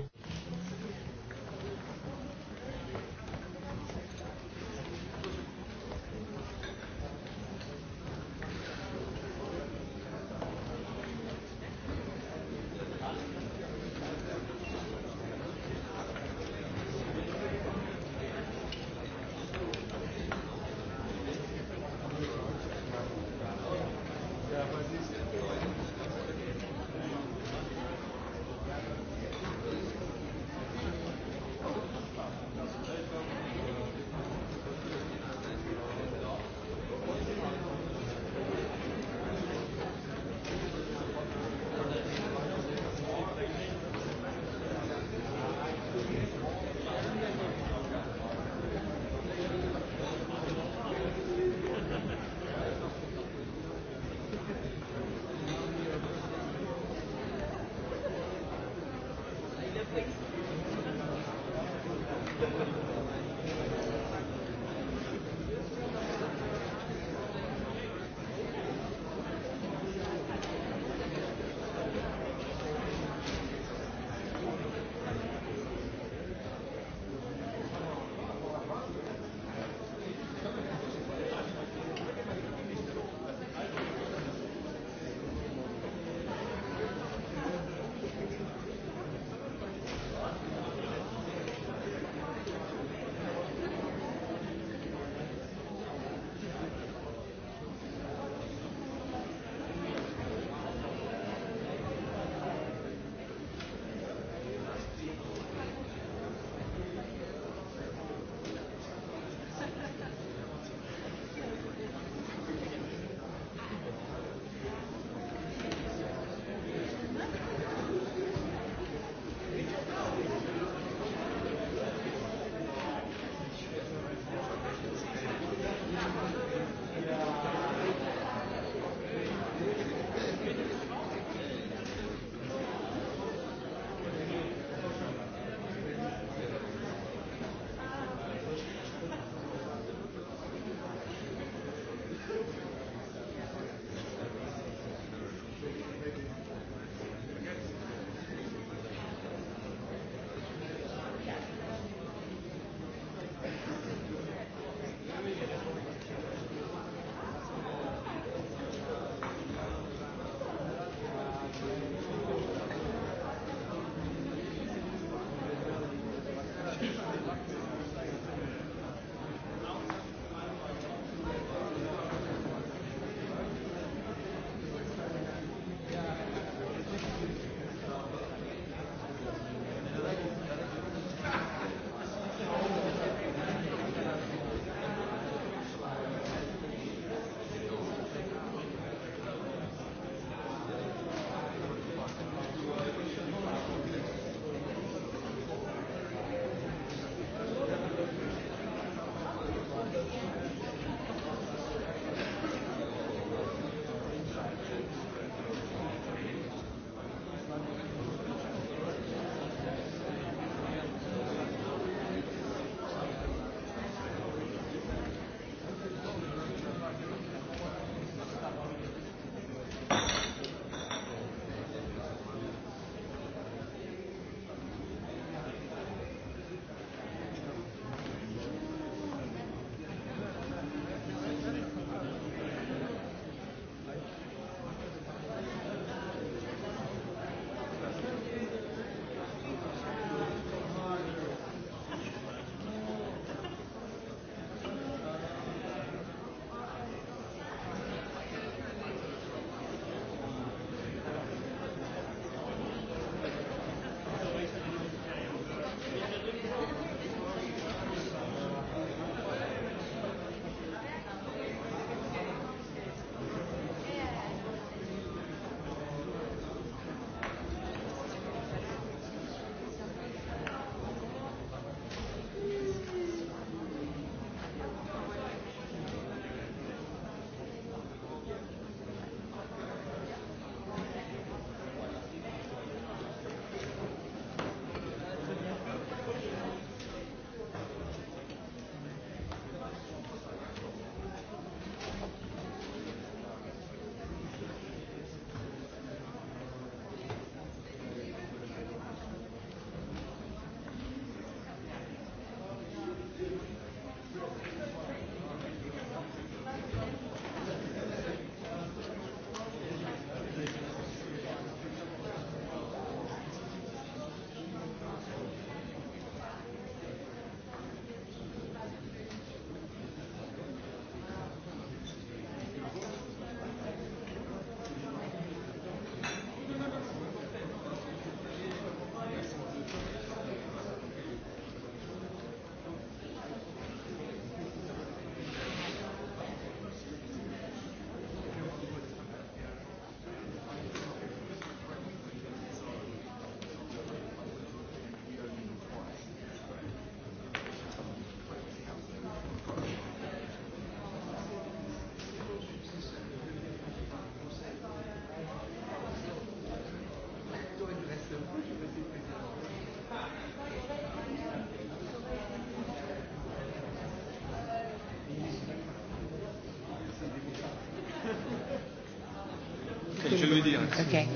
Okay.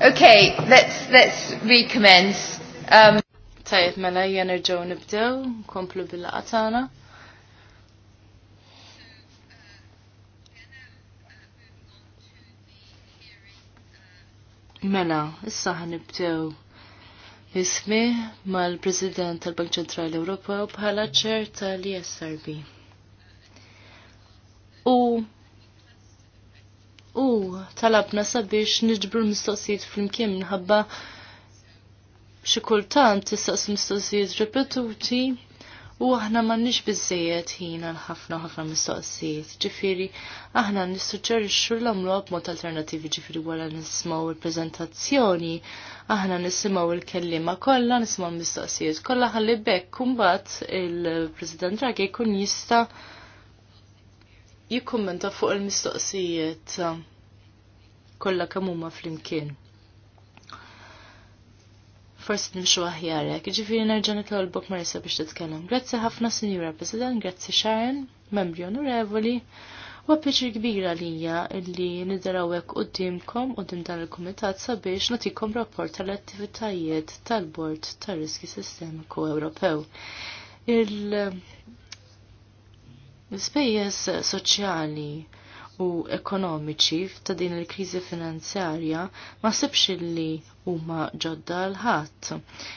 Okay, let's let's recommence. Um Tajib, mela jgħan nerġaw nibdew, komplu bil-qatana. Mela, issa ħanibdew ismi mal-President tal-Bank Ċentrali Ewropew bħala ċer tal talabna sabiex niġbru l-mistoqsijiet flimkien minħabba xi kultant tistaqsu mistoqsijiet ripetuti u aħna m'għandniex biżejjed ħin għal ħafna ħafna mistoqsijiet. Ġifieri aħna nissuġġerixxu l-għamlu b'mod alternattivi ġifieri wara nisimgħu il-preżentazzjoni, aħna nisimgħu il-kellima kollha, nisimgħu mistoqsijiet kollha ħalli bekk kumbat il-President Draghi jkun jista' jikkummenta fuq il-mistoqsijiet kollha kemm huma flimkien. Forsi nimxu aħjarek, ġifiri nerġa' nitlolbok Marisa biex titkellem. Grazzi ħafna Sinjura President, grazzi Sharon, membri onorevoli. U għapieċir kbira lija illi nidaraw u dimkom u dim dan il-komitat sabiex natikom rapport tal-attivitajiet tal-Bord tal-Riski Sistemiku Ewropew. il ispejjeż soċjali u ekonomiċi ta' din il-kriżi finanzjarja ma sibx li huma ġodda l-ħadd.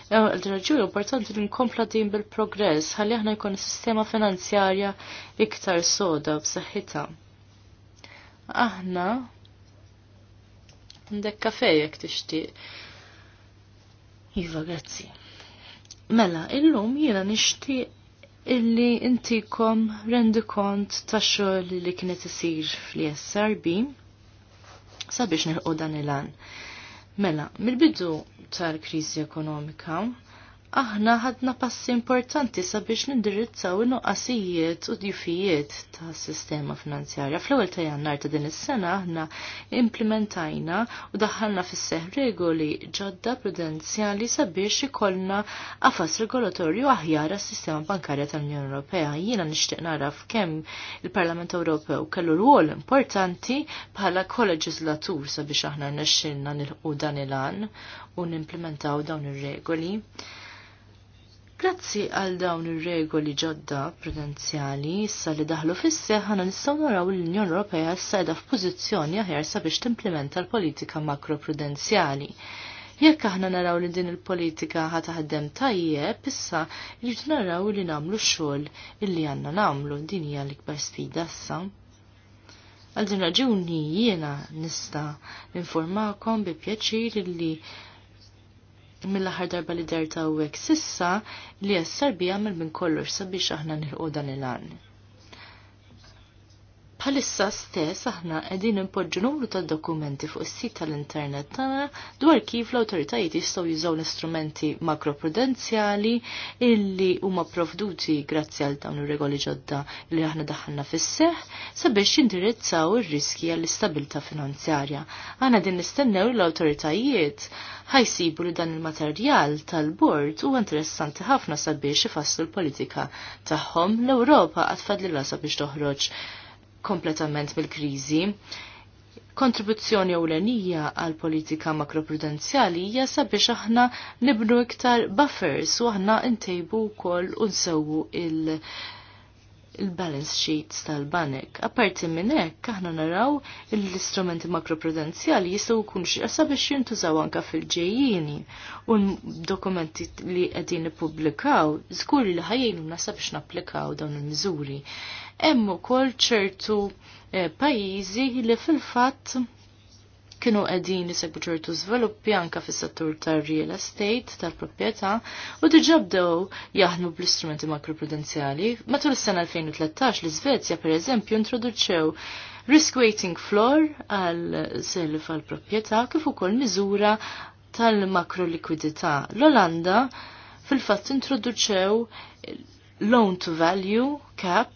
Il-raġuni importanti li nkompla din bil-progress ħalli aħna jkun sistema finanzjarja iktar soda b'saħħitha. Aħna ndek kafe jekk tixtieq. Iva, grazzi. Mela, illum jiena nixtieq illi intikom rendi kont ta' xogħol li kienet isir fl-SRB sabiex nilqu dan il-an. Mela, mill-bidu tal-kriżi ekonomika aħna ħadna passi importanti sabiex nindirizzaw in-nuqqasijiet u djufijiet ta' sistema finanzjarja. Fl-ewwel ta' jannar ta' din is-sena aħna implementajna u daħħalna fis-seħ regoli ġodda prudenzjali sabiex ikollna qafas regolatorju aħjar għas-sistema bankarja tal-Unjoni Ewropea. Jiena nixtieq naraf kemm il-Parlament Ewropew kellu rwol importanti bħala kolleġislatur sabiex aħna nexxilna nilqu dan il-an u nimplementaw dawn ir-regoli. Grazzi għal dawn ir-regoli ġodda prudenzjali issa li daħlu fis-seħ ħana nistgħu naraw l-Unjoni Ewropea issa qiegħda f'pożizzjoni aħjar biex timplementa l-politika makroprudenzjali. Jekk aħna naraw li din il-politika ħa ħaddem tajjeb, issa jrid naraw li nagħmlu x-xogħol illi għandna nagħmlu din hija l-ikbar sfida issa. Għal din raġuni jiena nista' informakom bi pjaċir illi mill-aħħar darba li derta u sissa li jessar bija mill-min kollox sabiex aħna nilqu dan il-għan. Bħalissa stess aħna qegħdin impoġġu numru ta' dokumenti fuq is-sit tal-internet tagħna dwar kif l-awtoritajiet jistgħu jużaw l-istrumenti makroprudenzjali illi huma provduti grazzi għal dawn ir-regoli ġodda li aħna daħħalna fis-seħ sabiex jindirizzaw ir-riski għall-istabilità finanzjarja. Aħna din nistennew l-awtoritajiet ħajsibu li dan il-materjal tal-bord huwa interessanti ħafna sabiex ifasslu l-politika tagħhom l-Ewropa għatfad li rasa biex toħroġ kompletament mill-kriżi. Kontribuzzjoni ewlenija għal politika makroprudenzjali hija sabiex aħna nibnu iktar buffers u aħna ntejbu wkoll u nsewwu il- il-balance sheets tal-banek. Apparti minn hekk aħna naraw l-istrumenti makroprudenzjali jistgħu kun x'qasa biex jintużaw anke fil ġejjini u dokumenti li qegħdin ippubblikaw żgur li ħajjinu nasa biex napplikaw dawn il-miżuri. Hemm ukoll ċertu eh, pajjiżi li fil-fatt kienu qegħdin jisegbu ċertu żviluppi anke fis-settur tar-real estate tal-proprjetà u diġà bdew jaħdmu bl-istrumenti makroprudenzjali. Matul is-sena 2013 l-Iżvezja pereżempju introduċew risk weighting floor għal self għal proprjetà kif ukoll miżura tal-makrolikwidità. L-Olanda fil-fatt introduċew loan to value cap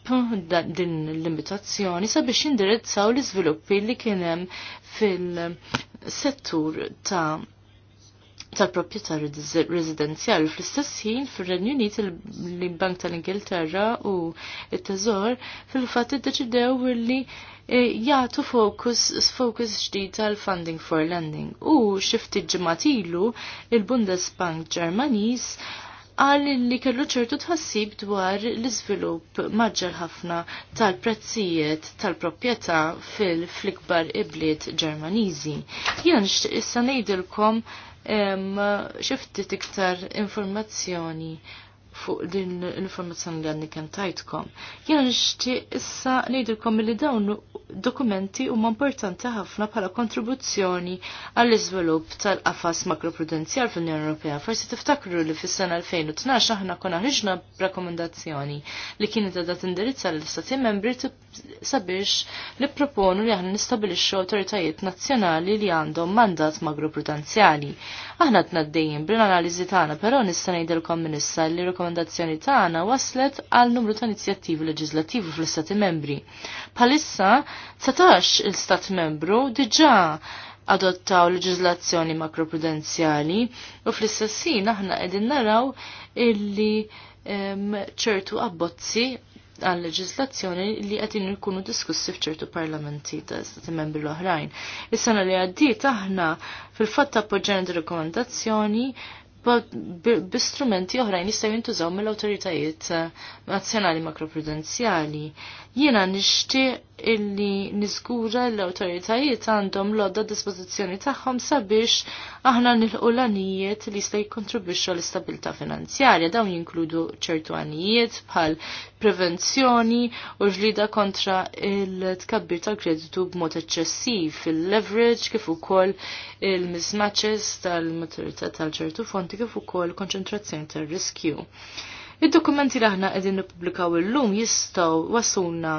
din l-limitazzjoni sabiex indirizzaw l-iżviluppi li kienem fil-settur ta' tal propieta residenzjali fl-istess ħin fir-Renju Unit il-Bank tal-Ingilterra u it-Teżor fil-fatt iddeċidew li e, jgħatu fokus, fokus ġdid tal-Funding for Lending u xifti ġematilu il-Bundesbank Ġermaniż qal li kellu ċertu tħassib dwar l-iżvilupp maġġel ħafna tal-prezzijiet tal-proprjetà fil-flikbar iblit Ġermaniżi. Jien issa ngħidilkom xi ftit iktar informazzjoni fuq din l-informazzjoni li għanni kem tajtkom. Jena nishti issa nejdilkom li dawn dokumenti huma importanti ħafna bħala kontribuzzjoni għall iżvilupp tal-qafas makroprudenzjal fl-Unjoni Ewropea. Forsi tiftakru li fis-sena 2012 aħna konna ħriġna rakkomendazzjoni li kienet għadha tindirizza l istati membri sabiex li proponu li aħna nistabilixxu awtoritajiet nazzjonali li għandhom mandat makroprudenzjali. Aħna tnaddejjin bil-analiżi tagħna, però nista' ngħidilkom minissa issa li rekomendazzjoni tagħna waslet għal numru ta' inizjattivi leġislattivi fl-Istati Membri. Palissa setax il-Stat Membru diġà adottaw leġiżlazzjoni makroprudenzjali u fl-istessin aħna qegħdin naraw illi ċertu abbozzi għal leġislazzjoni li għedin ikunu diskussi fċertu parlamenti ta' stati membri l-oħrajn. Is-sena li għaddit aħna fil-fatt appoġġjani rekomendazzjoni b-strumenti oħrajn jistaw jintużaw mill-autoritajiet eh, nazzjonali makroprudenzjali. Jiena nixtieq illi niżgura l-autoritajiet għandhom l-odda dispożizzjoni tagħhom sabiex aħna nilqu l-għanijiet li jista' jikkontribwixxu l-istabilta finanzjarja. Dawn jinkludu ċertu għanijiet bħal prevenzjoni u ġlida kontra il-tkabbir tal-kreditu b'mod eċċessiv fil-leverage kif ukoll il-mismatches tal-maturità tal-ċertu fonti kif ukoll konċentrazzjoni tar-riskju. Id-dokumenti li aħna qegħdin nippubblikaw illum jistgħu wasuna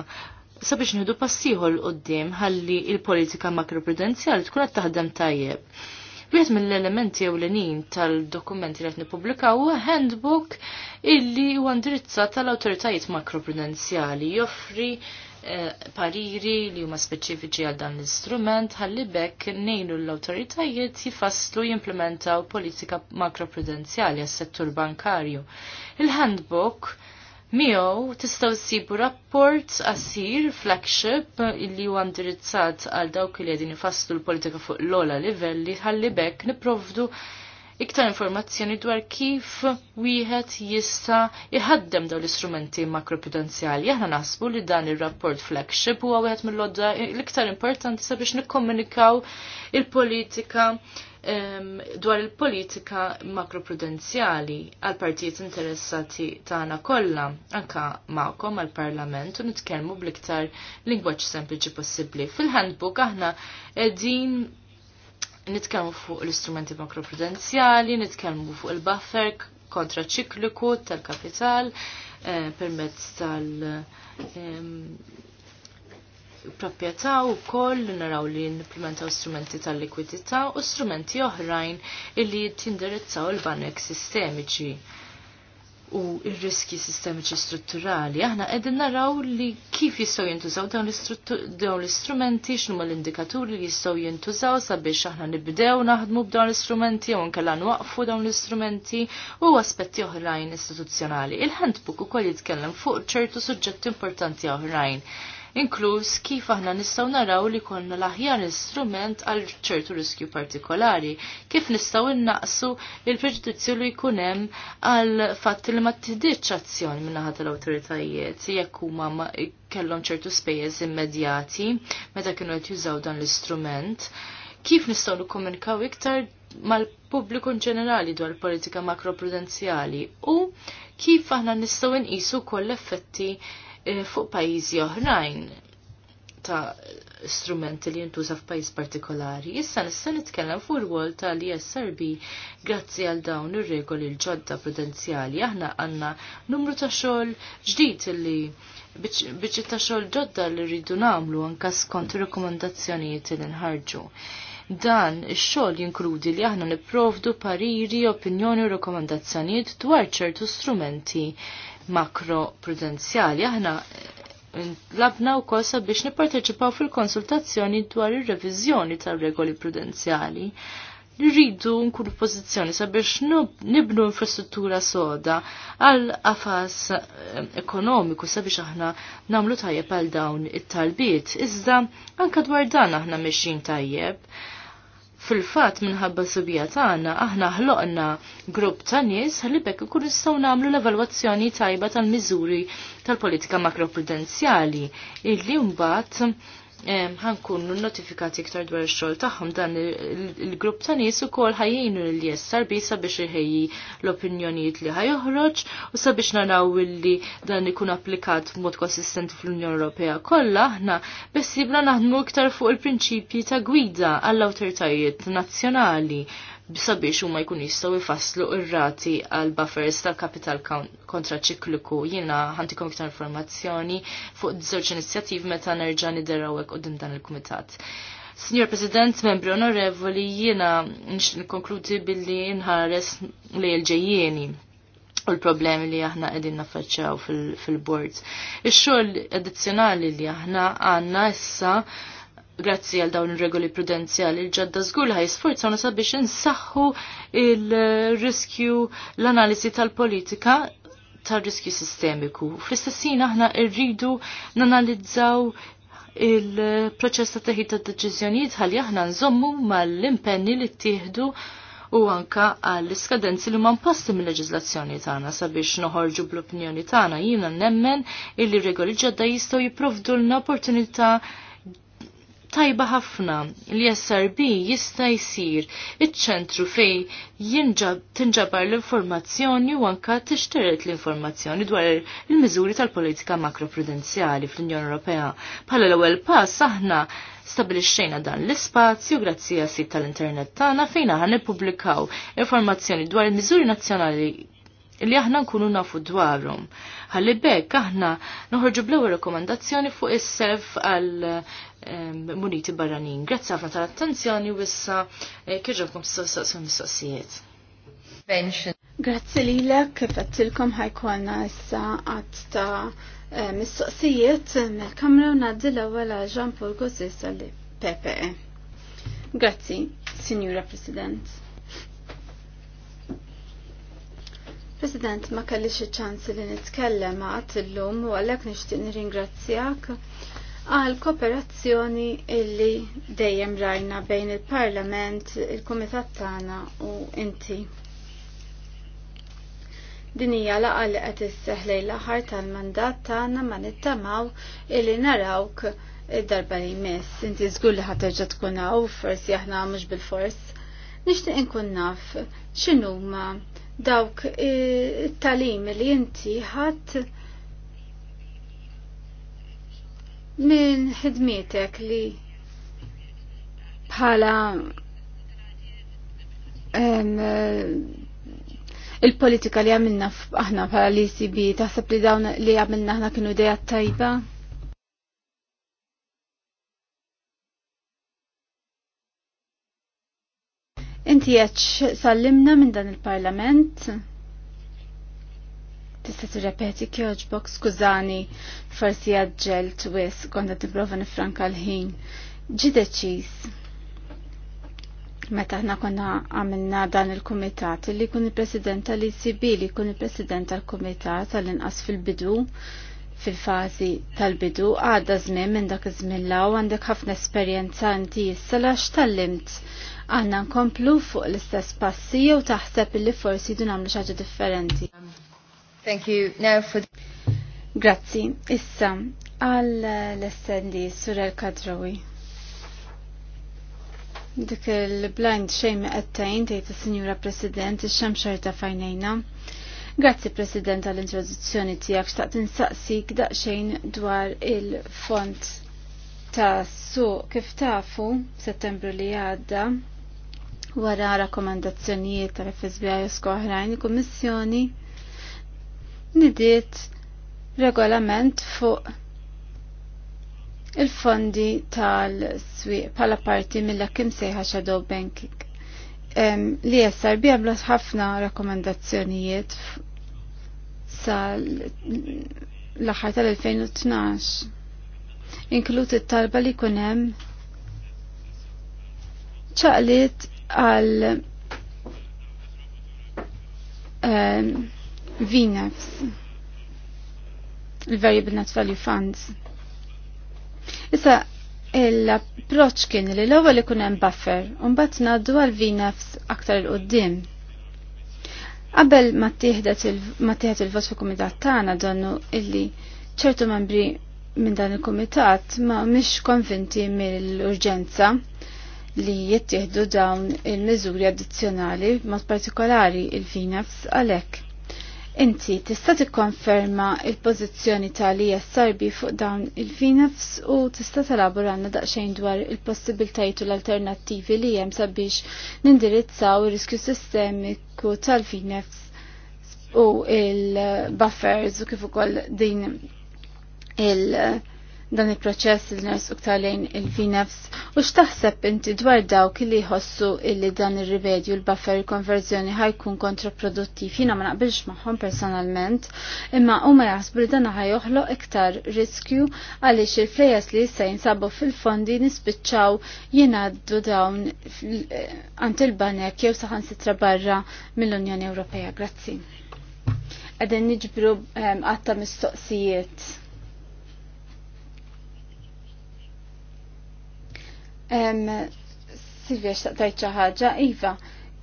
sabiex nieħdu passiħol qudiem ħalli il-politika makroprudenzjali tkun qed taħdem tajjeb. Wieħed mill-elementi ewlenin tal-dokumenti li qed nippubblikaw huwa handbook illi huwa indirizzat tal-awtoritajiet makroprudenzjali joffri eh, pariri li huma speċifiċi għal dan l-istrument ħalli bekk nejnu l-awtoritajiet jifasslu jimplementaw politika makroprudenzjali għas settur bankarju. Il-handbook Miegħu tistgħu ssibu rapport qasir flagship illi huwa indirizzat għal dawk li qegħdin ifasslu l-politika fuq l ogħla livelli ħalli bekk nipprovdu iktar informazzjoni dwar kif wieħed jista' jħaddem dawn l-istrumenti makroprudenzjali. Aħna naħsbu li dan ir-rapport flagship huwa wieħed mill-lodda l-iktar importanti sabiex nikkomunikaw il-politika il politika dwar il-politika makroprudenzjali għal partijiet interessati tagħna kollha anka magħkom għal parlament u nitkellmu bl-iktar lingwaġġ sempliċi possibbli. Fil-handbook aħna qegħdin nitkellmu fuq l-istrumenti makroprudenzjali, nitkellmu fuq il-buffer kontra ċikliku tal-kapital eh, permezz tal- eh, proprjetà u koll li naraw li implementaw strumenti tal-likwidità u strumenti oħrajn illi tindirizzaw il-banek sistemiċi u il-riski sistemiċi strutturali. Aħna qegħdin naraw li kif jistgħu jintużaw dawn l-istrumenti, x'numa l-indikaturi li jistgħu jintużaw sabiex aħna nibdew naħdmu b'dawn l-istrumenti jew nkella nwaqfu dawn l-istrumenti u aspetti oħrajn istituzzjonali. Il-handbook ukoll jitkellem fuq ċertu suġġetti importanti oħrajn inkluż kif aħna nistgħu naraw li konna l-aħjar instrument għal ċertu riskju partikolari, kif nistgħu innaqsu il-preġudizzju li jkun hemm għal fatt li ma tiddiċ azzjoni min-naħa tal-awtoritajiet jekk huma kellhom ċertu spejjeż immedjati meta kienu qed jużaw dan l-istrument. Kif nistgħu nikkomunikaw iktar mal-pubbliku ġenerali dwar politika makroprudenzjali u kif aħna nistgħu nqisu koll effetti Eh, fuq pajjiżi oħrajn ta' strumenti li jintuża f'pajjiż partikolari. Issa nista' nitkellem fuq ir-wol tal-ISRB grazzi għal dawn ir-regoli l-ġodda prudenzjali. Aħna għandna numru ta' xogħol ġdid li biċċi ta' xogħol ġodda li rridu nagħmlu anke skont ir-rekomandazzjonijiet li nħarġu. Dan ix-xogħol jinkludi li aħna nipprovdu pariri, opinjoni u rekomandazzjonijiet dwar ċertu strumenti makro prudenzjali. Aħna eh, labna u kosa biex nipparteċipaw fil-konsultazzjoni dwar ir-reviżjoni tal-regoli prudenzjali. Rridu nkunu pożizzjoni sabiex nibnu infrastruttura soda għal afas eh, ekonomiku sabiex aħna namlu tajjeb għal dawn it-talbiet. Iżda anka dwar dan aħna mexin tajjeb Fil-fatt minħabba subija tagħna aħna ħloqna grupp ta' nies ħalibek ikun nistgħu nagħmlu l-evalwazzjoni tajba tal-miżuri tal-politika makroprudenzjali illi mbagħad ħankun notifikati iktar dwar ix-xogħol tagħhom dan il-grupp ta' nies ukoll ħajjinu l-jessar bi sabiex iħejji l-opinjonijiet li ħajoħroġ u sabiex naraw li dan ikun applikat b'mod konsistenti fl-Unjoni Ewropea kollha aħna bessibna naħdmu iktar fuq il-prinċipji ta' gwida għall-awtoritajiet nazzjonali sabiex huma jkun jistgħu jfasslu r-rati għal buffers tal-kapital kontraċikliku. Jiena ħantikom iktar informazzjoni fuq żewġ inizjattiv meta nerġa' niderawek qudiem dan il-kumitat. Signor President, membri onorevoli, jiena nkonkludi billi nħares li l-ġejjieni u l-problemi li aħna qegħdin naffaċċjaw fil-board. Ix-xogħol addizzjonali li aħna għandna issa grazzi għal dawn ir-regoli prudenzjali l ġadda zgur ħaj sforzawna sabiex insaħħu il-riskju l-analiżi tal-politika tar-riskju sistemiku. Fl-istessin aħna rridu nanalizzaw il-proċess ta' teħid ta' deċiżjonijiet ħalli aħna nżommu mal-impenni li ttieħdu u anka għall iskadenzi li man posti mill-leġizlazzjoni tagħna sabiex noħorġu bl-opinjoni tagħna jiena nemmen illi regoli ġadda jistgħu jipprovdu l-opportunità tajba ħafna li SRB jista' jsir iċ-ċentru fej tinġabar l-informazzjoni u anka tixteret l-informazzjoni dwar il-miżuri tal-politika makroprudenzjali fl-Unjoni Ewropea. Bħala l-ewwel pass aħna stabilixxejna dan l-ispazju grazzi għas sit tal-internet tagħna fejn aħna nippubblikaw informazzjoni dwar il-miżuri nazzjonali li aħna nkunu nafu dwarhom. Ħalli bekk aħna noħorġu bl-ewwel rakkomandazzjoni fuq is-self għal ehm, muniti barranin. Grazzi ħafna tal-attenzjoni u issa eh, kirġobkom s-saqsum mistoqsijiet. Grazzi lilek, kif għattilkom ħajkolna issa għat ta' eh, mistoqsijiet mill-kamra u naddi l-ewwel għal Jean Paul Gozis għal PPE. Grazzi, Signora President. President, ma kellix ċans li nitkellem għat l-lum u għalek nishtiq nirringrazzjak għal kooperazzjoni illi dejjem rajna bejn il-Parlament, il-Kumitat tagħna u inti. Din hija laqgħa li qed isseħ l aħħar tal-mandat tagħna ma nittamaw illi narawk id-darba li jmiss. Inti żgur li ħaterġa' tkun hawn forsi aħna mhux bil-fors. Nixtieq inkun naf x'inhuma dawk e, it-talim li inti ħadd minn ħidmietek li bħala e, il-politika li għamilna aħna bħala l-ECB taħseb li dawn li għamilna aħna kienu dejja tajba? Inti għetx sallimna minn dan il-parlament. Tista t-repeti kjoġbok, skużani, farsi għadġel t-wis, konda t-brova nifranka l-ħin. Ġi deċis. Meta ħna konna għamilna dan il-komitat, li kun il-president tal-ICB, li kun il-president tal-komitat tal-inqas fil-bidu, fil-fazi tal-bidu għadda żmien minn dak iż-żmien law għandek ħafna esperjenza inti issa tal-limt. għandna nkomplu fuq l-istess passi jew taħseb li forsi jdu nagħmlu xi ħaġa differenti. Um, thank you. Now for Grazzi. Issa għal l-estendi Surel Kadrawi. Dik il-blind shame qed tgħid tgħid is-Sinjura President ix xemxar ta' fajnejna Grazzi President għall-introduzzjoni tiegħek xtaqt insaqsik daqsxejn dwar il-font ta' suq kif tafu settembru li għadda wara rakkomandazzjonijiet tal-FSBI u skoħrajn il-Kummissjoni nidiet regolament fuq il-fondi tal-swieq pala parti mill-kim sejħa shadow banking li jessar bjabla ħafna rakkomandazzjonijiet sa l-axar tal-2012. Inklut it-talba li kunem ċaqlit għal VNFs, il-Variable Net Value Funds. Issa, Il-approċ kien li l-ewwel ikun hemm buffer u mbagħad ngħaddu għal VNFs aktar il qudiem Qabel ma tieħed il-vot fil kumitat tagħna donnu illi ċertu membri minn dan il-kumitat ma mhix konvinti mill-urġenza li jittieħdu dawn il-miżuri addizzjonali b'mod partikolari il vinafs għalhekk Inti tista' tikkonferma il-pożizzjoni tal sarbi fuq dawn il-FINEFs u tista' talaboranna daqsxejn dwar il-possibiltajiet u l-alternattivi li hemm sabiex nindirizzaw ir-riskju sistemiku tal-FINEFs u il-buffers u kif ukoll din il- dan il-proċess il ners uktar lejn il finefs u x'taħseb inti dwar dawk li jħossu illi dan ir rivedju l-buffer konverżjoni ħajkun kontraproduttiv jiena ma naqbilx magħhom personalment imma huma jaħsbu li dan joħloq iktar riskju għaliex il flejas li jista' jinsabu fil-fondi nispiċċaw jingħaddu dawn għand il-banek jew saħansitra barra mill-Unjoni Ewropea. Grazzi għedin niġbru ehm, għatta mistoqsijiet. Silvia xtaqtajt xi ħaġa, Iva,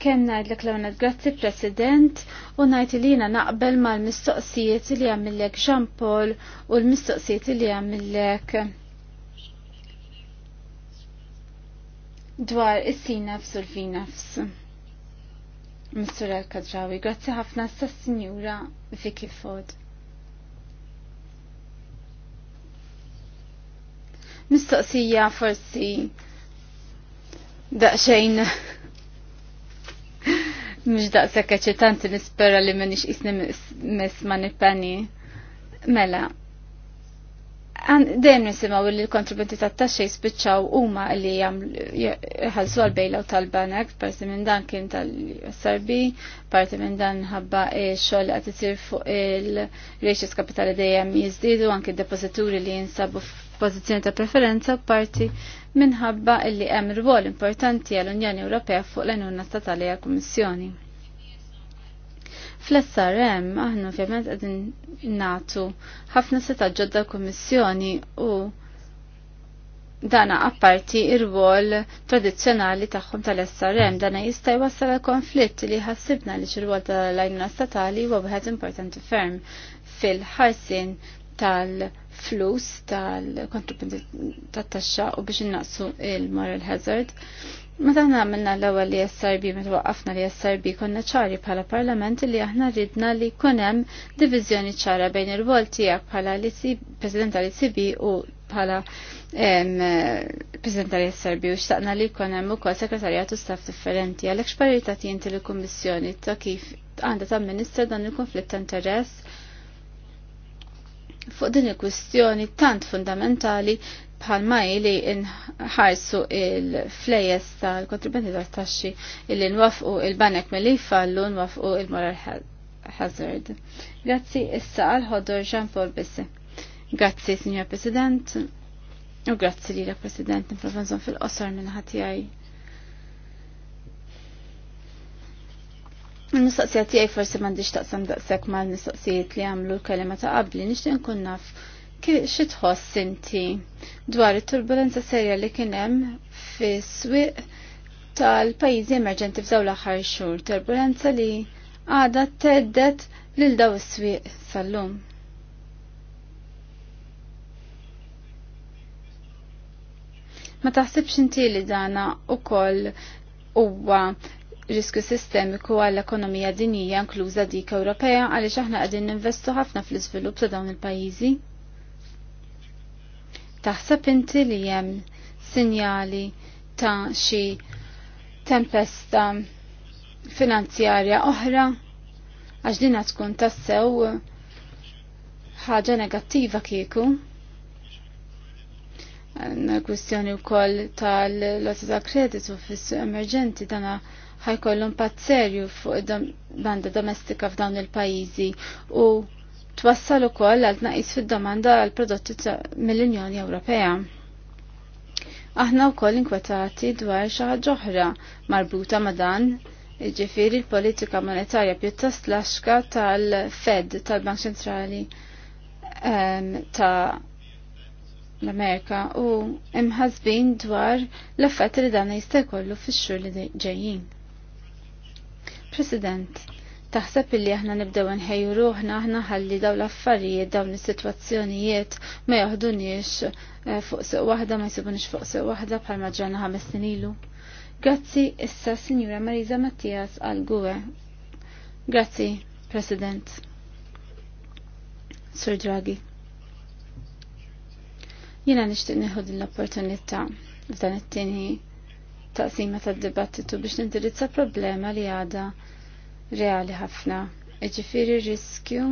kemm ngħidlek l grazzi President u najt li jina naqbel mal-mistoqsijiet li għamillek Jean Paul u l-mistoqsijiet li għamillek dwar is-sinafs u l-vinafs. Mr. El-Kadrawi, grazzi ħafna sa' Signora Vicky Ford. Mistoqsija forsi daqxajn mux daqsek eċitanti nispera li menix isni mis il-pani. Mela, dejjem nisimgħu li l-kontributi tat taxxej spiċċaw huma li jħalsu għal bejlaw tal-banek, parti minn dan kien tal-SRB, parti minn dan ħabba xogħol qed isir fuq il reċis kapitali dejjem jiżdiedu anke d-depożituri li jinsabu pożizzjoni ta' preferenza parti minħabba illi hemm rwol importanti għall unjoni Ewropea fuq l-għenuna statali għal kummissjoni. Fl-SRM aħna ovvjament qegħdin nagħtu ħafna seta' ġodda kummissjoni u dana apparti ir-rwol tradizzjonali tagħhom tal-SRM dana jista' jwassal konflitt li ħassibna li x-rwol tal-għajnuna statali huwa wieħed importanti ferm fil-ħarsin tal- flus tal-kontributi tat-taxxa u biex innaqsu il-moral hazard. Meta għamilna l-ewwel li SRB meta waqqafna li SRB konna ċari bħala parlament li aħna ridna li kun hemm diviżjoni ċara bejn ir-rwol tiegħek bħala President tal-ICB u bħala President tal-SRB u xtaqna li kun hemm ukoll sekretarjat u staff differenti għalhekk xparità tinti l-Kummissjoni ta' kif għandha Ministra dan il-konflitt ta' interess fuq din il-kwistjoni tant fundamentali bħalma li nħarsu il-flejes tal-kontribenti tal-taxxi illi nwafqu il-banek mill-li fallu nwafqu il-moral hazard. Grazzi issa għal-ħodor Jean Paul Bisse. Grazzi, Signor President, u grazzi li la President, niprofanżon fil-qosor minn ħatijaj. Mistoqsija tiegħi forsi m'għandix taqsam daqshekk mal-mistoqsijiet li għamlu l-kelima ta' qabli nixtieq nkun naf xi tħoss inti dwar it-turbulenza serja li kien hemm fis-swieq tal-pajjiżi emerġenti f'daw l-aħħar xhur, turbulenza li għadha teddet lil daw is-swieq sal-lum. Ma taħsibx inti li dana u koll uwa riskju sistemiku għall ekonomija dinija inkluża dik Ewropea għaliex aħna qegħdin ninvestu ħafna fl-iżvilupp ta' dawn il-pajjiżi. Taħseb inti li hemm sinjali ta' xi tempesta finanzjarja oħra għax dina tkun tassew ħaġa negattiva kieku. Kwistjoni u koll tal-lotta ta' kreditu fis emerġenti dana ħajkollhom pazzerju serju fuq id-domanda domestika f'dawn il-pajjiżi u twassal ukoll għal tnaqis fid-domanda għal prodotti mill-Unjoni Ewropea. Aħna wkoll inkwetati dwar xi ħaġa oħra marbuta ma' dan ġifiri l-politika monetarja pjuttost laxka tal-Fed, tal-Bank Ċentrali ehm, ta' l-Amerika u imħazbin dwar l-effett li dan jista' jkollu fix-xhur li ġejjin. President, taħseb illi aħna nibdew nħejju ruħna aħna ħalli daw l-affarijiet, dawn is-sitwazzjonijiet ma jaħduniex eh, fuq suq waħda ma jsibunix fuq suq waħda bħal maġġana ħames ilu. Grazzi issa Sinjura Marisa Mattias għal Gwe. Grazzi, President. Sur Draghi. Jiena nixtieq nieħu din l-opportunità f'dan it-tieni taqsima tad-dibattitu biex nindirizza problema li għada reali ħafna. Iġifiri riskju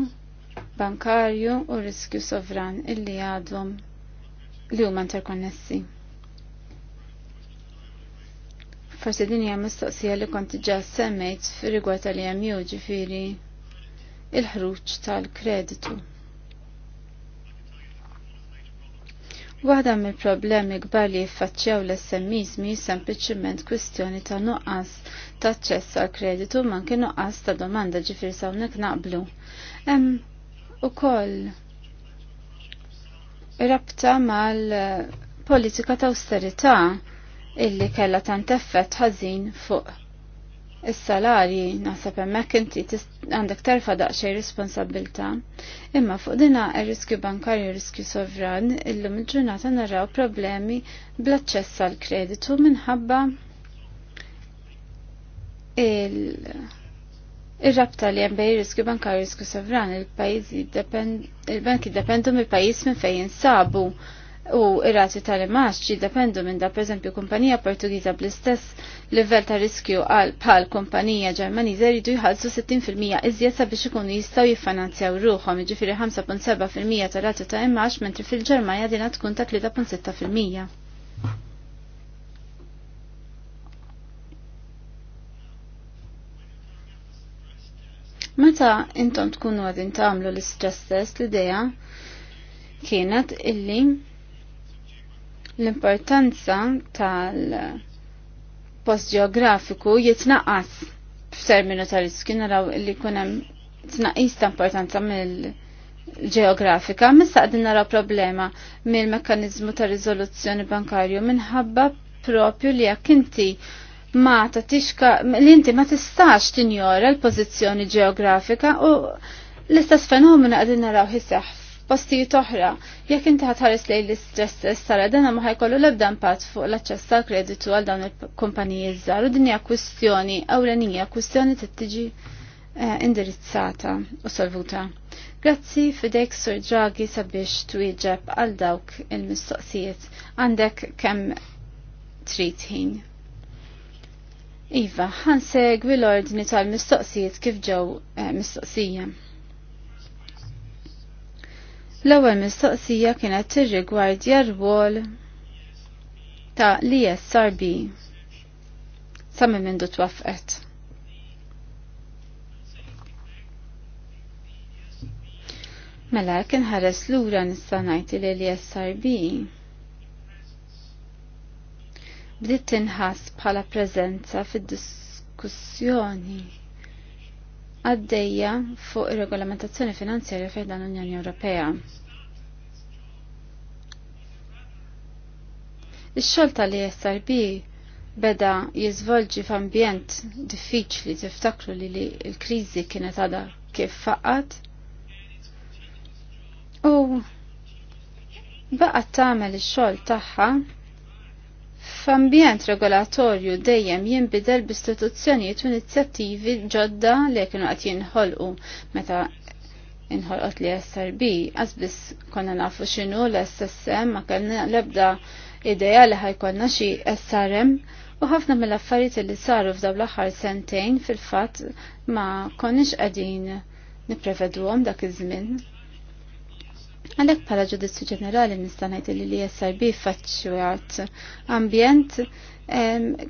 bankarju u riskju sovran illi għadhom li huma interkonnessi. Forsi din hija mistoqsija li kont ġa semmejt fir-rigward tal-EMU ġifiri il-ħruġ tal-kreditu. Waħda mill-problemi kbar li jiffaċċjaw l-SMEs mi sempliċiment kwistjoni ta' nuqqas ta' ċess għal kreditu man kien nuqqas ta' domanda ġifir sawnek naqblu. u ukoll rabta mal-politika ta' austerita illi kella tant effett ħażin fuq Is-salarji naħseb hemmhekk inti għandek terfa' daqsxejn responsabilità. Imma fuq dina ir-riskju bankarju riskju sovran illum il-ġurnata narraw problemi bl-aċċess għal kreditu minħabba il-rabta li hemm bejn riskju bankarju riskju sovran il-pajjiżi il-banki dependu mill-pajjiż minn fejn jinsabu. sabu U irrati rati tal-imax dependu minn da pereżempju kumpanija Portugiża bl-istess livell ta' riskju għal bħal kumpanija Ġermaniża jridu jħallsu 60% iżjed sabiex ikunu jistgħu jiffinanzjaw ruħhom, jiġifieri 5.7% ta' rati ta' imax mentri fil-Ġermanja dinha tkun ta' 3.6%. Meta intom tkunu għadin tagħmlu l-istress test l-idea kienet illi l-importanza tal-post geografiku jitnaqqas f'terminu tal-riskju naraw li kunem tnaqqis ta' importanza mill-ġeografika, missa qegħdin naraw problema mill-mekkaniżmu ta' rizoluzzjoni bankarju minħabba propju li jekk inti ma tatixka li inti ma tistax tinjora l-pożizzjoni ġeografika u l-istess fenomenu qegħdin naraw ħiseħ postijiet oħra. Jekk inti ħatħaris lejn l-istress sara dana ma ħajkollu l-ebda impatt fuq l-aċċess tal-kreditu għal dawn il-kumpaniji żgħar u din hija kwistjoni ewlenija, kwistjoni t tiġi eh, indirizzata u solvuta. Grazzi fidejk Sur Draghi sabiex twieġeb għal dawk il-mistoqsijiet għandek kemm trid ħin. Iva, ħansegwi segwi l-ordni tal-mistoqsijiet kif ġew eh, mistoqsija. L-ewwel mistoqsija kienet tirrigwardja r wol ta' l-ISRB sa minn mindu twaffqet. Mela kien ħares lura nista' ngħid li l-ISRB bdiet tinħass bħala preżenza fid-diskussjoni għaddejja fuq ir-regolamentazzjoni finanzjarja fejn dan l-Unjoni Ewropea. Ix-xogħol tal-ESRB beda jiżvolġi f'ambjent diffiċli tiftakru li li l-kriżi kienet għadha kif faqat. U baqgħet tagħmel ix-xogħol tagħha F'ambjent regolatorju dejjem jinbidel b'istituzzjonijiet u inizjattivi ġodda li kienu qed jinħolqu meta inħolqot li SRB, biss konna nafu xinu l-SSM ma kellna lebda ideja li ħajkonna xi SRM u ħafna mill-affarijiet li saru f'daw l-aħħar sentejn fil-fatt ma konniex qegħdin niprevedwhom dak iż-żmien. Għalek pala ġudizzju ġenerali nistanajt li li SRB faċċuat ambjent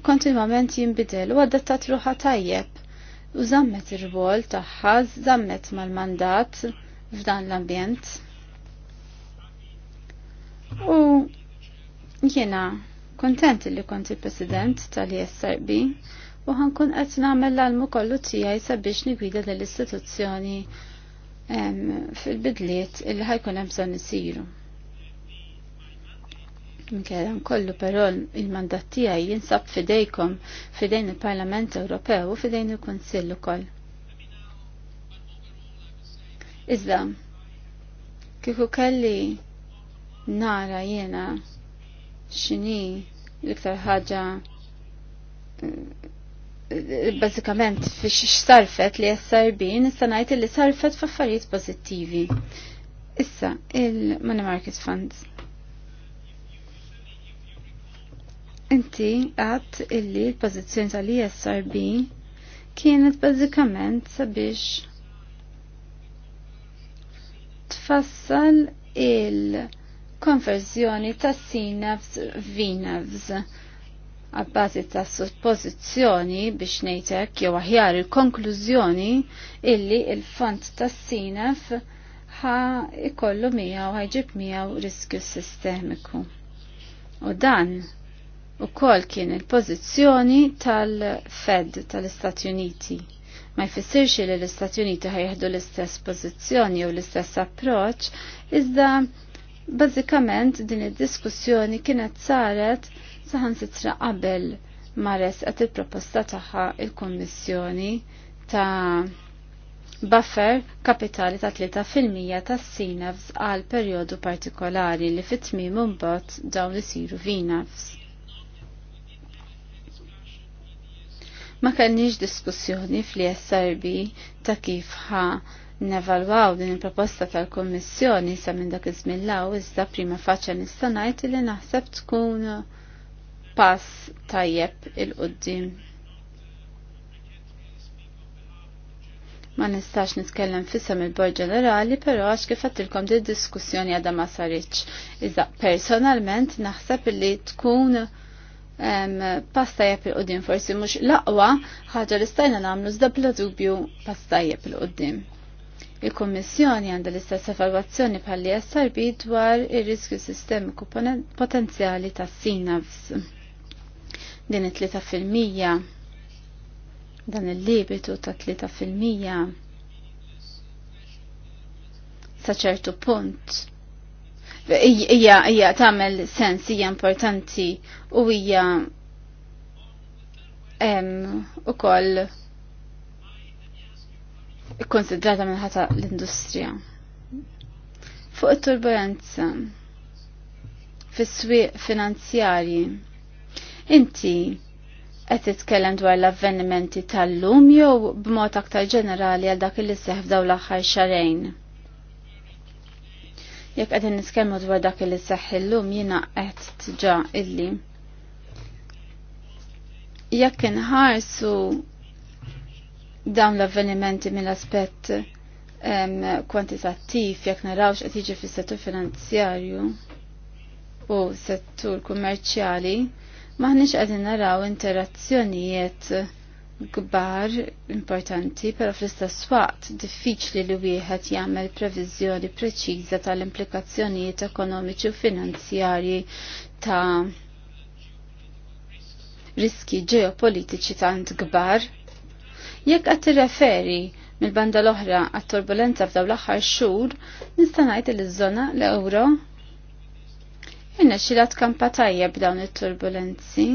kontinuament jimbidel u għadattat ruħa tajjeb u zammet ir-rwol tagħha, zammet mal-mandat f'dan l-ambjent. U jena kontent li konti president tal-ISRB u ħankun qed nagħmel l-almu kollu tiegħi sabiex nigwida l-istituzzjoni fil-bidliet illi ħajkun hemm bżonn isiru. Minkejja kollu però il-mandat tiegħi jinsab fidejkom fidejn il-Parlament Ewropew u fidejn il-Kunsill ukoll. Iżda, kieku kelli nara jiena x'inhi l-iktar ħaġa bazzikament fiex x-sarfet li jessarbin, s-sanajt li sarfet f'affarijiet pozittivi. Issa, il-Money Market Funds. Inti għat illi l-pozizjoni tal-ISRB kienet bazzikament sabiex tfassal il-konverzjoni tas-sinavs-vinavs. vinavs għabbażi ta' suppożizzjoni biex nejtek jew aħjar il-konklużjoni illi il-font tas sinef ħa ikollu miegħu ħajġib miegħu riskju sistemiku. U dan ukoll kien il-pożizzjoni tal-Fed tal-Istati Uniti. Ma jfissirx li l-Istati Uniti ħajħdu l-istess pożizzjoni jew l-istess approċċ, iżda bażikament din id-diskussjoni kienet saret saħan sitra qabel ma għat il-proposta tagħha il-Kummissjoni ta' buffer kapitali ta' 3% tas sinafs għal perjodu partikolari li fit-tmiem imbagħad dawn isiru vinafs. Ma kellniex diskussjoni fl-ISRB ta' kif ħa Nevalwaw din il-proposta tal-Kommissjoni sa minn dak iż-żmien law iżda prima faċa nista' ngħid li naħseb tkun pass tajjeb il-qoddim. Ma nistax nitkellem fissam il-bord ġenerali, pero għax kif kom di diskussjoni għada ma sarriċ. Iżda personalment naħseb li tkun um, pastajab il-qoddim forsi mux laqwa ħaġa li stajna namlu zda bla dubju tajjeb il-qoddim. Il-Kommissjoni għandha l-istess evalwazzjoni bħalli SRB dwar ir-riskju sistemiku potenzjali tas-sinavs din it-3 fil dan il-libitu ta' 3 fil sa' ċertu punt hija ija, tagħmel sens hija importanti u hija u koll ikkonsidrata ħata l-industrija. Fuq it-turbulenza fis-swieq finanzjarji Inti qed titkellem dwar l-avvenimenti tal-lum jew b'mod aktar ġenerali għal dak li seħħ f'daw l-aħħar xarejn. Jekk qegħdin niskellmu dwar dak li seħħ illum jiena qed tiġà illi. Jekk inħarsu dawn l-avvenimenti mill-aspett kwantitattiv jekk narawx qed jiġi fis-settur finanzjarju u settur kummerċjali, maħniex qegħdin naraw interazzjonijiet kbar importanti, pero fl-istess waqt diffiċli li wieħed jagħmel previżjoni preċiża tal-implikazzjonijiet ekonomiċi u finanzjarji ta' riski ġeopolitiċi tant kbar. Jekk qed tirreferi mill-banda l-oħra għat-turbulenza f'dawn l-aħħar xhur, nista' ngħid li ż-żona l-ewro Inna xilat kampa tajja b'dawn it-turbulenzi.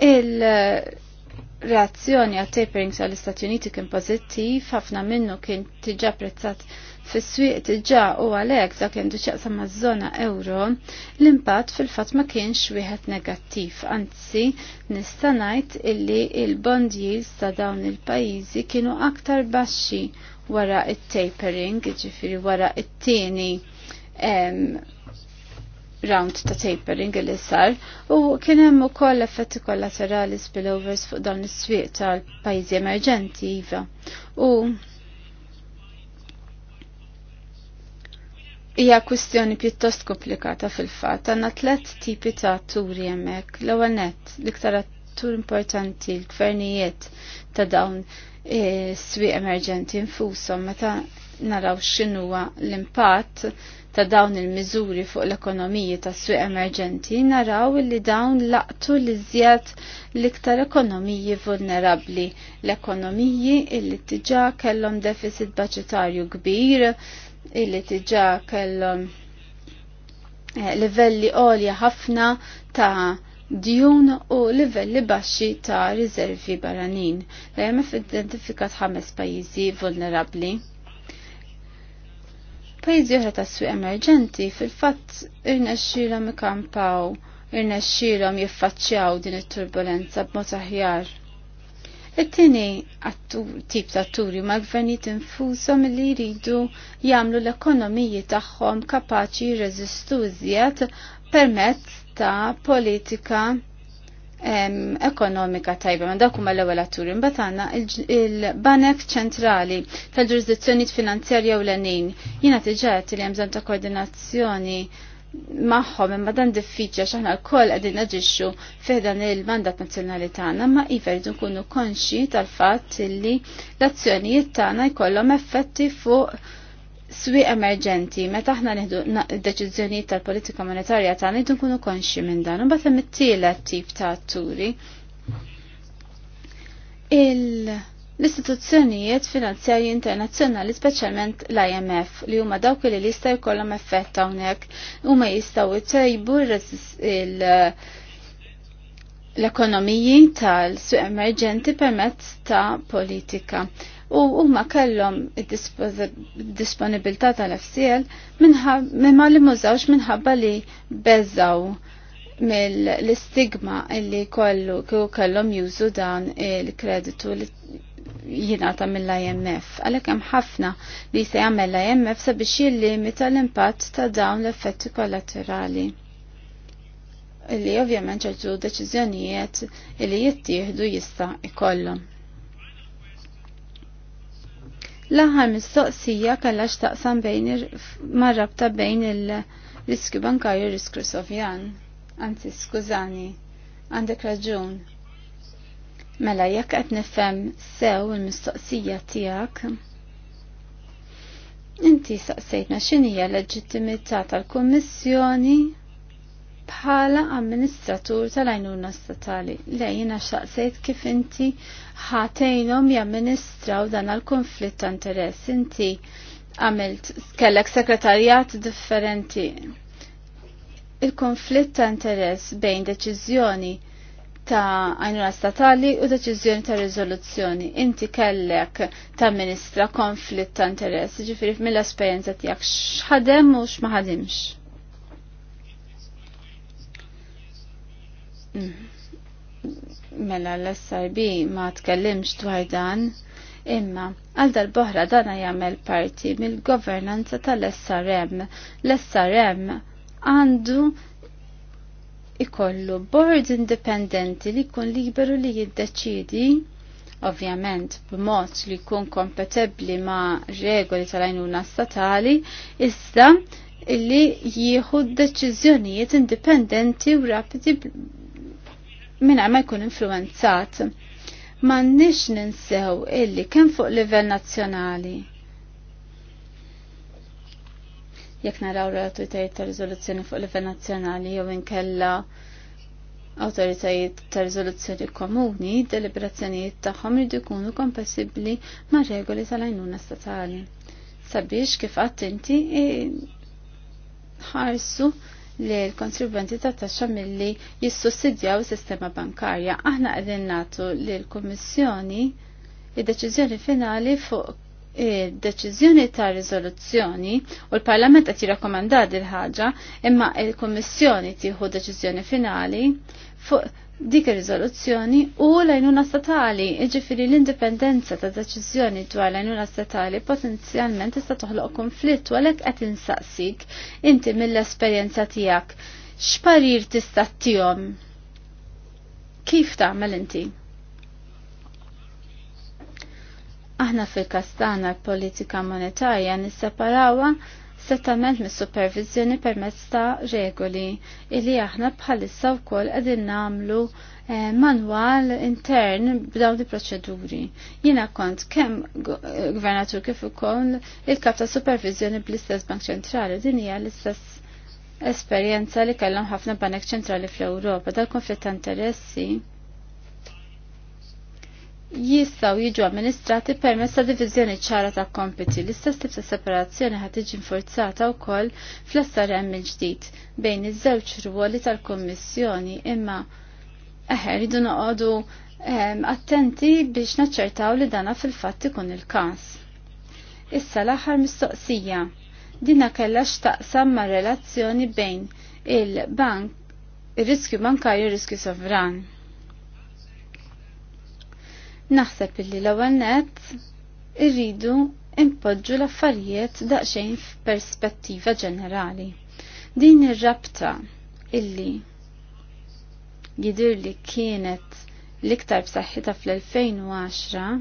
Il- reazzjoni għat tapering għall istati Uniti kien pozittiv, ħafna minnu kien tiġa prezzat fis-swieq tiġa u għalhekk dak għandu ċaqsam maż-żona euro, l-impatt fil-fatt ma kienx wieħed negattiv, anzi nista' ngħid illi il-bond yields ta' dawn il-pajjiżi kienu aktar baxxi wara it-tapering, ġifieri wara it-tieni round ta' tapering li sar u kien hemm ukoll effetti kollaterali spillovers fuq dawn is-swieq tal-pajjiżi emerġenti iva. U hija kwistjoni pjuttost komplikata fil-fatt. Għandna tliet tipi ta' atturi hemmhekk. L-ewwel nett l-iktar attur importanti l-gvernijiet ta' dawn is-swieq emerġenti infushom meta naraw xinuwa l-impatt ta' dawn il-miżuri fuq l-ekonomiji ta' swieq emerġenti naraw li dawn laqtu li żjed l-iktar ekonomiji vulnerabbli, l-ekonomiji illi tiġa kellhom deficit baċitarju kbir, illi tiġa kellhom eh, livelli għolja ħafna ta' djun u livelli baxxi ta' riservi barranin. L-IMF identifikat ħames pajjiżi vulnerabbli Pajjiżi oħra tas-swieq emerġenti fil-fatt irnexxielhom ikampaw, irnexxielhom jiffaċċjaw din it-turbulenza b'mod aħjar. It-tieni tip ta' turi ma' gvernijiet infushom li jridu jagħmlu l-ekonomiji tagħhom kapaċi jirreżistu iżjed permezz ta' politika ekonomika tajba ma dak huma l-ewwel atturi imbagħad għandna il-banek ċentrali tal-ġurisdizzjonijiet finanzjarja u l-għanin. Jiena diġà li hemm bżonn ta' koordinazzjoni magħhom imma dan diffiċli għax aħna wkoll qegħdin naġixxu f'dan il-mandat nazzjonali tagħna ma iva rridu nkunu konxji tal-fatt li l-azzjonijiet tagħna jkollhom effetti fuq Swi emerġenti, meta aħna neħdu deċiżjonijiet tal-politika monetarja tagħna jdu nkunu konxi minn dan, imbagħad hemm it-tielet tip ta' atturi. L-istituzzjonijiet finanzjarji internazzjonali, speċjalment l-IMF, li huma dawk li jista' jkollhom effett hawnhekk huma jistgħu jtejbu l-ekonomiji tal su emerġenti permezz ta' politika u huma kellhom id-disponibilità tal-FCL minħabba li mużawx minħabba li beżaw mill-istigma li kollu kieku kellhom jużu dan il-kreditu li jingħata mill-IMF. Għalhekk hemm ħafna li se jagħmel l-IMF sabiex jillimita l-impatt ta' dawn l-effetti kollaterali li ovvjament ċertu deċiżjonijiet li jittieħdu jista' ikollhom. L-aħħar mistoqsija kellha x'taqsam bejn marrabta bejn il-riskju bankarju u riskju sovjan. Anzi, skużani, għandek raġun. Mela, jekk qed nifhem sew il-mistoqsija tiegħek, inti saqsejtna x'inhija l-leġittimità tal-Kummissjoni bħala amministratur tal-għajnuna statali Lejna xaqsejt kif inti ħatejnom jamministraw dan għal-konflitt ta' interess inti għamilt kellek sekretarjat differenti il-konflitt ta' interess bejn deċiżjoni ta' għajnuna statali u deċiżjoni ta' rizoluzzjoni. Inti kellek ta' ministra konflitt ta' interess, ġifiri mill-esperienza tijak xħadem u xmaħadimx. Mela l-SRB ma tkellimx dwar dan, imma għal dal-boħra dana jagħmel parti mill-governanza tal-SRM. L-SRM għandu ikollu board indipendenti li jkun liberu li jiddeċidi ovvjament b'mod li jkun kompatibbli ma' regoli tal-għajnuna statali, issa li jieħu deċiżjonijiet indipendenti u rapidi minna ma jkun influenzat. Ma nix ninsew illi kemm fuq livell nazzjonali. Jekk naraw l-autoritajiet ta' riżoluzzjoni fuq livell nazzjonali jew inkella autoritajiet ta' rizoluzzjoni komuni deliberazzjonijiet tagħhom jridu jkunu kompatibbli ma' regoli tal-għajnuna statali. Sabiex kif qatt inti ħarsu e, li l-kontribwenti ta' taxxa milli jissussidjaw sistema bankarja. Aħna qegħdin nagħtu li l-Kummissjoni id-deċiżjoni finali fuq deċiżjoni ta' riżoluzzjoni u l-Parlament qed jirrakkomanda il ħaġa imma il kummissjoni tieħu deċiżjoni finali fuq dik ir-riżoluzzjoni u l-għajnuna statali, iġifiri l-indipendenza ta' deċiżjoni dwar l-għajnuna statali potenzjalment tista' toħloq konflitt u għalhekk qed insaqsik inti mill-esperjenza tiegħek x'parir tista' tihom. Kif tagħmel inti? Aħna fil-kastana politika monetarja nisseparawha strettament mis-supervizjoni permezz ta' regoli illi aħna bħalissa wkoll qegħdin nagħmlu eh, manwal intern b'dawn il-proċeduri. Jiena kont kemm gvernatur kif ukoll il-kap ta' supervizjoni bl-istess Bank Ċentrali din hija l-istess esperjenza li kellhom ħafna banek ċentrali fl-Ewropa dal-konflitt ta' interessi jistaw jiġu amministrati permezz ta' divizjoni ċara ta' kompiti. L-istess tip ta' separazzjoni ħad tiġi nforzata wkoll fl-SRM il-ġdid bejn iż-żewġ ruoli tal-Kummissjoni imma eħer rridu noqogħdu ehm, attenti biex naċċertaw li dana fil-fatt ikun il-każ. Issa l-aħħar mistoqsija. Dina kellha x'taqsam ma' relazzjoni bejn il-bank, ir-riskju bankarju u riskju sovran Naħseb illi l-ewwel nett irridu impoġġu l-affarijiet daqsxejn f'perspettiva ġenerali. Din ir-rabta illi jidir li kienet l-iktar b'saħħitha fl-2010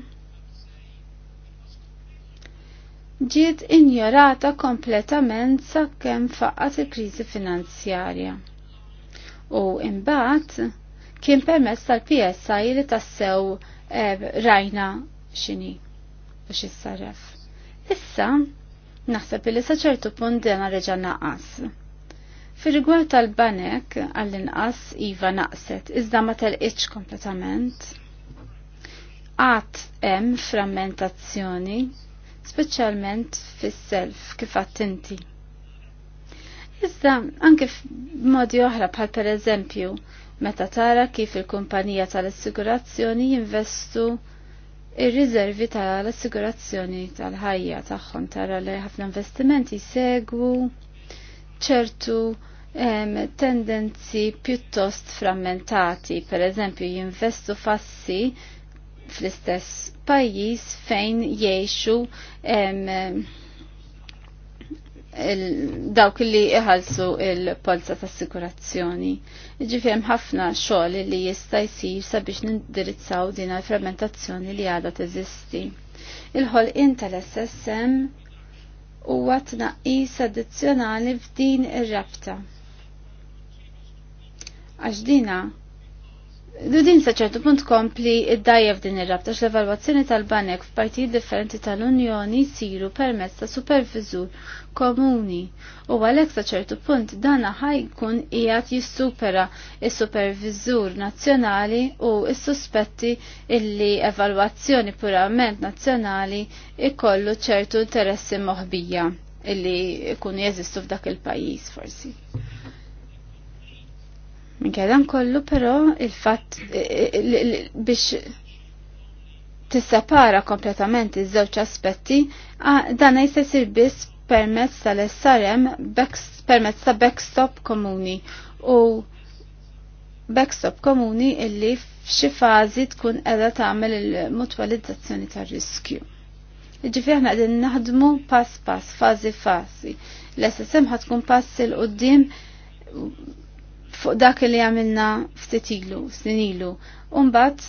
ġiet injorata kompletament sakemm faqqat il-kriżi finanzjarja. U imbagħad kien permess tal-PSI li tassew Eh, rajna xini biex jissarraf. Issa, naħseb li saċertu punt dena reġa naqas. Fir-rigward tal-banek għall-inqas iva naqset, iżda ma telqitx kompletament. Għat hemm frammentazzjoni, speċjalment fis-self kif inti. Iżda anke f'modi oħra bħal pereżempju meta tara kif il-kumpanija tal-assigurazzjoni jinvestu ir-riservi tal-assigurazzjoni tal-ħajja tagħhom tara li ħafna investimenti segwu ċertu tendenzi pjuttost frammentati, per eżempju jinvestu fassi fl-istess pajjiż fejn jgħixu dawk li iħalsu il-polza ta' assikurazzjoni. Ġifjem ħafna xogħol li jista' jsir sabiex nindirizzaw din il fragmentazzjoni li għadha teżisti. Il-ħolqien tal-SSM huwa tnaqqis addizzjonali f'din ir-rabta. Għax dina Ludin sa ċertu punt kompli id-dajjef din ir-rabta l-evalwazzjoni tal-banek f'partijiet differenti tal-Unjoni siru permezz ta' supervizur komuni u għalhekk sa ċertu punt dana ħajkun qiegħed jissupera s supervizur nazzjonali u s-suspetti illi evalwazzjoni purament nazzjonali ikollu ċertu interessi moħbija illi jkunu jeżistu f'dak il-pajjiż forsi. Min kellan kollu però il-fatt biex tissepara kompletament iż-żewġ aspetti, dan jista' jsir biss permezz tal-SRM permezz ta' backstop komuni u backstop komuni illi f'xi fażi tkun qiegħda tagħmel il-mutwalizzazzjoni tar-riskju. Ġifi jiġifieri aħna qegħdin naħdmu pass pass, fażi fażi. L-SSM ħatkun pass il qudiem fuq dak li għamilna ftitilu, snilu. Umbat,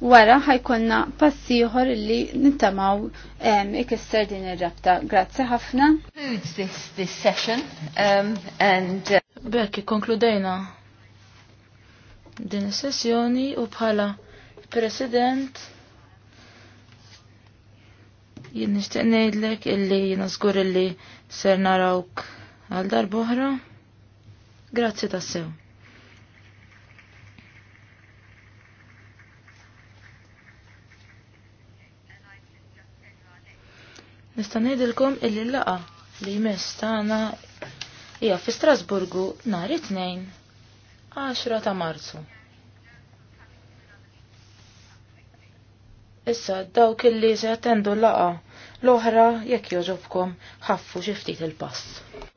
wara ħajkonna passiħor li nittamaw ikisser din ir-rabta. Grazzi ħafna. This, this session um, and uh... konkludejna din is-sessjoni u bħala President jien nixtieq ngħidlek illi jiena żgur illi ser narawk għal darbohra. Grazzi tassew. Nista' ngħidilkom illi laqa li jmiss tagħna hija fi Strasburgu nhar it-tnejn 10 ta' Marzu. Issa dawk illi se jattendu laqa l-oħra jekk joġobkom ħaffu xi ftit il-pass.